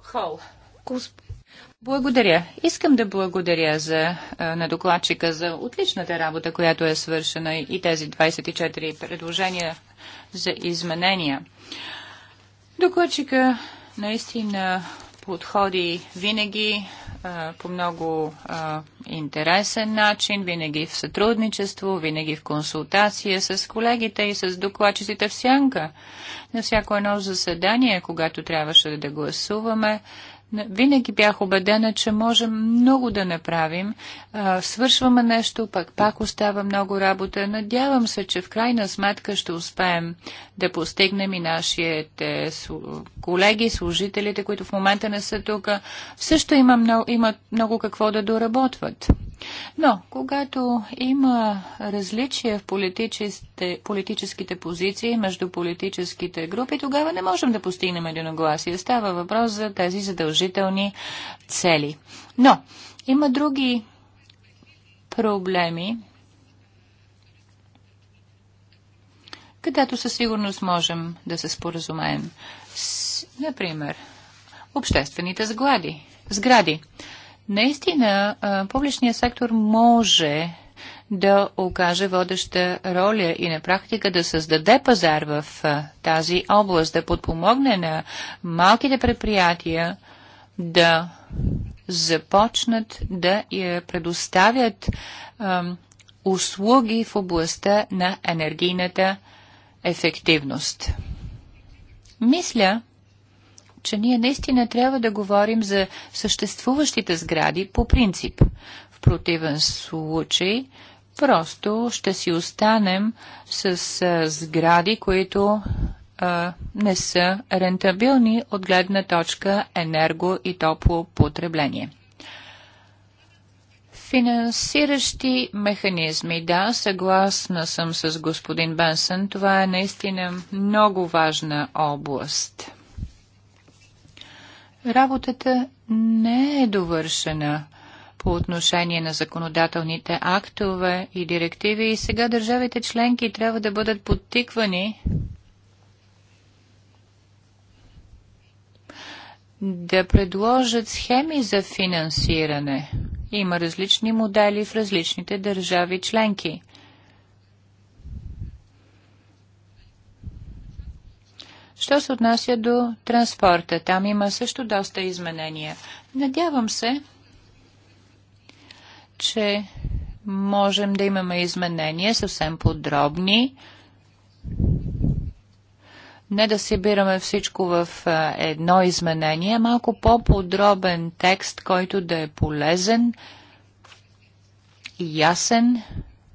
Хол. Благодаря. Искам да благодаря за, на докладчика за отличната работа, която е свършена и тези 24 предложения за изменения. Докладчика наистина подходи винаги по много а, интересен начин, винаги в сътрудничество, винаги в консултация с колегите и с докладчиците в сянка. На всяко едно заседание, когато трябваше да гласуваме, винаги бях убедена, че можем много да направим. Свършваме нещо, пък пак остава много работа. Надявам се, че в крайна сметка ще успеем да постигнем и нашите колеги, служителите, които в момента не са тук. Също има много, имат много какво да доработват. Но, когато има различия в политическите, политическите позиции между политическите групи, тогава не можем да постигнем единогласие. Става въпрос за тези задължителни цели. Но, има други проблеми, където със сигурност можем да се споразумеем. С, например, обществените сглади, сгради. сгради Наистина, публичният сектор може да окаже водеща роля и на практика да създаде пазар в тази област, да подпомогне на малките предприятия да започнат да я предоставят ам, услуги в областта на енергийната ефективност. Мисля, че ние наистина трябва да говорим за съществуващите сгради по принцип. В противен случай, просто ще си останем с а, сгради, които а, не са рентабилни от гледна точка енерго и топло потребление. Финансиращи механизми. Да, съгласна съм с господин Бенсън. Това е наистина много важна област работата не е довършена по отношение на законодателните актове и директиви и сега държавите членки трябва да бъдат подтиквани да предложат схеми за финансиране. Има различни модели в различните държави членки. Що се отнася до транспорта, там има също доста изменения. Надявам се, че можем да имаме изменения съвсем подробни. Не да събираме всичко в едно изменение, малко по-подробен текст, който да е полезен, ясен,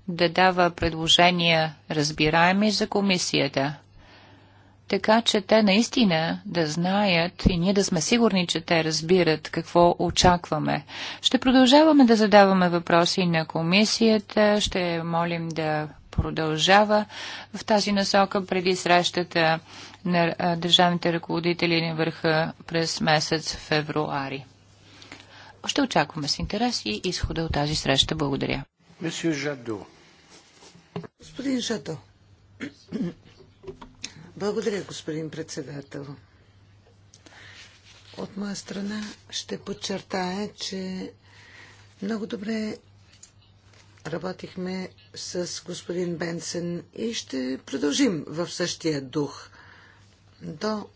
да дава предложения разбираеми за комисията така че те наистина да знаят и ние да сме сигурни, че те разбират какво очакваме. Ще продължаваме да задаваме въпроси на комисията, ще молим да продължава в тази насока преди срещата на държавните ръководители на върха през месец февруари. Ще очакваме с интерес и изхода от тази среща. Благодаря. Господин Жадо. Благодаря, господин председател. От моя страна ще подчертая, че много добре работихме с господин Бенсен и ще продължим в същия дух до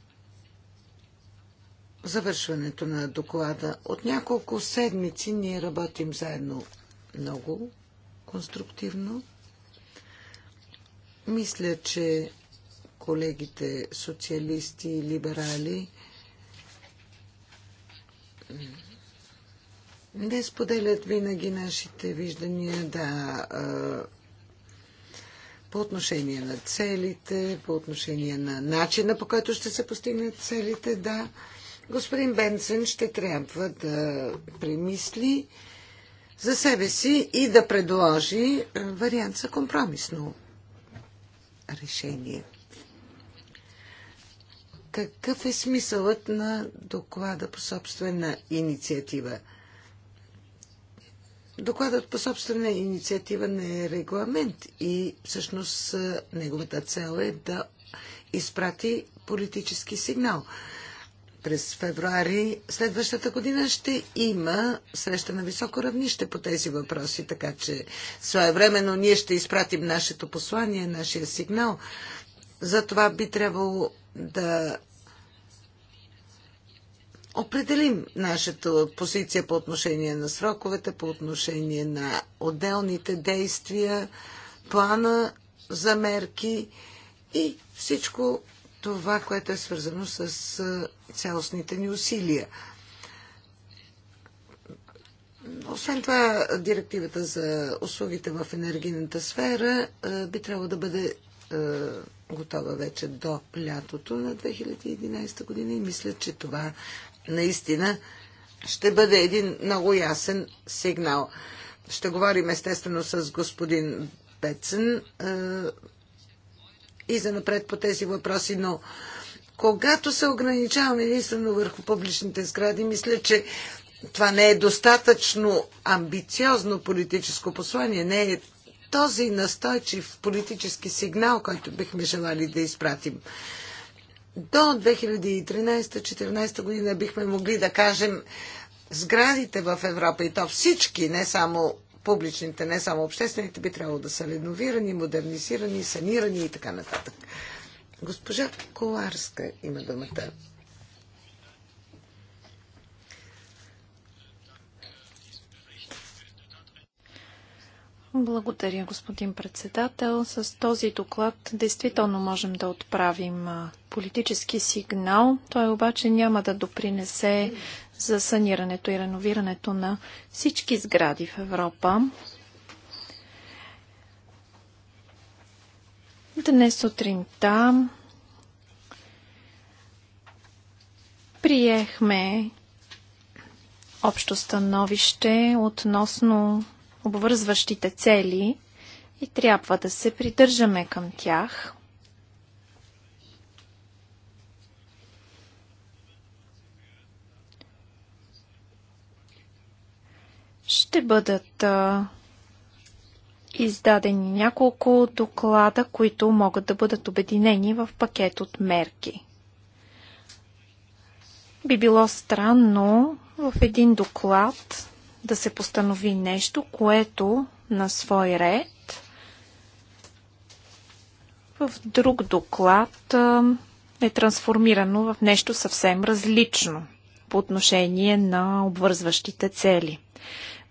завършването на доклада. От няколко седмици ние работим заедно много конструктивно. Мисля, че колегите социалисти и либерали не споделят винаги нашите виждания, да, по отношение на целите, по отношение на начина по който ще се постигнат целите, да. Господин Бенсен ще трябва да премисли за себе си и да предложи вариант за компромисно решение какъв е смисълът на доклада по собствена инициатива? Докладът по собствена инициатива не е регламент и всъщност неговата цел е да изпрати политически сигнал. През февруари следващата година ще има среща на високо равнище по тези въпроси, така че своевременно ние ще изпратим нашето послание, нашия сигнал затова би трябвало да определим нашата позиция по отношение на сроковете, по отношение на отделните действия, плана за мерки и всичко това, което е свързано с цялостните ни усилия. Освен това, директивата за услугите в енергийната сфера би трябвало да бъде е, готова вече до лятото на 2011 година и мисля, че това наистина ще бъде един много ясен сигнал. Ще говорим естествено с господин Пецен е, и за напред по тези въпроси, но когато се ограничаваме единствено върху публичните сгради, мисля, че това не е достатъчно амбициозно политическо послание, не е този настойчив политически сигнал, който бихме желали да изпратим. До 2013-2014 година бихме могли да кажем сградите в Европа и то всички, не само публичните, не само обществените, би трябвало да са реновирани, модернизирани, санирани и така нататък. Госпожа Коларска има думата. Благодаря, господин председател. С този доклад действително можем да отправим политически сигнал. Той обаче няма да допринесе за санирането и реновирането на всички сгради в Европа. Днес сутринта приехме общо становище относно обвързващите цели и трябва да се придържаме към тях. Ще бъдат а, издадени няколко доклада, които могат да бъдат обединени в пакет от мерки. Би било странно в един доклад да се постанови нещо, което на свой ред в друг доклад е трансформирано в нещо съвсем различно по отношение на обвързващите цели.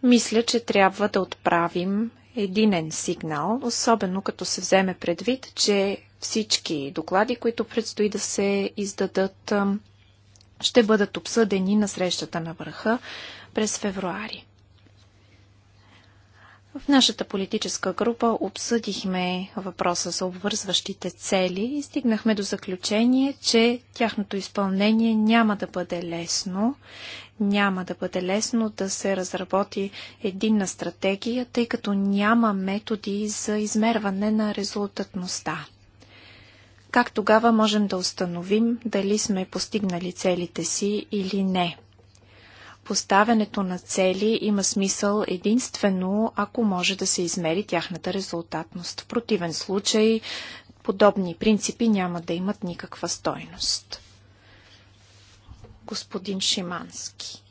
Мисля, че трябва да отправим единен сигнал, особено като се вземе предвид, че всички доклади, които предстои да се издадат, ще бъдат обсъдени на срещата на върха през февруари. В нашата политическа група обсъдихме въпроса за обвързващите цели и стигнахме до заключение, че тяхното изпълнение няма да бъде лесно. Няма да бъде лесно да се разработи единна стратегия, тъй като няма методи за измерване на резултатността. Как тогава можем да установим дали сме постигнали целите си или не? Поставянето на цели има смисъл единствено, ако може да се измери тяхната резултатност. В противен случай, подобни принципи няма да имат никаква стойност. Господин Шимански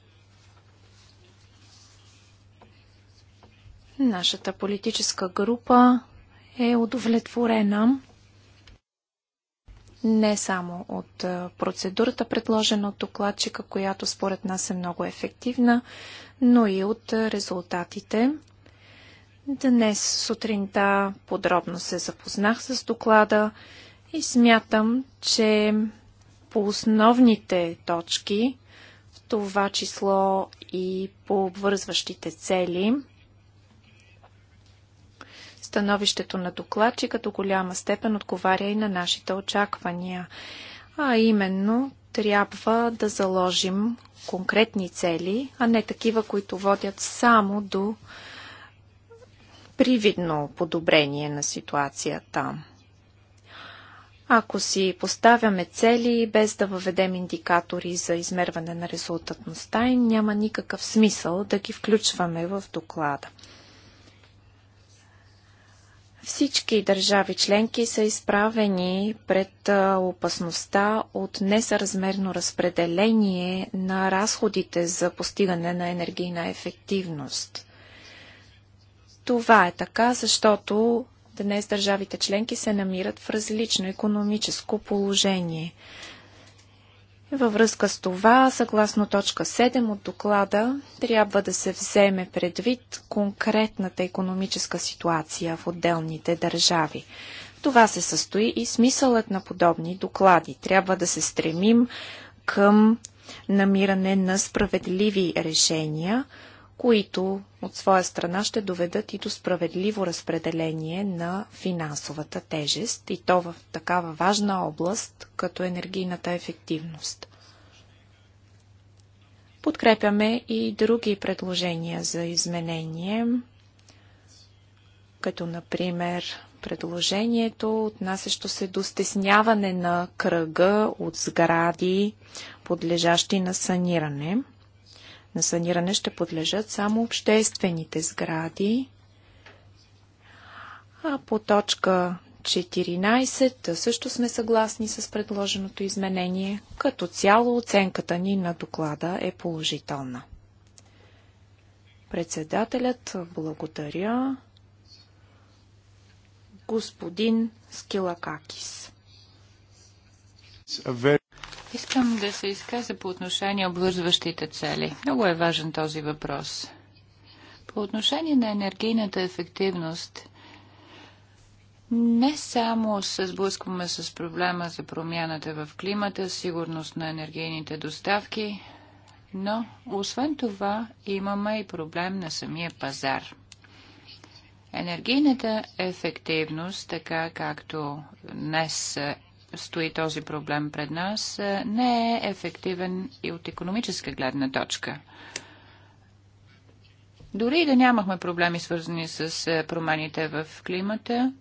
Нашата политическа група е удовлетворена не само от процедурата, предложена от докладчика, която според нас е много ефективна, но и от резултатите. Днес сутринта подробно се запознах с доклада и смятам, че по основните точки, в това число и по обвързващите цели, Становището на докладчика като голяма степен отговаря и на нашите очаквания. А именно, трябва да заложим конкретни цели, а не такива, които водят само до привидно подобрение на ситуацията. Ако си поставяме цели без да въведем индикатори за измерване на резултатността, няма никакъв смисъл да ги включваме в доклада. Всички държави членки са изправени пред опасността от несъразмерно разпределение на разходите за постигане на енергийна ефективност. Това е така, защото днес държавите членки се намират в различно економическо положение. Във връзка с това, съгласно точка 7 от доклада, трябва да се вземе предвид конкретната економическа ситуация в отделните държави. Това се състои и смисълът на подобни доклади. Трябва да се стремим към намиране на справедливи решения, които от своя страна ще доведат и до справедливо разпределение на финансовата тежест и то в такава важна област, като енергийната ефективност. Подкрепяме и други предложения за изменение, като например предложението, отнасящо се до стесняване на кръга от сгради, подлежащи на саниране – на саниране ще подлежат само обществените сгради. А по точка 14 също сме съгласни с предложеното изменение. Като цяло оценката ни на доклада е положителна. Председателят благодаря господин Скилакакис. Искам да се изказа по отношение обвързващите цели. Много е важен този въпрос. По отношение на енергийната ефективност, не само се сблъскваме с проблема за промяната в климата, сигурност на енергийните доставки, но освен това имаме и проблем на самия пазар. Енергийната ефективност, така както днес стои този проблем пред нас, е, не е ефективен и от економическа гледна точка. Дори и да нямахме проблеми свързани с е, промените в климата,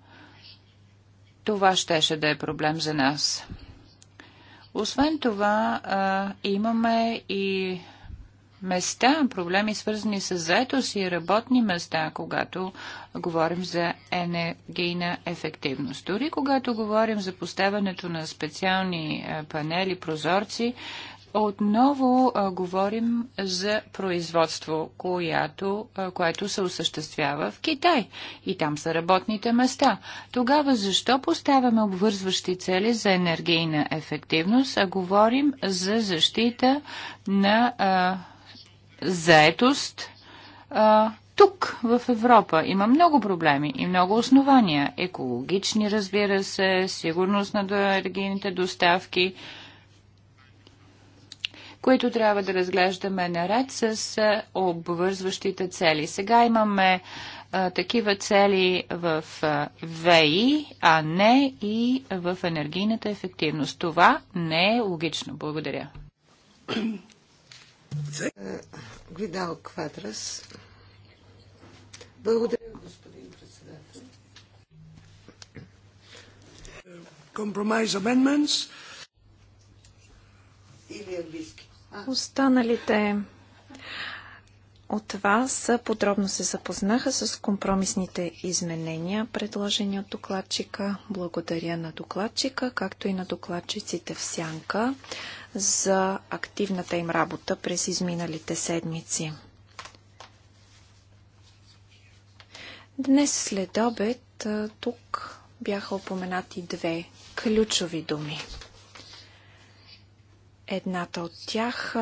това щеше да е проблем за нас. Освен това, е, имаме и места, проблеми свързани с заетост и работни места, когато говорим за енергийна ефективност. Дори когато говорим за поставянето на специални е, панели, прозорци, отново а, е, говорим за производство, която, а, е, което се осъществява в Китай. И там са работните места. Тогава защо поставяме обвързващи цели за енергийна ефективност, а говорим за защита на а, заетост а, тук, в Европа, има много проблеми и много основания. Екологични, разбира се, сигурност на енергийните доставки, които трябва да разглеждаме наред с обвързващите цели. Сега имаме а, такива цели в а, ВИ, а не и в енергийната ефективност. Това не е логично. Благодаря. Видал Квадрас. Благодаря, господин председател. Или английски. Останалите от вас подробно се запознаха с компромисните изменения, предложени от докладчика. Благодаря на докладчика, както и на докладчиците в Сянка за активната им работа през изминалите седмици. Днес след обед тук бяха упоменати две ключови думи. Едната от тях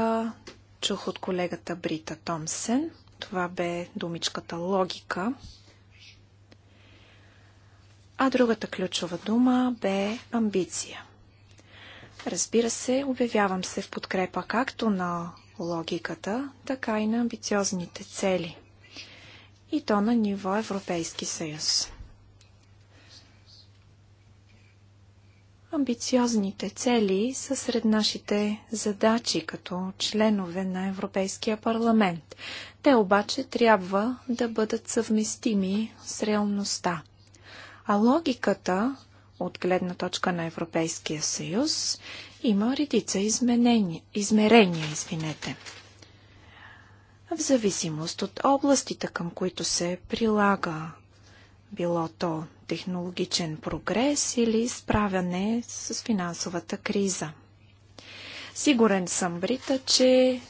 чух от колегата Брита Томсен. Това бе думичката логика. А другата ключова дума бе амбиция. Разбира се, обявявам се в подкрепа както на логиката, така и на амбициозните цели. И то на ниво Европейски съюз. Амбициозните цели са сред нашите задачи като членове на Европейския парламент. Те обаче трябва да бъдат съвместими с реалността. А логиката от гледна точка на Европейския съюз, има редица измерения. Извинете. В зависимост от областите, към които се прилага, било то технологичен прогрес или справяне с финансовата криза. Сигурен съм, Брита, че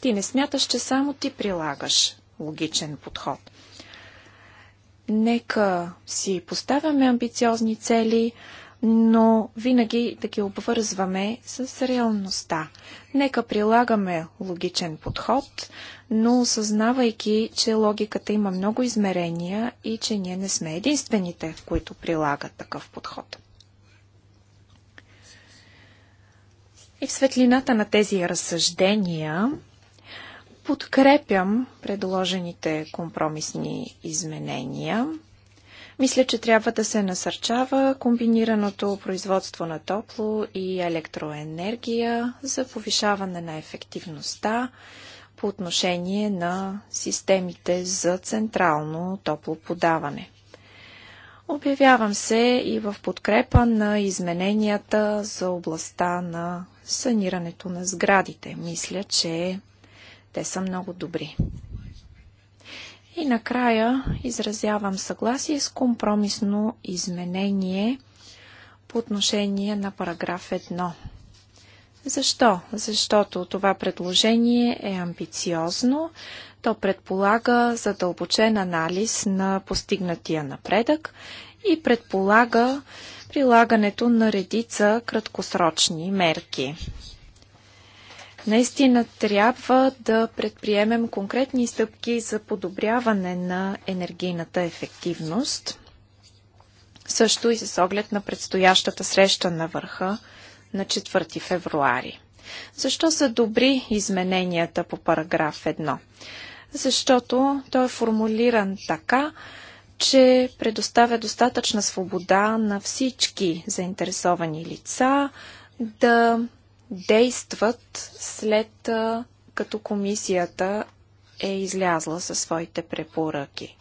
ти не смяташ, че само ти прилагаш логичен подход. Нека си поставяме амбициозни цели, но винаги да ги обвързваме с реалността. Нека прилагаме логичен подход, но осъзнавайки, че логиката има много измерения и че ние не сме единствените, които прилагат такъв подход. И в светлината на тези разсъждения подкрепям предложените компромисни изменения. Мисля, че трябва да се насърчава комбинираното производство на топло и електроенергия за повишаване на ефективността по отношение на системите за централно топло подаване. Обявявам се и в подкрепа на измененията за областта на санирането на сградите. Мисля, че те са много добри. И накрая изразявам съгласие с компромисно изменение по отношение на параграф 1. Защо? Защото това предложение е амбициозно. То предполага задълбочен анализ на постигнатия напредък и предполага прилагането на редица краткосрочни мерки. Наистина трябва да предприемем конкретни стъпки за подобряване на енергийната ефективност, също и с оглед на предстоящата среща на върха на 4 февруари. Защо са добри измененията по параграф 1? Защото той е формулиран така, че предоставя достатъчна свобода на всички заинтересовани лица да действат след като комисията е излязла със своите препоръки.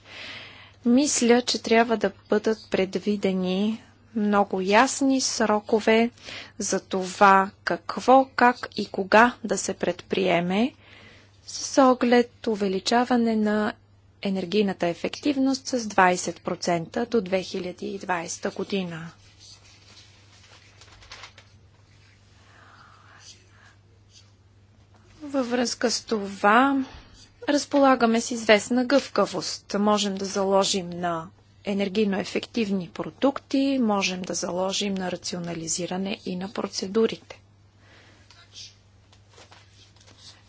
Мисля, че трябва да бъдат предвидени много ясни срокове за това какво, как и кога да се предприеме с оглед увеличаване на енергийната ефективност с 20% до 2020 година. Във връзка с това, разполагаме с известна гъвкавост. Можем да заложим на енергийно ефективни продукти, можем да заложим на рационализиране и на процедурите.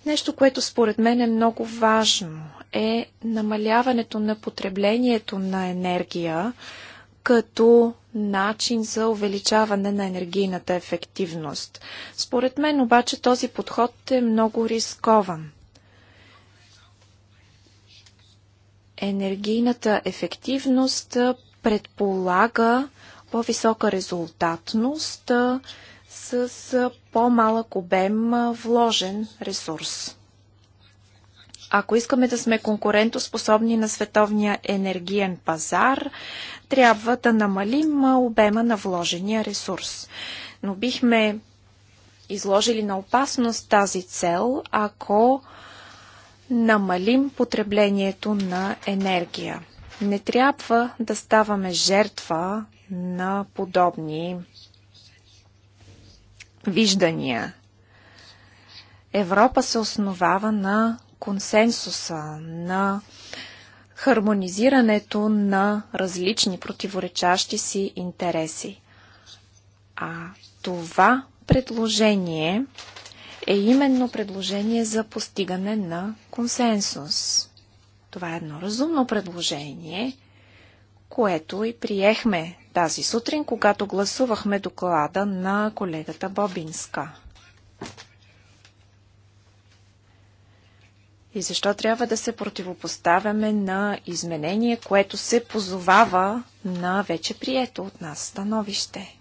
Нещо, което според мен е много важно, е намаляването на потреблението на енергия, като начин за увеличаване на енергийната ефективност. Според мен обаче този подход е много рискован. Енергийната ефективност предполага по-висока резултатност с по-малък обем вложен ресурс. Ако искаме да сме конкурентоспособни на световния енергиен пазар, трябва да намалим обема на вложения ресурс. Но бихме изложили на опасност тази цел, ако намалим потреблението на енергия. Не трябва да ставаме жертва на подобни виждания. Европа се основава на консенсуса, на хармонизирането на различни противоречащи си интереси. А това предложение е именно предложение за постигане на консенсус. Това е едно разумно предложение, което и приехме тази сутрин, когато гласувахме доклада на колегата Бобинска. И защо трябва да се противопоставяме на изменение, което се позовава на вече прието от нас становище?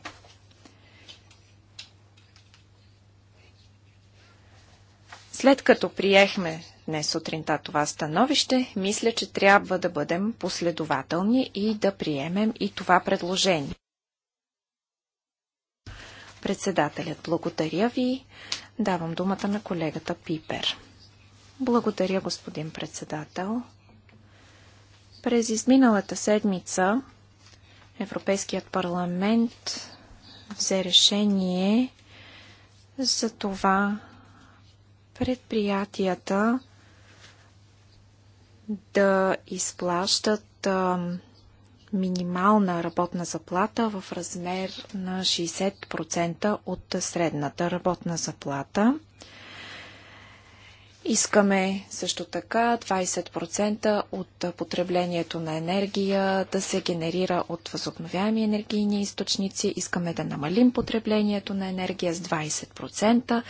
След като приехме днес сутринта това становище, мисля, че трябва да бъдем последователни и да приемем и това предложение. Председателят, благодаря ви. Давам думата на колегата Пипер. Благодаря, господин председател. През изминалата седмица Европейският парламент взе решение за това предприятията да изплащат минимална работна заплата в размер на 60% от средната работна заплата. Искаме също така 20% от потреблението на енергия да се генерира от възобновяеми енергийни източници. Искаме да намалим потреблението на енергия с 20%.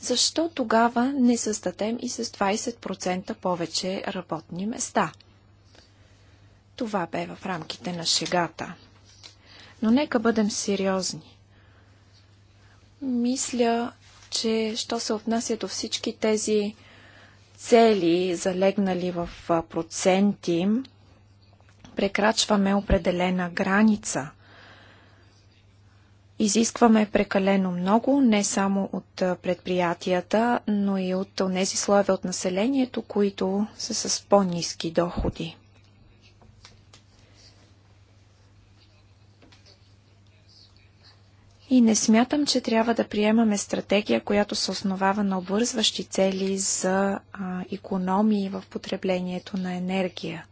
Защо тогава не създадем и с 20% повече работни места? Това бе в рамките на шегата. Но нека бъдем сериозни. Мисля, че що се отнася до всички тези цели, залегнали в проценти, прекрачваме определена граница. Изискваме прекалено много, не само от предприятията, но и от тези слоеве от населението, които са с по-низки доходи. И не смятам, че трябва да приемаме стратегия, която се основава на обвързващи цели за а, економии в потреблението на енергия.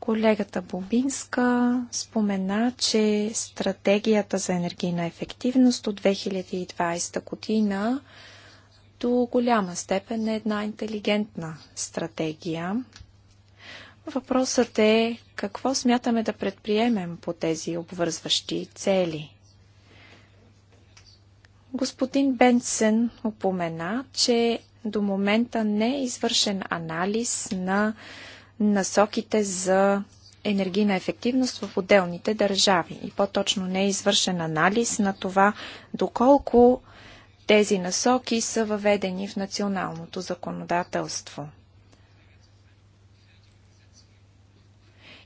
Колегата Бобинска спомена, че стратегията за енергийна ефективност от 2020 година до голяма степен е една интелигентна стратегия. Въпросът е какво смятаме да предприемем по тези обвързващи цели. Господин Бенсен упомена, че до момента не е извършен анализ на насоките за енергийна ефективност в отделните държави. И по-точно не е извършен анализ на това доколко тези насоки са въведени в националното законодателство.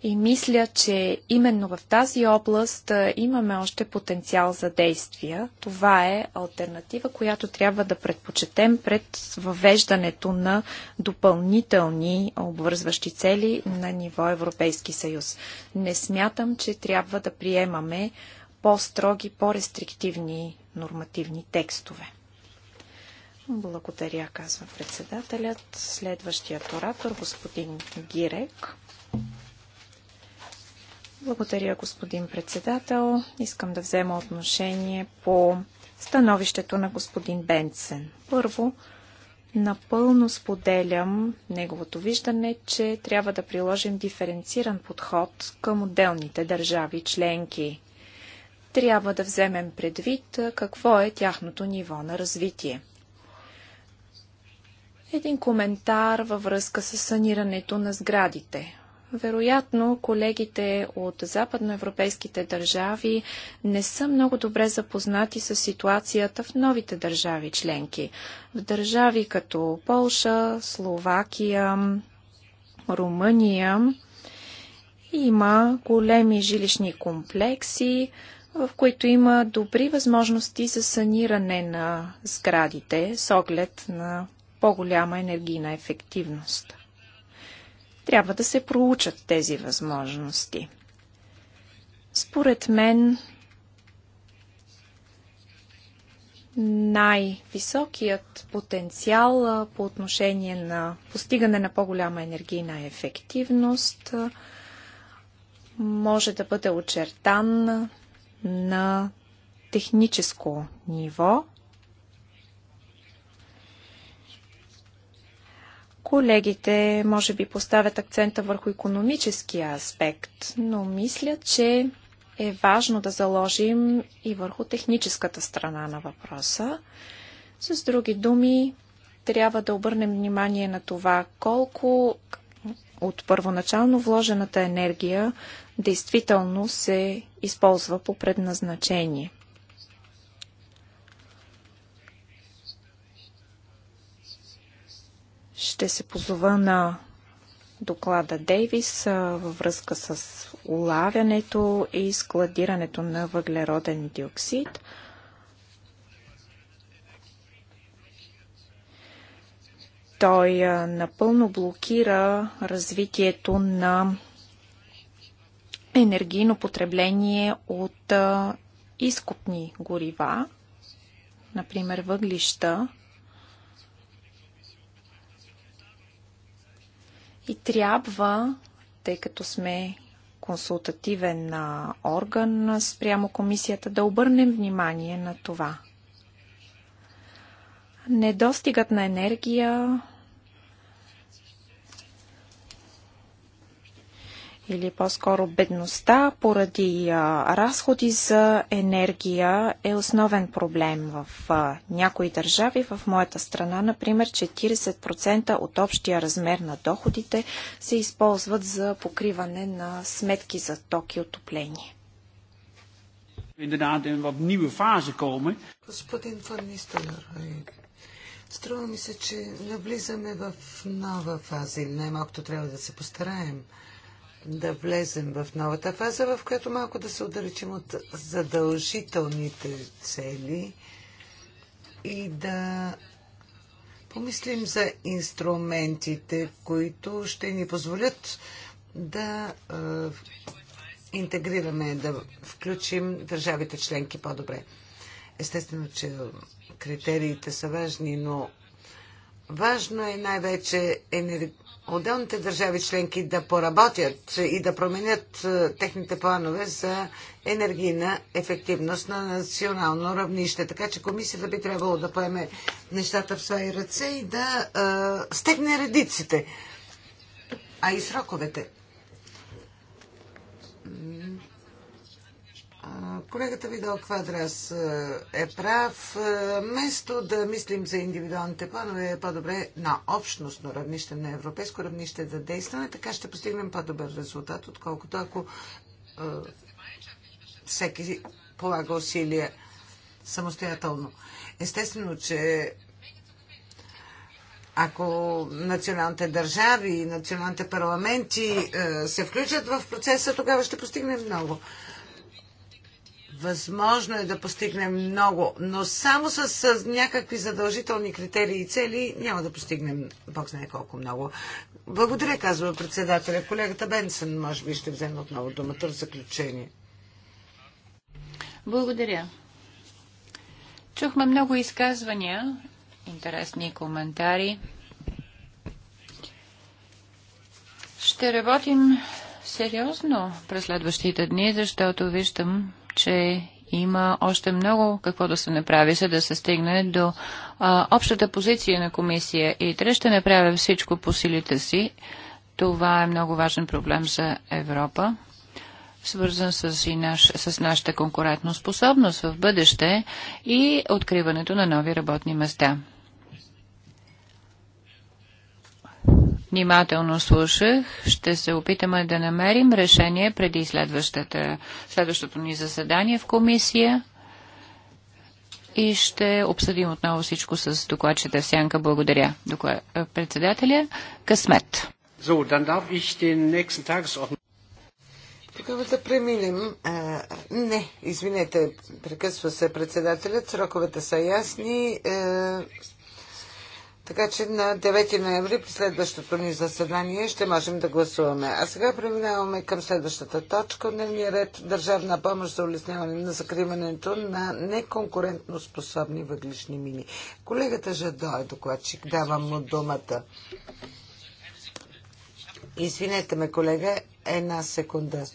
И мисля, че именно в тази област имаме още потенциал за действия. Това е альтернатива, която трябва да предпочетем пред въвеждането на допълнителни обвързващи цели на ниво Европейски съюз. Не смятам, че трябва да приемаме по-строги, по-рестриктивни нормативни текстове. Благодаря, казва председателят. Следващият оратор, господин Гирек. Благодаря, господин председател. Искам да взема отношение по становището на господин Бенцен. Първо, напълно споделям неговото виждане, че трябва да приложим диференциран подход към отделните държави членки. Трябва да вземем предвид какво е тяхното ниво на развитие. Един коментар във връзка с санирането на сградите. Вероятно, колегите от западноевропейските държави не са много добре запознати с ситуацията в новите държави членки. В държави като Полша, Словакия, Румъния има големи жилищни комплекси, в които има добри възможности за саниране на сградите с оглед на по-голяма енергийна ефективност. Трябва да се проучат тези възможности. Според мен най-високият потенциал по отношение на постигане на по-голяма енергийна ефективност може да бъде очертан на техническо ниво, Колегите, може би, поставят акцента върху економическия аспект, но мисля, че е важно да заложим и върху техническата страна на въпроса. С други думи, трябва да обърнем внимание на това колко от първоначално вложената енергия действително се използва по предназначение. Ще се позова на доклада Дейвис във връзка с улавянето и складирането на въглероден диоксид. Той напълно блокира развитието на енергийно потребление от изкупни горива, например въглища, И трябва, тъй като сме консултативен орган спрямо комисията, да обърнем внимание на това. Недостигът на енергия или по-скоро бедността поради а, разходи за енергия е основен проблем в а, някои държави. В моята страна, например, 40% от общия размер на доходите се използват за покриване на сметки за токи отопление. Er Господин Фанистелер, струва ми се, че навлизаме в нова фаза или най-малкото трябва да се постараем – да влезем в новата фаза, в която малко да се отдалечим от задължителните цели и да помислим за инструментите, които ще ни позволят да е, интегрираме, да включим държавите членки по-добре. Естествено, че критериите са важни, но важно е най-вече енергия отделните държави членки да поработят и да променят е, техните планове за енергийна ефективност на национално равнище. Така че комисията би трябвало да поеме нещата в свои ръце и да а, е, стегне редиците, а и сроковете. Колегата Видал Квадрас е прав. Е, Место да мислим за индивидуалните планове, е по-добре на общностно равнище, на европейско равнище да действаме. Така ще постигнем по-добър резултат, отколкото ако е, всеки полага усилия самостоятелно. Естествено, че ако националните държави и националните парламенти е, се включат в процеса, тогава ще постигнем много. Възможно е да постигнем много, но само с, с някакви задължителни критерии и цели няма да постигнем бог знае колко много. Благодаря, казва председателя. Колегата Бенсън, може би, ще вземе отново думата в заключение. Благодаря. Чухме много изказвания, интересни коментари. Ще работим сериозно през следващите дни, защото виждам, че има още много какво да се направи, за да се стигне до а, общата позиция на комисия. И трябва ще направя всичко по силите си. Това е много важен проблем за Европа, свързан с, и наш, с нашата конкурентна способност в бъдеще и откриването на нови работни места. Внимателно слушах. Ще се опитаме да намерим решение преди следващото ни заседание в комисия и ще обсъдим отново всичко с докладчета Сянка. Благодаря. Е, председателя Късмет. Тогава да преминем. А, не, извинете, прекъсва се председателят. Сроковете са ясни. А, е, така че на 9 ноември при следващото ни заседание ще можем да гласуваме. А сега преминаваме към следващата точка. Дневния ред Държавна помощ за улесняване на закриването на неконкурентно способни въглишни мини. Колегата Жадо е докладчик. Давам му думата. Извинете ме, колега, една секунда.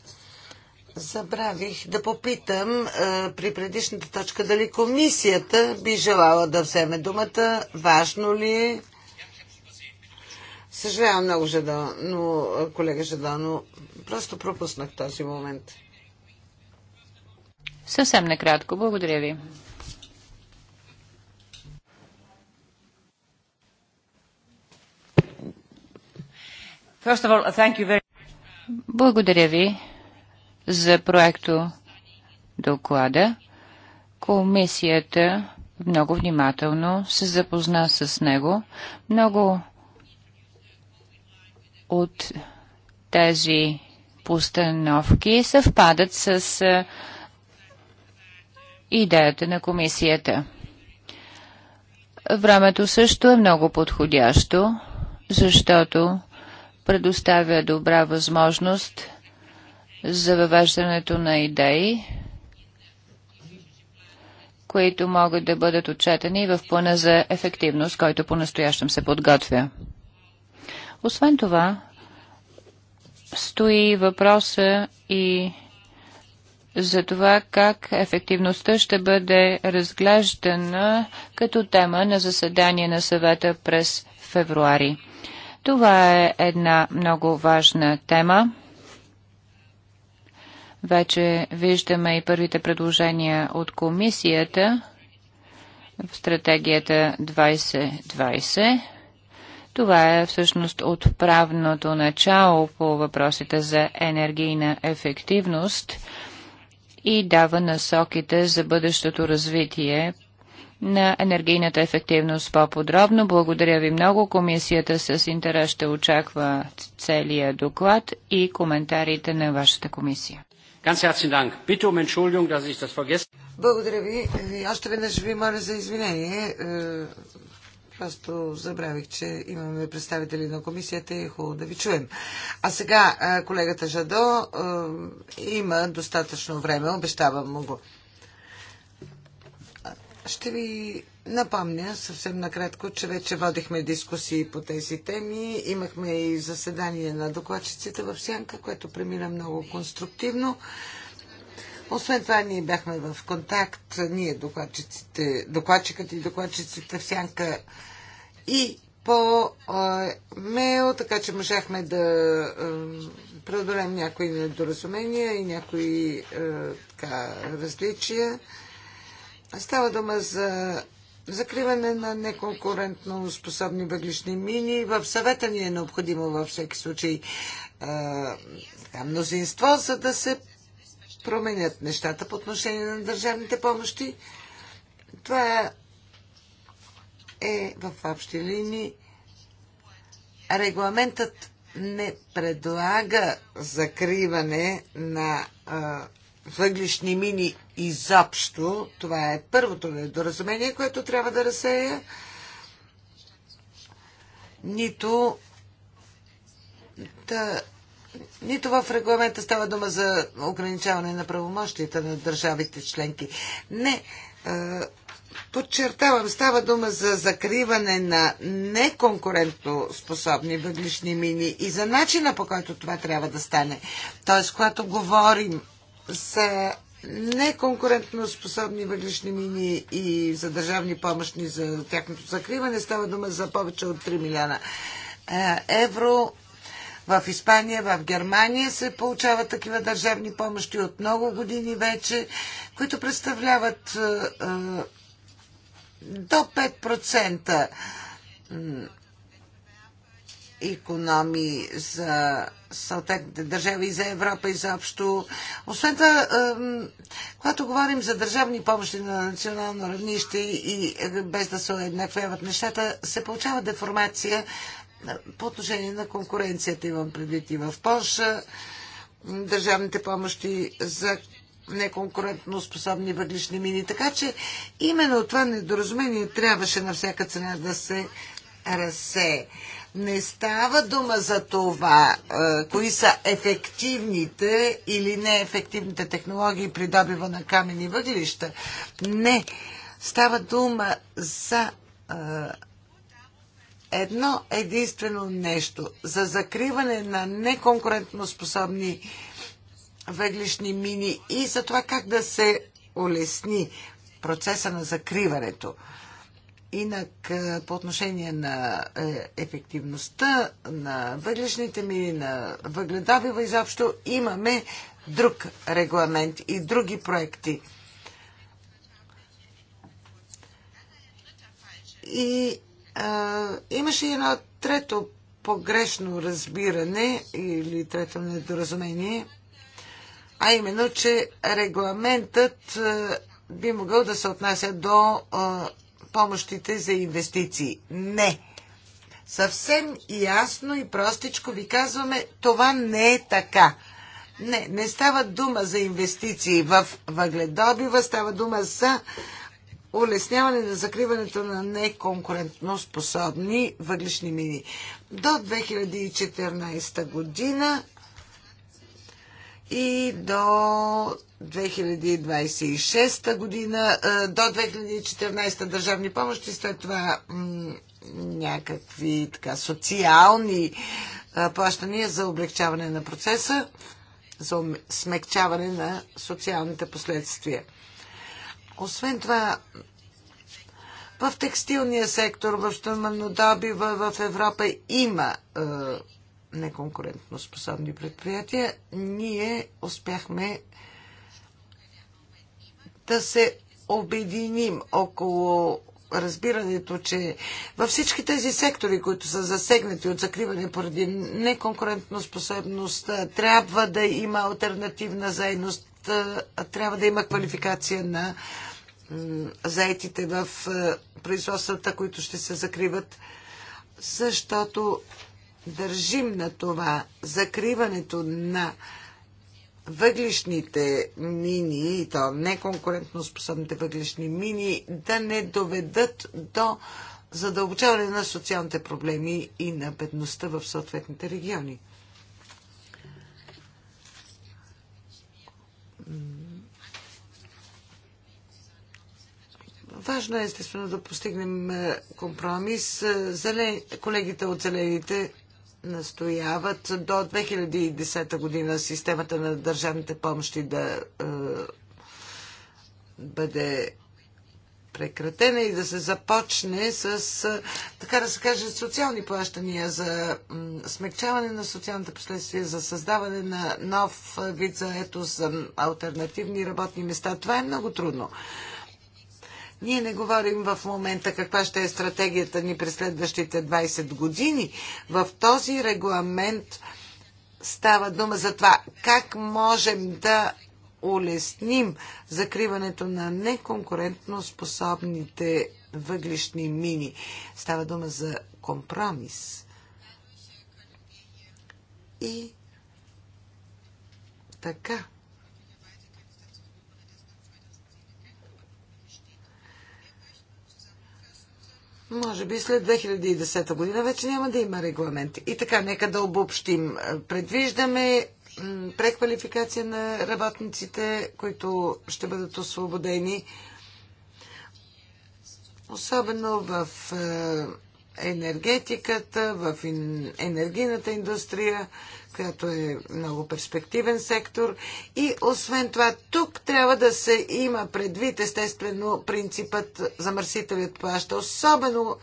Забравих да попитам а, при предишната точка дали комисията би желала да вземе думата. Важно ли е? Съжалявам много, но, колега но Просто пропуснах този момент. Съвсем накратко. Благодаря ви. All, very... Благодаря ви за проекто доклада. Комисията много внимателно се запозна с него. Много от тези постановки съвпадат с идеята на комисията. Времето също е много подходящо, защото предоставя добра възможност за въвеждането на идеи, които могат да бъдат отчетени в плана за ефективност, който по-настоящем се подготвя. Освен това, стои въпроса и за това как ефективността ще бъде разглеждана като тема на заседание на съвета през февруари. Това е една много важна тема вече виждаме и първите предложения от комисията в стратегията 2020. Това е всъщност отправното начало по въпросите за енергийна ефективност и дава насоките за бъдещото развитие на енергийната ефективност по-подробно. Благодаря ви много. Комисията с интерес ще очаква целия доклад и коментарите на вашата комисия. Um Благодаря ви. Още веднъж ви моля за извинение. Е, просто забравих, че имаме представители на комисията и е хубаво да ви чуем. А сега е, колегата Жадо е, има достатъчно време, обещавам му го. Ще ви Напомня съвсем накратко, че вече водихме дискусии по тези теми. Имахме и заседание на докладчиците в Сянка, което премина много конструктивно. Освен това, ние бяхме в контакт, ние докладчиците, докладчикът и докладчиците в Сянка и по а, мейл, така че можахме да а, преодолем някои недоразумения и някои а, така, различия. Става дума за закриване на неконкурентно способни въглишни мини. В съвета ни е необходимо във всеки случай а, мнозинство, за да се променят нещата по отношение на държавните помощи. Това е в общи линии. Регламентът не предлага закриване на а, въглишни мини изобщо. Това е първото недоразумение, което трябва да разсея. Нито да нито в регламента става дума за ограничаване на правомощията на държавите членки. Не, е, подчертавам, става дума за закриване на неконкурентно способни въглишни мини и за начина по който това трябва да стане. Тоест, когато говорим за неконкурентноспособни въглишни мини и за държавни помощни за тяхното закриване. Става дума за повече от 3 милиона е, евро. В Испания, в Германия се получават такива държавни помощи от много години вече, които представляват е, е, до 5% економии за съответните държави и за Европа и заобщо. Освен това, когато говорим за държавни помощи на национално равнище и е, без да се уеднаквяват нещата, се получава деформация по отношение на конкуренцията, имам предвид и в Польша. Държавните помощи за неконкурентно способни въглишни мини. Така че именно това недоразумение трябваше на всяка цена да се разсее. Не става дума за това, е, кои са ефективните или неефективните технологии при добива на камени въглища. Не. Става дума за е, едно единствено нещо. За закриване на неконкурентноспособни въглишни мини и за това как да се улесни процеса на закриването. Инак, по отношение на е, ефективността на въглешните мини, на въгледобива изобщо, имаме друг регламент и други проекти. И а, имаше едно трето погрешно разбиране или трето недоразумение, а именно, че регламентът би могъл да се отнася до а, помощите за инвестиции. Не. Съвсем ясно и простичко ви казваме, това не е така. Не, не става дума за инвестиции в въгледобива, става дума за улесняване на закриването на неконкурентно способни въглишни мини. До 2014 година и до 2026 година, до 2014 държавни помощи, след това някакви така социални плащания за облегчаване на процеса, за смекчаване на социалните последствия. Освен това, в текстилния сектор, в добива в Европа има неконкурентно способни предприятия, ние успяхме да се обединим около разбирането, че във всички тези сектори, които са засегнати от закриване поради неконкурентно способност, трябва да има альтернативна заедност, трябва да има квалификация на заетите в е, производствата, които ще се закриват, защото държим на това закриването на въглишните мини, и то неконкурентно способните въглишни мини, да не доведат до задълбочаване на социалните проблеми и на бедността в съответните региони. Важно е естествено да постигнем е, компромис. Е, колегите от зелените настояват до 2010 година системата на държавните помощи да е, бъде прекратена и да се започне с, е, така да се каже, социални плащания за смягчаване на социалните последствия, за създаване на нов вид ето за альтернативни работни места. Това е много трудно. Ние не говорим в момента каква ще е стратегията ни през следващите 20 години. В този регламент става дума за това как можем да улесним закриването на неконкурентно способните въглишни мини. Става дума за компромис. И така Може би след 2010 година вече няма да има регламент. И така, нека да обобщим. Предвиждаме преквалификация на работниците, които ще бъдат освободени, особено в е, енергетиката, в енергийната индустрия която е много перспективен сектор. И освен това, тук трябва да се има предвид, естествено, принципът замърсителят плаща, особено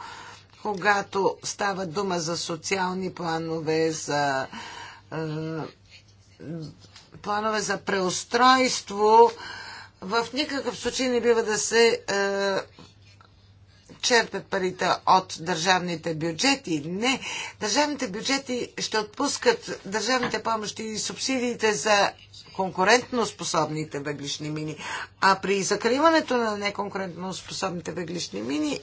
когато става дума за социални планове, за е, планове за преустройство. В никакъв случай не бива да се е, черпят парите от държавните бюджети. Не, държавните бюджети ще отпускат държавните помощи и субсидиите за конкурентно способните въглишни мини. А при закриването на неконкурентно способните въглишни мини,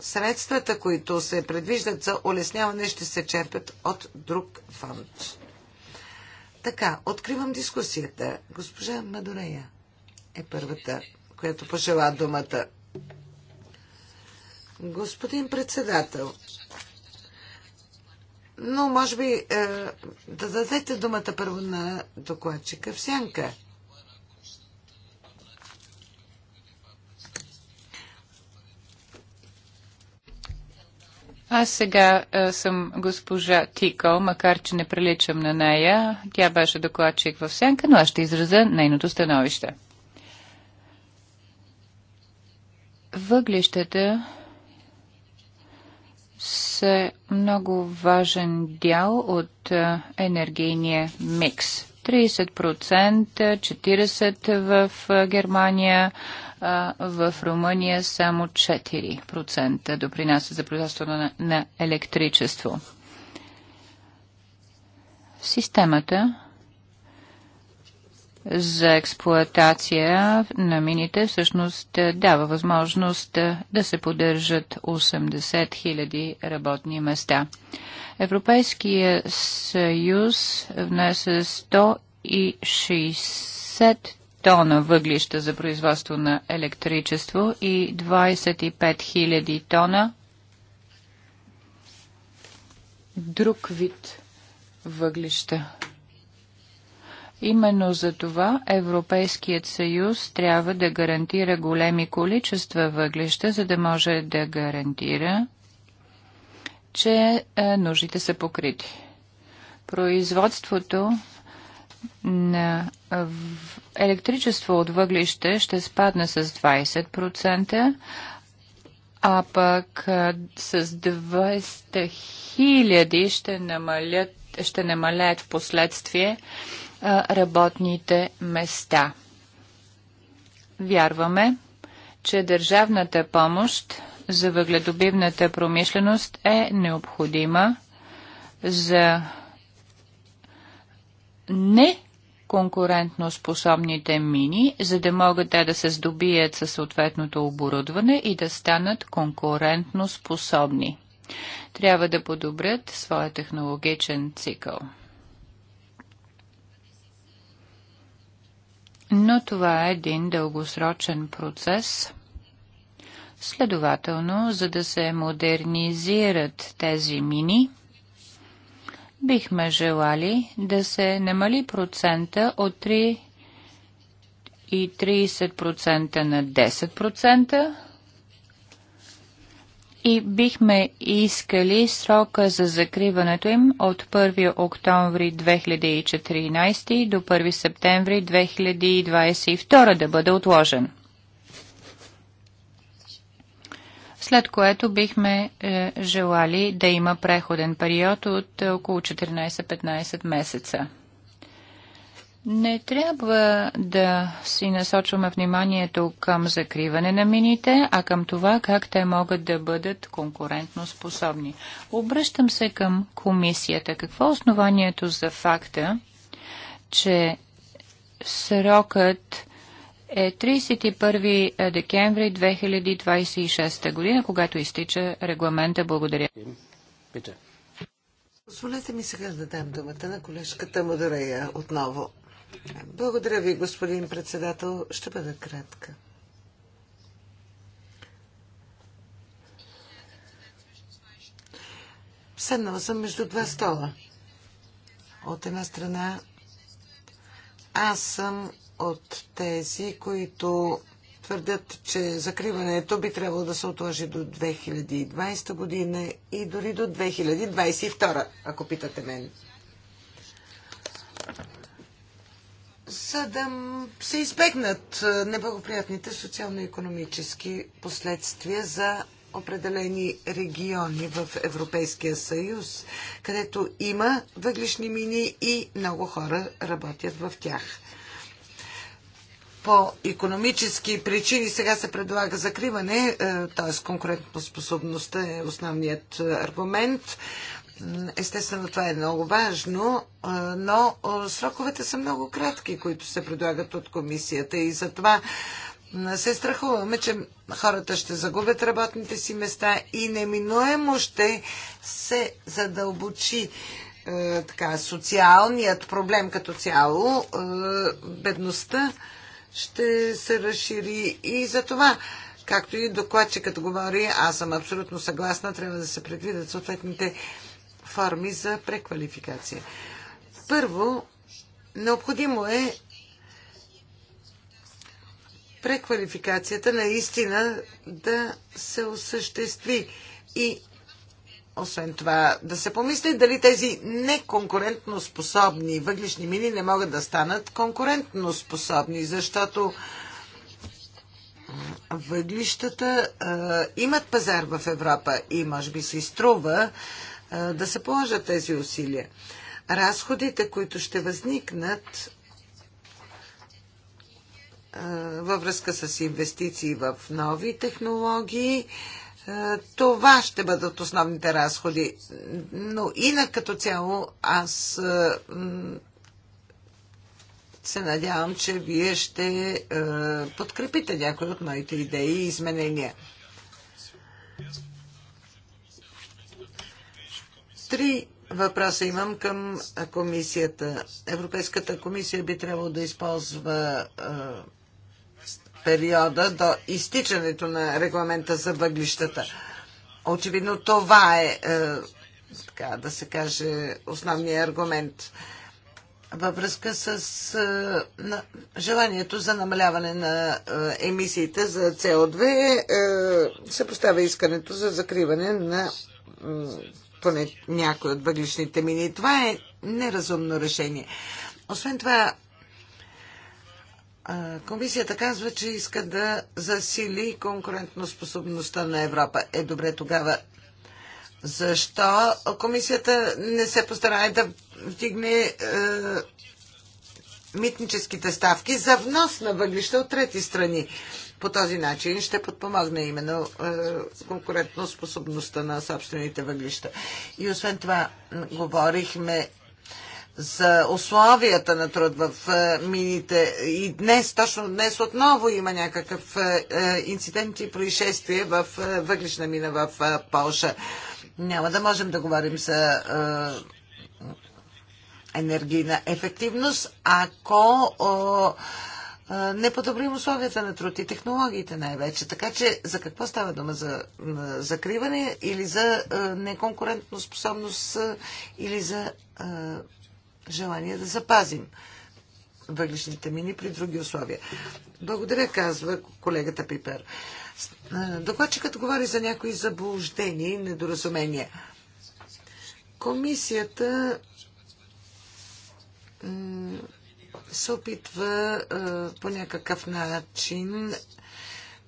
средствата, които се предвиждат за улесняване, ще се черпят от друг фонд. Така, откривам дискусията. Госпожа Мадорея е първата, която пожела думата. Господин председател, но може би е, да дадете думата първо на докладчика в сянка. Аз сега е, съм госпожа Тико, макар че не приличам на нея. Тя беше докладчик в Сенка, но аз ще изразя нейното становище. Въглищата са много важен дял от енергийния микс. 30%, 40% в Германия, в Румъния само 4% допринася за производството на, на електричество. Системата за експлоатация на мините всъщност е, дава възможност е, да се поддържат 80 000 работни места. Европейския съюз внесе 160 тона въглища за производство на електричество и 25 000 тона друг вид въглища. Именно за това Европейският съюз трябва да гарантира големи количества въглища, за да може да гарантира, че е, нуждите са покрити. Производството на е, електричество от въглище ще спадне с 20%, а пък е, с 200 000 ще намалят ще намалят в последствие работните места. Вярваме, че държавната помощ за въгледобивната промишленост е необходима за не конкурентно способните мини, за да могат те да се здобият със съответното оборудване и да станат конкурентно способни. Трябва да подобрят своя технологичен цикъл. но това е един дългосрочен процес. Следователно, за да се модернизират тези мини, бихме желали да се намали процента от 3 и 30% на 10%, и бихме искали срока за закриването им от 1 октомври 2014 до 1 септември 2022 да бъде отложен. След което бихме е, желали да има преходен период от е, около 14-15 месеца. Не трябва да си насочваме вниманието към закриване на мините, а към това как те могат да бъдат конкурентно способни. Обръщам се към комисията. Какво е основанието за факта, че срокът е 31 декември 2026 година, когато изтича регламента. Благодаря. Позволете ми сега да дам думата на колежката Мадорея отново. Благодаря ви, господин председател. Ще бъда кратка. Седнала съм между два стола. От една страна аз съм от тези, които твърдят, че закриването би трябвало да се отложи до 2020 година и дори до 2022, ако питате мен за да се избегнат е, неблагоприятните социално-економически последствия за определени региони в Европейския съюз, където има въглишни мини и много хора работят в тях. По економически причини сега се предлага закриване, е, т.е. конкурентоспособността е основният е, аргумент. Естествено, това е много важно, но сроковете са много кратки, които се предлагат от комисията и затова се страхуваме, че хората ще загубят работните си места и неминуемо ще се задълбочи е, така, социалният проблем като цяло, е, бедността ще се разшири и за това, както и докладчикът говори, аз съм абсолютно съгласна, трябва да се предвидят съответните форми за преквалификация. Първо, необходимо е преквалификацията наистина да се осъществи и освен това да се помисли дали тези неконкурентно способни въглишни мини не могат да станат конкурентно способни, защото въглищата а, имат пазар в Европа и може би си струва да се положат тези усилия. Разходите, които ще възникнат във връзка с инвестиции в нови технологии, това ще бъдат основните разходи. Но инак като цяло аз се надявам, че вие ще подкрепите някои от моите идеи и изменения. Три въпроса имам към комисията. Европейската комисия би трябвало да използва периода до изтичането на регламента за въглищата. Очевидно това е, така да се каже, основният аргумент във връзка с на, желанието за намаляване на емисиите за со 2 се поставя искането за закриване на поне някои от въглишните мини. Това е неразумно решение. Освен това, Комисията казва, че иска да засили конкурентноспособността на Европа. Е, добре, тогава защо комисията не се постарае да вдигне е, митническите ставки за внос на въглища от трети страни? По този начин ще подпомогне именно е, конкурентно способността на собствените въглища. И освен това, говорихме за условията на труд в е, мините. И днес, точно днес отново има някакъв е, инцидент и происшествие в въглишна мина в Полша. Няма да можем да говорим за енергийна ефективност, ако не подобрим условията на труд и технологиите най-вече. Така че за какво става дума? За закриване или за неконкурентно способност или за желание да запазим въглишните мини при други условия. Благодаря, казва колегата Пипер. Докладчикът говори за някои заблуждения и недоразумения. Комисията се опитва по някакъв начин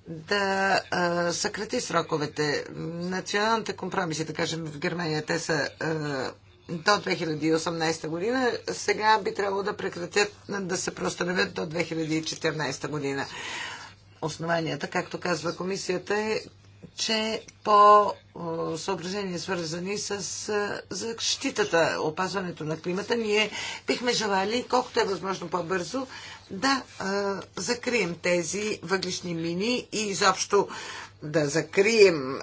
да а, съкрати сроковете. Националните компромиси, да кажем, в Германия, те са а, до 2018 година. Сега би трябвало да прекратят, да се простановят до 2014 година. Основанията, както казва комисията, е, че по е, съображения свързани с е, защитата, опазването на климата, ние бихме желали, колкото е възможно по-бързо, да е, закрием тези въглишни мини и изобщо да закрием,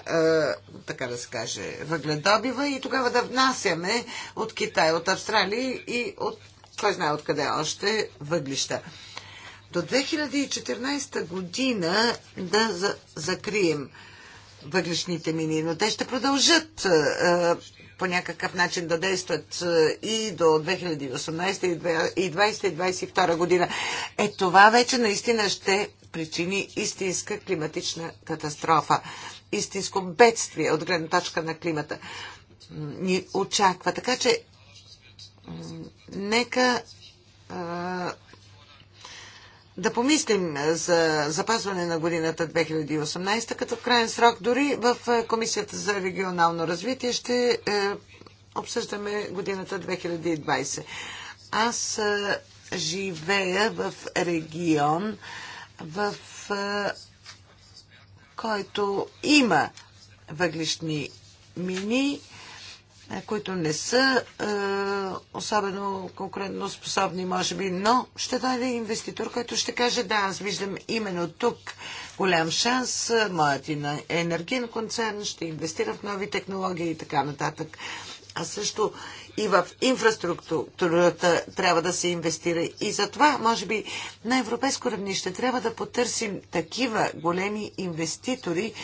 така да се каже, въгледобива и тогава да внасяме от Китай, от Австралия и от кой знае откъде още въглища до 2014 година да закрием въглешните мини, но те ще продължат е, е, по някакъв начин да действат е, и до 2018 и 2020 и 2022 година. Е това вече наистина ще причини истинска климатична катастрофа, истинско бедствие от гледна точка на климата ни очаква. Така че нека а, да помислим за запазване на годината 2018, като в крайен срок дори в е, Комисията за регионално развитие ще е, обсъждаме годината 2020. Аз е, живея в регион, в който има въглишни мини които не са е, особено конкурентно способни, може би, но ще дойде инвеститор, който ще каже, да, аз виждам именно тук голям шанс, моят енергиен концерн ще инвестира в нови технологии и така нататък. А също и в инфраструктурата трябва да се инвестира. И затова, може би, на европейско равнище трябва да потърсим такива големи инвеститори,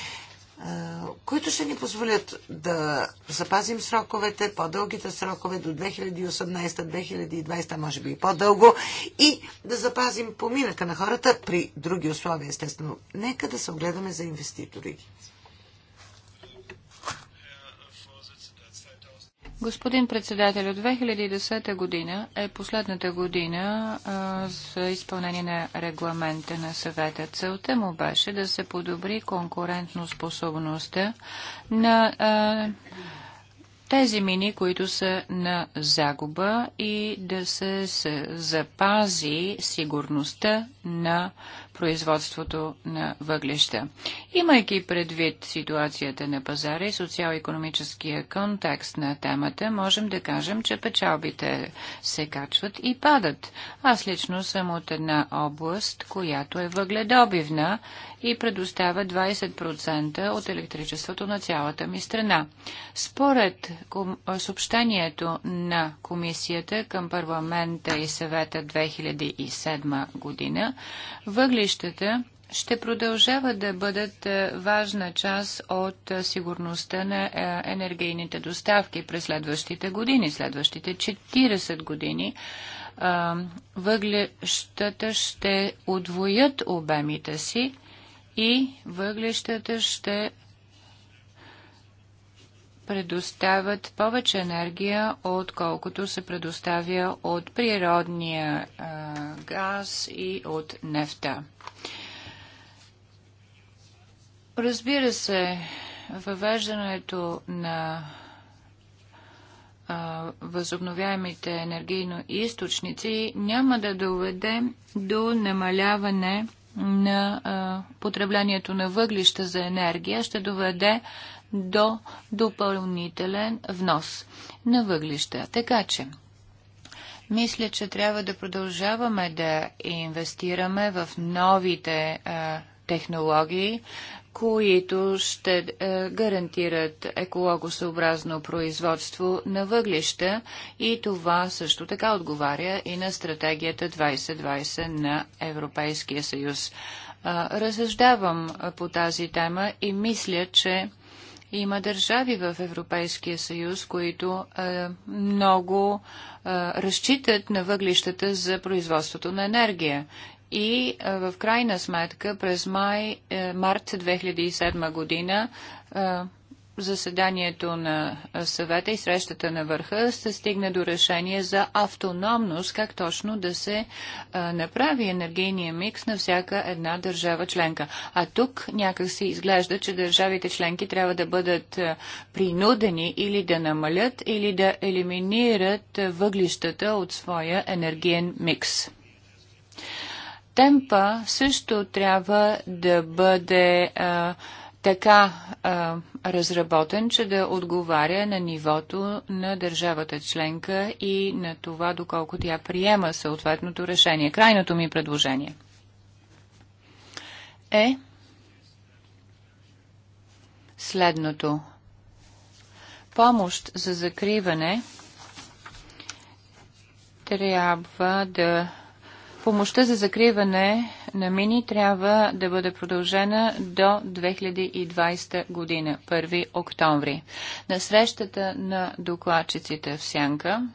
които ще ни позволят да запазим сроковете, по-дългите срокове до 2018-2020, може би и по-дълго, и да запазим поминъка на хората при други условия, естествено. Нека да се огледаме за инвеститори. Господин председател, от 2010 година е последната година а, за изпълнение на регламента на съвета. Целта му беше да се подобри конкурентно способността на а, тези мини, които са на загуба и да се, се запази сигурността на производството на въглища. Имайки предвид ситуацията на пазара и социал-економическия контекст на темата, можем да кажем, че печалбите се качват и падат. Аз лично съм от една област, която е въгледобивна и предоставя 20% от електричеството на цялата ми страна. Според съобщението на комисията към парламента и съвета 2007 година, въглища летищата ще продължават да бъдат е, важна част от е, сигурността на е, енергийните доставки през следващите години, следващите 40 години. Въглещата ще удвоят обемите си и въглещата ще предоставят повече енергия, отколкото се предоставя от природния а, газ и от нефта. Разбира се, въвеждането на възобновяемите енергийно източници няма да доведе до намаляване на а, потреблението на въглища за енергия, ще доведе до допълнителен внос на въглища. Така че, мисля, че трябва да продължаваме да инвестираме в новите а, технологии, които ще а, гарантират екологосъобразно производство на въглища и това също така отговаря и на стратегията 2020 на Европейския съюз. Разсъждавам по тази тема и мисля, че има държави в Европейския съюз, които е, много е, разчитат на въглищата за производството на енергия. И е, в крайна сметка през май, е, март 2007 година е, заседанието на съвета и срещата на върха се стигна до решение за автономност, как точно да се а, направи енергийния микс на всяка една държава членка. А тук някак се изглежда, че държавите членки трябва да бъдат принудени или да намалят, или да елиминират въглищата от своя енергиен микс темпа също трябва да бъде а, така а, разработен, че да отговаря на нивото на държавата членка и на това, доколко тя приема съответното решение. Крайното ми предложение е следното. Помощ за закриване трябва да. Помощта за закриване на мини трябва да бъде продължена до 2020 година, 1 октомври. На срещата на докладчиците в Сянка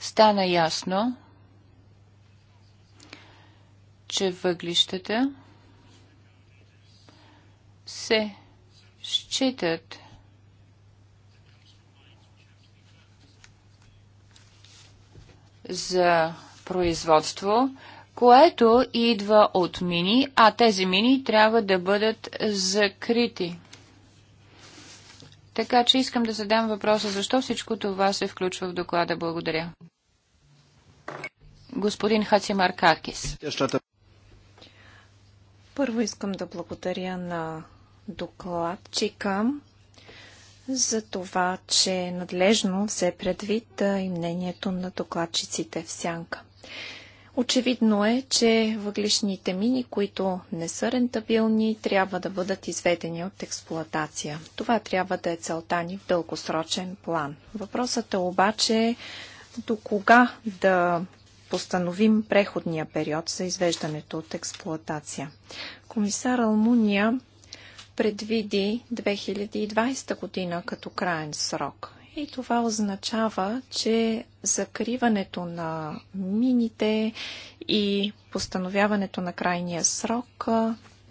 стана ясно, че въглищата се считат за производство, което идва от мини, а тези мини трябва да бъдат закрити. Така че искам да задам въпроса, защо всичко това се включва в доклада. Благодаря. Господин Хацимар Каркис. Първо искам да благодаря на докладчика за това, че е надлежно се предвид и мнението на докладчиците в сянка. Очевидно е, че въглишните мини, които не са рентабилни, трябва да бъдат изведени от експлоатация. Това трябва да е целта ни в дългосрочен план. Въпросът е обаче до кога да постановим преходния период за извеждането от експлоатация. Комисар Алмуния предвиди 2020 година като краен срок. И това означава, че закриването на мините и постановяването на крайния срок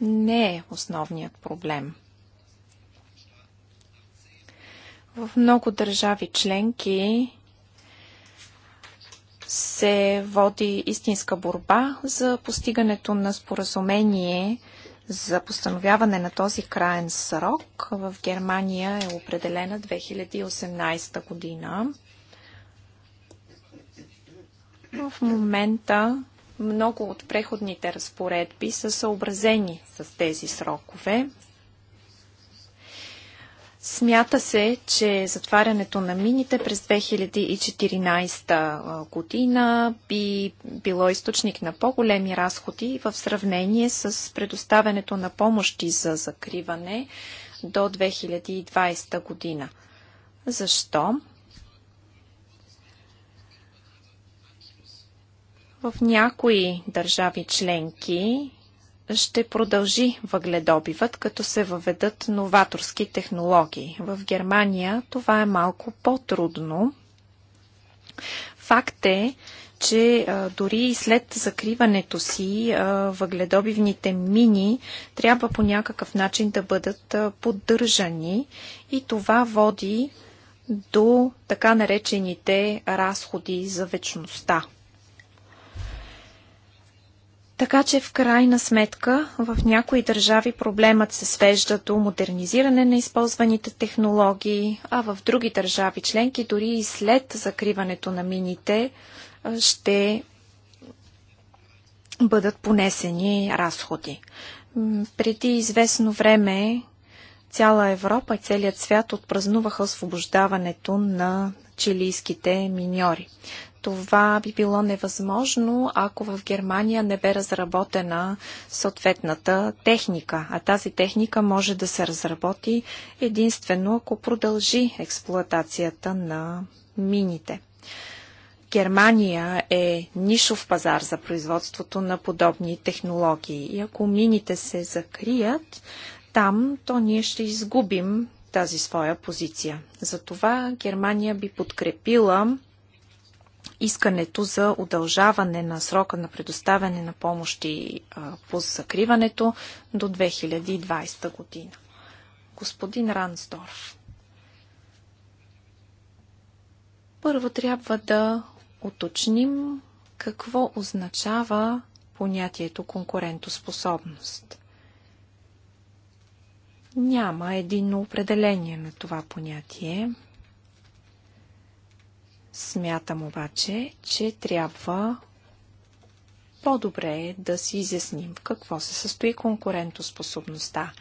не е основният проблем. В много държави членки се води истинска борба за постигането на споразумение за постановяване на този краен срок в Германия е определена 2018 година. В момента много от преходните разпоредби са съобразени с тези срокове. Смята се, че затварянето на мините през 2014 година би било източник на по-големи разходи в сравнение с предоставянето на помощи за закриване до 2020 година. Защо? В някои държави членки ще продължи въгледобивът, като се въведат новаторски технологии. В Германия това е малко по-трудно. Факт е, че дори и след закриването си въгледобивните мини трябва по някакъв начин да бъдат поддържани и това води до така наречените разходи за вечността. Така че в крайна сметка в някои държави проблемът се свежда до модернизиране на използваните технологии, а в други държави членки дори и след закриването на мините ще бъдат понесени разходи. Преди известно време цяла Европа и целият свят отпразнуваха освобождаването на чилийските миньори. Това би било невъзможно, ако в Германия не бе разработена съответната техника. А тази техника може да се разработи единствено, ако продължи експлоатацията на мините. Германия е нишов пазар за производството на подобни технологии. И ако мините се закрият там, то ние ще изгубим тази своя позиция. Затова Германия би подкрепила искането за удължаване на срока на предоставяне на помощи по закриването до 2020 година. Господин Рансдорф, първо трябва да уточним какво означава понятието конкурентоспособност. Няма единно определение на това понятие. Смятам обаче, че трябва по-добре да си изясним в какво се състои конкурентоспособността.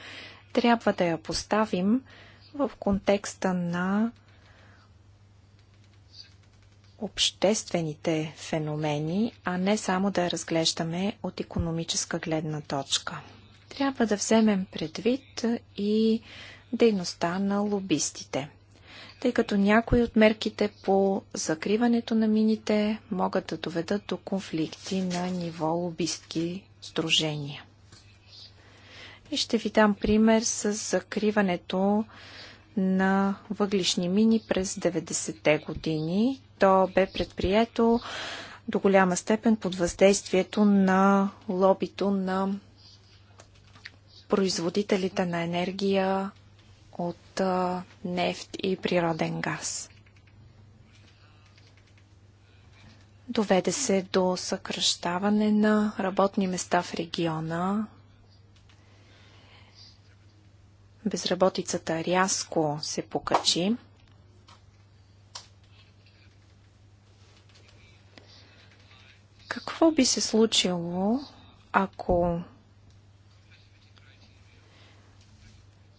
Трябва да я поставим в контекста на обществените феномени, а не само да я разглеждаме от економическа гледна точка. Трябва да вземем предвид и дейността на лобистите – тъй като някои от мерките по закриването на мините могат да доведат до конфликти на ниво лобистки сдружения. И ще ви дам пример с закриването на въглишни мини през 90-те години. То бе предприето до голяма степен под въздействието на лобито на производителите на енергия от нефт и природен газ. Доведе се до съкръщаване на работни места в региона. Безработицата рязко се покачи. Какво би се случило, ако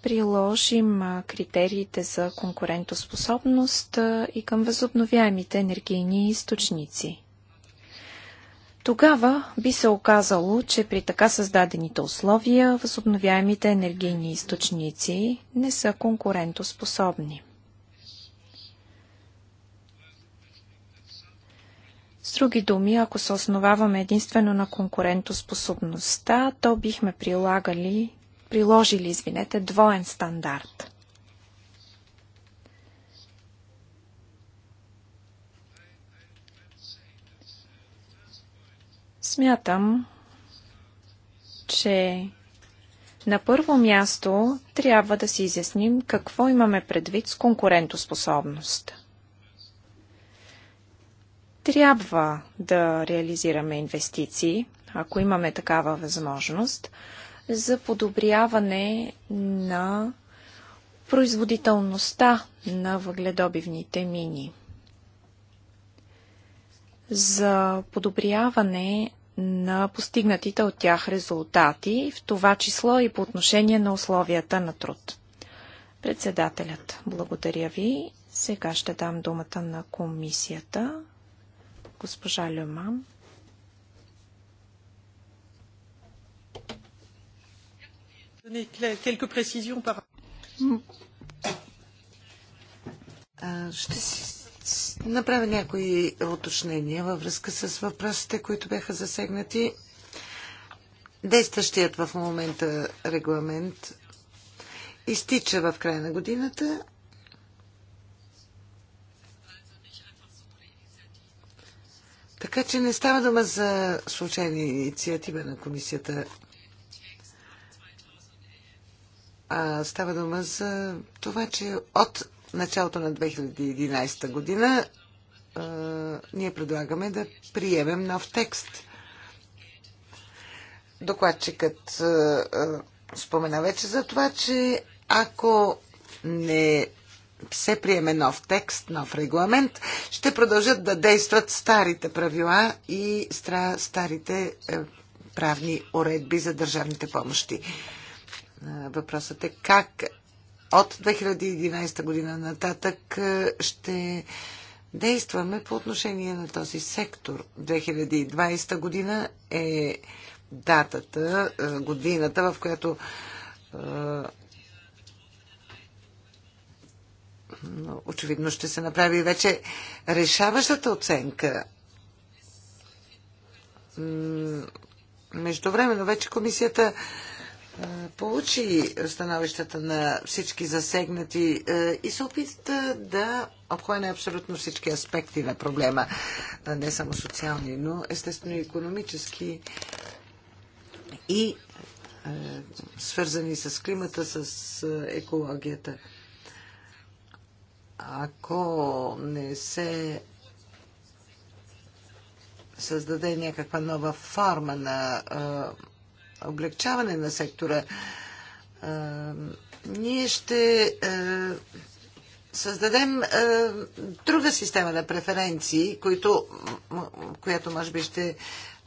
приложим критериите за конкурентоспособност и към възобновяемите енергийни източници. Тогава би се оказало, че при така създадените условия възобновяемите енергийни източници не са конкурентоспособни. С други думи, ако се основаваме единствено на конкурентоспособността, то бихме прилагали приложили, извинете, двоен стандарт. Смятам, че на първо място трябва да си изясним какво имаме предвид с конкурентоспособност. Трябва да реализираме инвестиции, ако имаме такава възможност, за подобряване на производителността на въгледобивните мини, за подобряване на постигнатите от тях резултати, в това число и по отношение на условията на труд. Председателят, благодаря ви. Сега ще дам думата на комисията. Госпожа Люман. Ще си направя някои уточнения във връзка с въпросите, които бяха засегнати. Действащият в момента регламент изтича в края на годината. Така че не става дума за случайна инициатива на комисията. А, става дума за това, че от началото на 2011 година а, ние предлагаме да приемем нов текст. Докладчикът а, а, спомена вече за това, че ако не се приеме нов текст, нов регламент, ще продължат да действат старите правила и старите е, правни уредби за държавните помощи. Въпросът е как от 2011 година нататък ще действаме по отношение на този сектор. 2020 година е датата, годината, в която очевидно ще се направи вече решаващата оценка. Междувременно вече комисията получи становищата на всички засегнати и се опита да обхване абсолютно всички аспекти на проблема. Не само социални, но естествено и економически и свързани с климата, с екологията. Ако не се създаде някаква нова форма на облегчаване на сектора, ние ще създадем друга система на преференции, които, която може би ще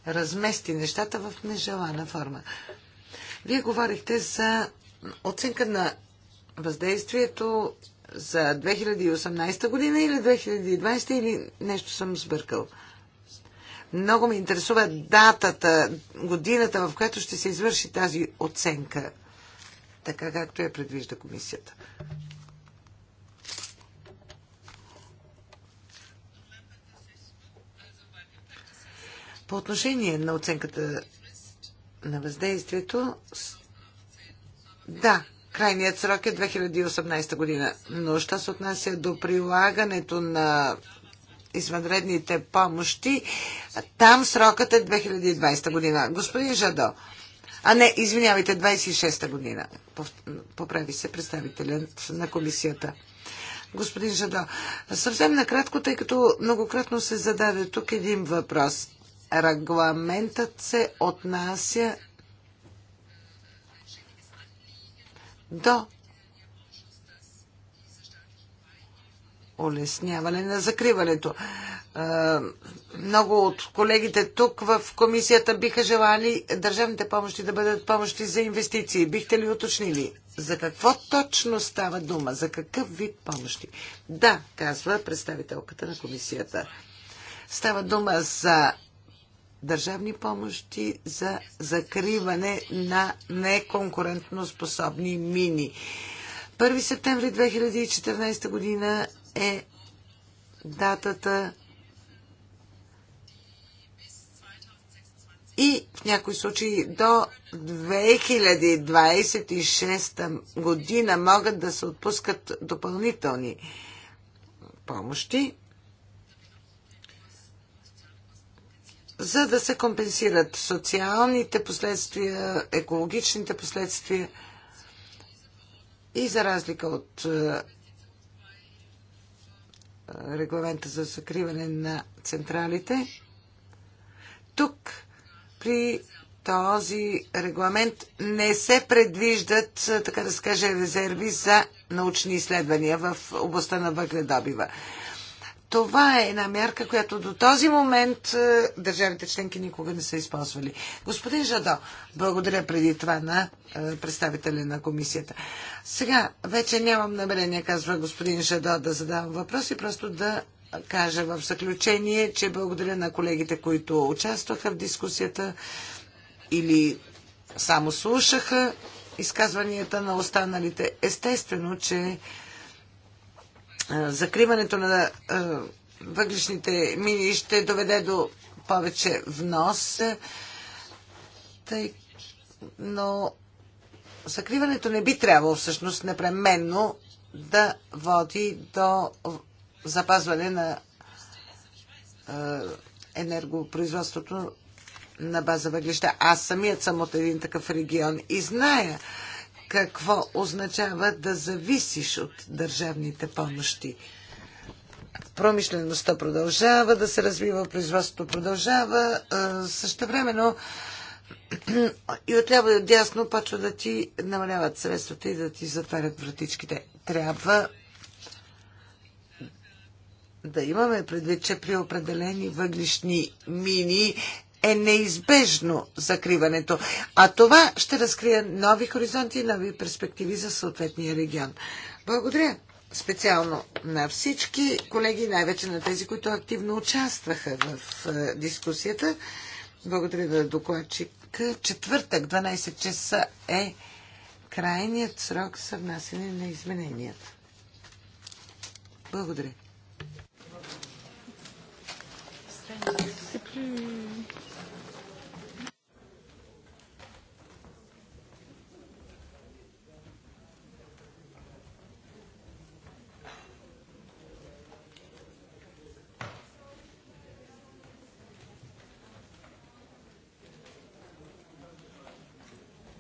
размести нещата в нежелана форма. Вие говорихте за оценка на въздействието за 2018 година или 2020 или нещо съм сбъркал. Много ме интересува датата, годината, в която ще се извърши тази оценка, така както я предвижда комисията. По отношение на оценката на въздействието, да, крайният срок е 2018 година. Но що се отнася до прилагането на извънредните помощи, там срокът е 2020 година. Господин Жадо, а не, извинявайте, 26-та година. Поправи се представителят на комисията. Господин Жадо, съвсем накратко, тъй като многократно се зададе тук един въпрос. Регламентът се отнася до улесняване на закриването. Много от колегите тук в комисията биха желали държавните помощи да бъдат помощи за инвестиции. Бихте ли уточнили? За какво точно става дума? За какъв вид помощи? Да, казва представителката на комисията. Става дума за държавни помощи за закриване на неконкурентно способни мини. 1 септември 2014 година е датата и в някои случаи до 2026 година могат да се отпускат допълнителни помощи, за да се компенсират социалните последствия, екологичните последствия и за разлика от е, регламента за закриване на централите. Тук при този регламент не се предвиждат, така да се каже, резерви за научни изследвания в областта на въгледобива това е една мярка, която до този момент е, държавите членки никога не са използвали. Господин Жадо, благодаря преди това на е, представителя на комисията. Сега вече нямам намерение, казва господин Жадо, да задавам въпроси, просто да кажа в заключение, че благодаря на колегите, които участваха в дискусията или само слушаха изказванията на останалите. Естествено, че закриването на въглишните мини ще доведе до повече внос, тъй, но закриването не би трябвало всъщност непременно да води до запазване на енергопроизводството на база въглища. Аз самият съм от един такъв регион и зная какво означава да зависиш от държавните помощи. Промишлеността продължава да се развива, производството продължава. Същевременно и отляво и дясно почва да ти намаляват средствата и да ти затварят вратичките. Трябва да имаме предвид, че при определени въглишни мини е неизбежно закриването. А това ще разкрие нови хоризонти и нови перспективи за съответния регион. Благодаря специално на всички колеги, най-вече на тези, които активно участваха в е, дискусията. Благодаря на докладчик. Четвъртък, 12 часа е крайният срок за внасяне на измененията. Благодаря. C'est plus...